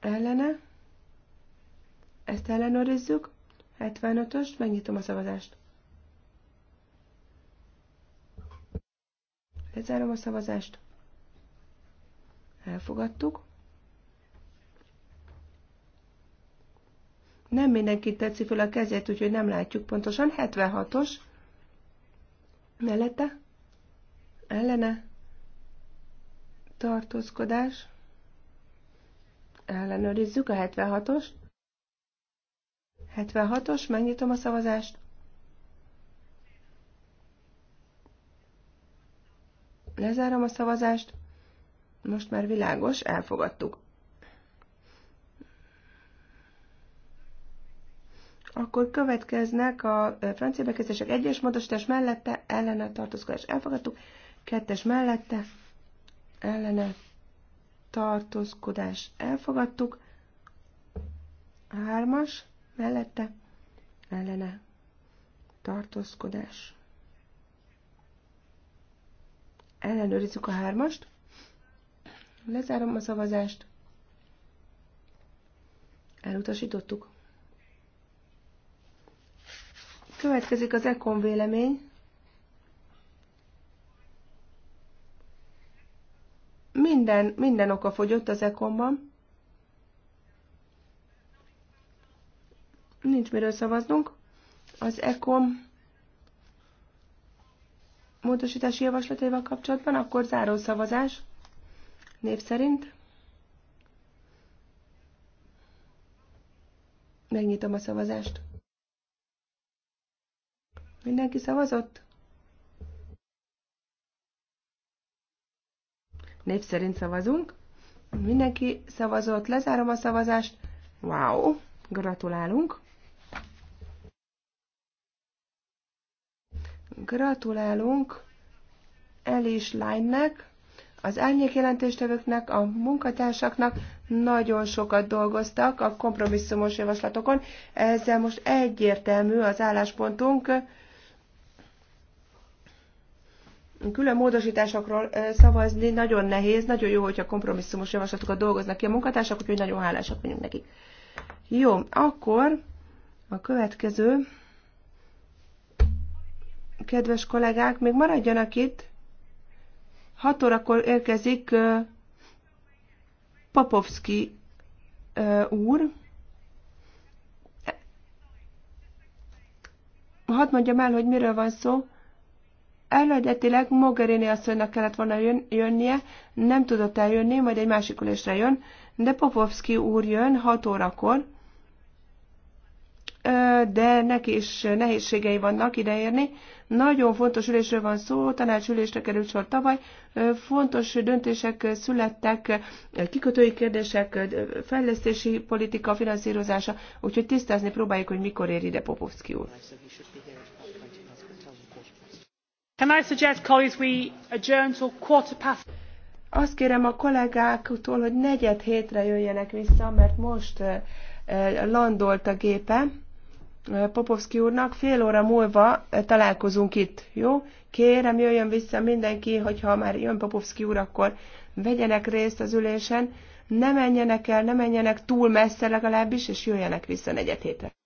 ellene. Ezt ellenőrizzük. 75-ös, megnyitom a szavazást. Lezárom a szavazást. Elfogadtuk. Nem mindenki tetszi föl a kezét, úgyhogy nem látjuk pontosan. 76-os. Mellette? Ellene? tartózkodás. Ellenőrizzük a 76-os. 76-os, megnyitom a szavazást. Lezárom a szavazást. Most már világos, elfogadtuk. Akkor következnek a francia bekezdések egyes módosítás mellette, ellene tartózkodás elfogadtuk, kettes mellette, ellene tartózkodás elfogadtuk, hármas mellette ellene tartózkodás. Ellenőrizzük a hármast, lezárom a szavazást, elutasítottuk. Következik az Ekon vélemény. minden, minden oka fogyott az ekonban. Nincs miről szavaznunk. Az ekom módosítási javaslataival kapcsolatban, akkor záró szavazás név szerint. Megnyitom a szavazást. Mindenki szavazott? Név szerint szavazunk. Mindenki szavazott, lezárom a szavazást. Wow, gratulálunk. Gratulálunk Elis Lánynek, az árnyék a munkatársaknak nagyon sokat dolgoztak a kompromisszumos javaslatokon. Ezzel most egyértelmű az álláspontunk külön módosításokról szavazni nagyon nehéz, nagyon jó, hogyha kompromisszumos javaslatokat dolgoznak ki a munkatársak, úgyhogy nagyon hálásak vagyunk nekik. Jó, akkor a következő. Kedves kollégák, még maradjanak itt. 6 órakor érkezik Papovski úr. Hadd mondjam el, hogy miről van szó Eredetileg Mogherini asszonynak kellett volna jön, jönnie, nem tudott eljönni, majd egy másik ülésre jön, de Popovski úr jön 6 órakor, de neki is nehézségei vannak ideérni. Nagyon fontos ülésről van szó, tanácsülésre került sor tavaly, fontos döntések születtek, kikötői kérdések, fejlesztési politika, finanszírozása, úgyhogy tisztázni próbáljuk, hogy mikor ér ide Popovski úr. Azt kérem a kollégáktól, hogy negyed hétre jöjjenek vissza, mert most landolt a gépe Popovski úrnak. Fél óra múlva találkozunk itt, jó? Kérem, jöjjön vissza mindenki, hogyha már jön Popovski úr, akkor vegyenek részt az ülésen. Ne menjenek el, ne menjenek túl messze legalábbis, és jöjjenek vissza negyed hétre.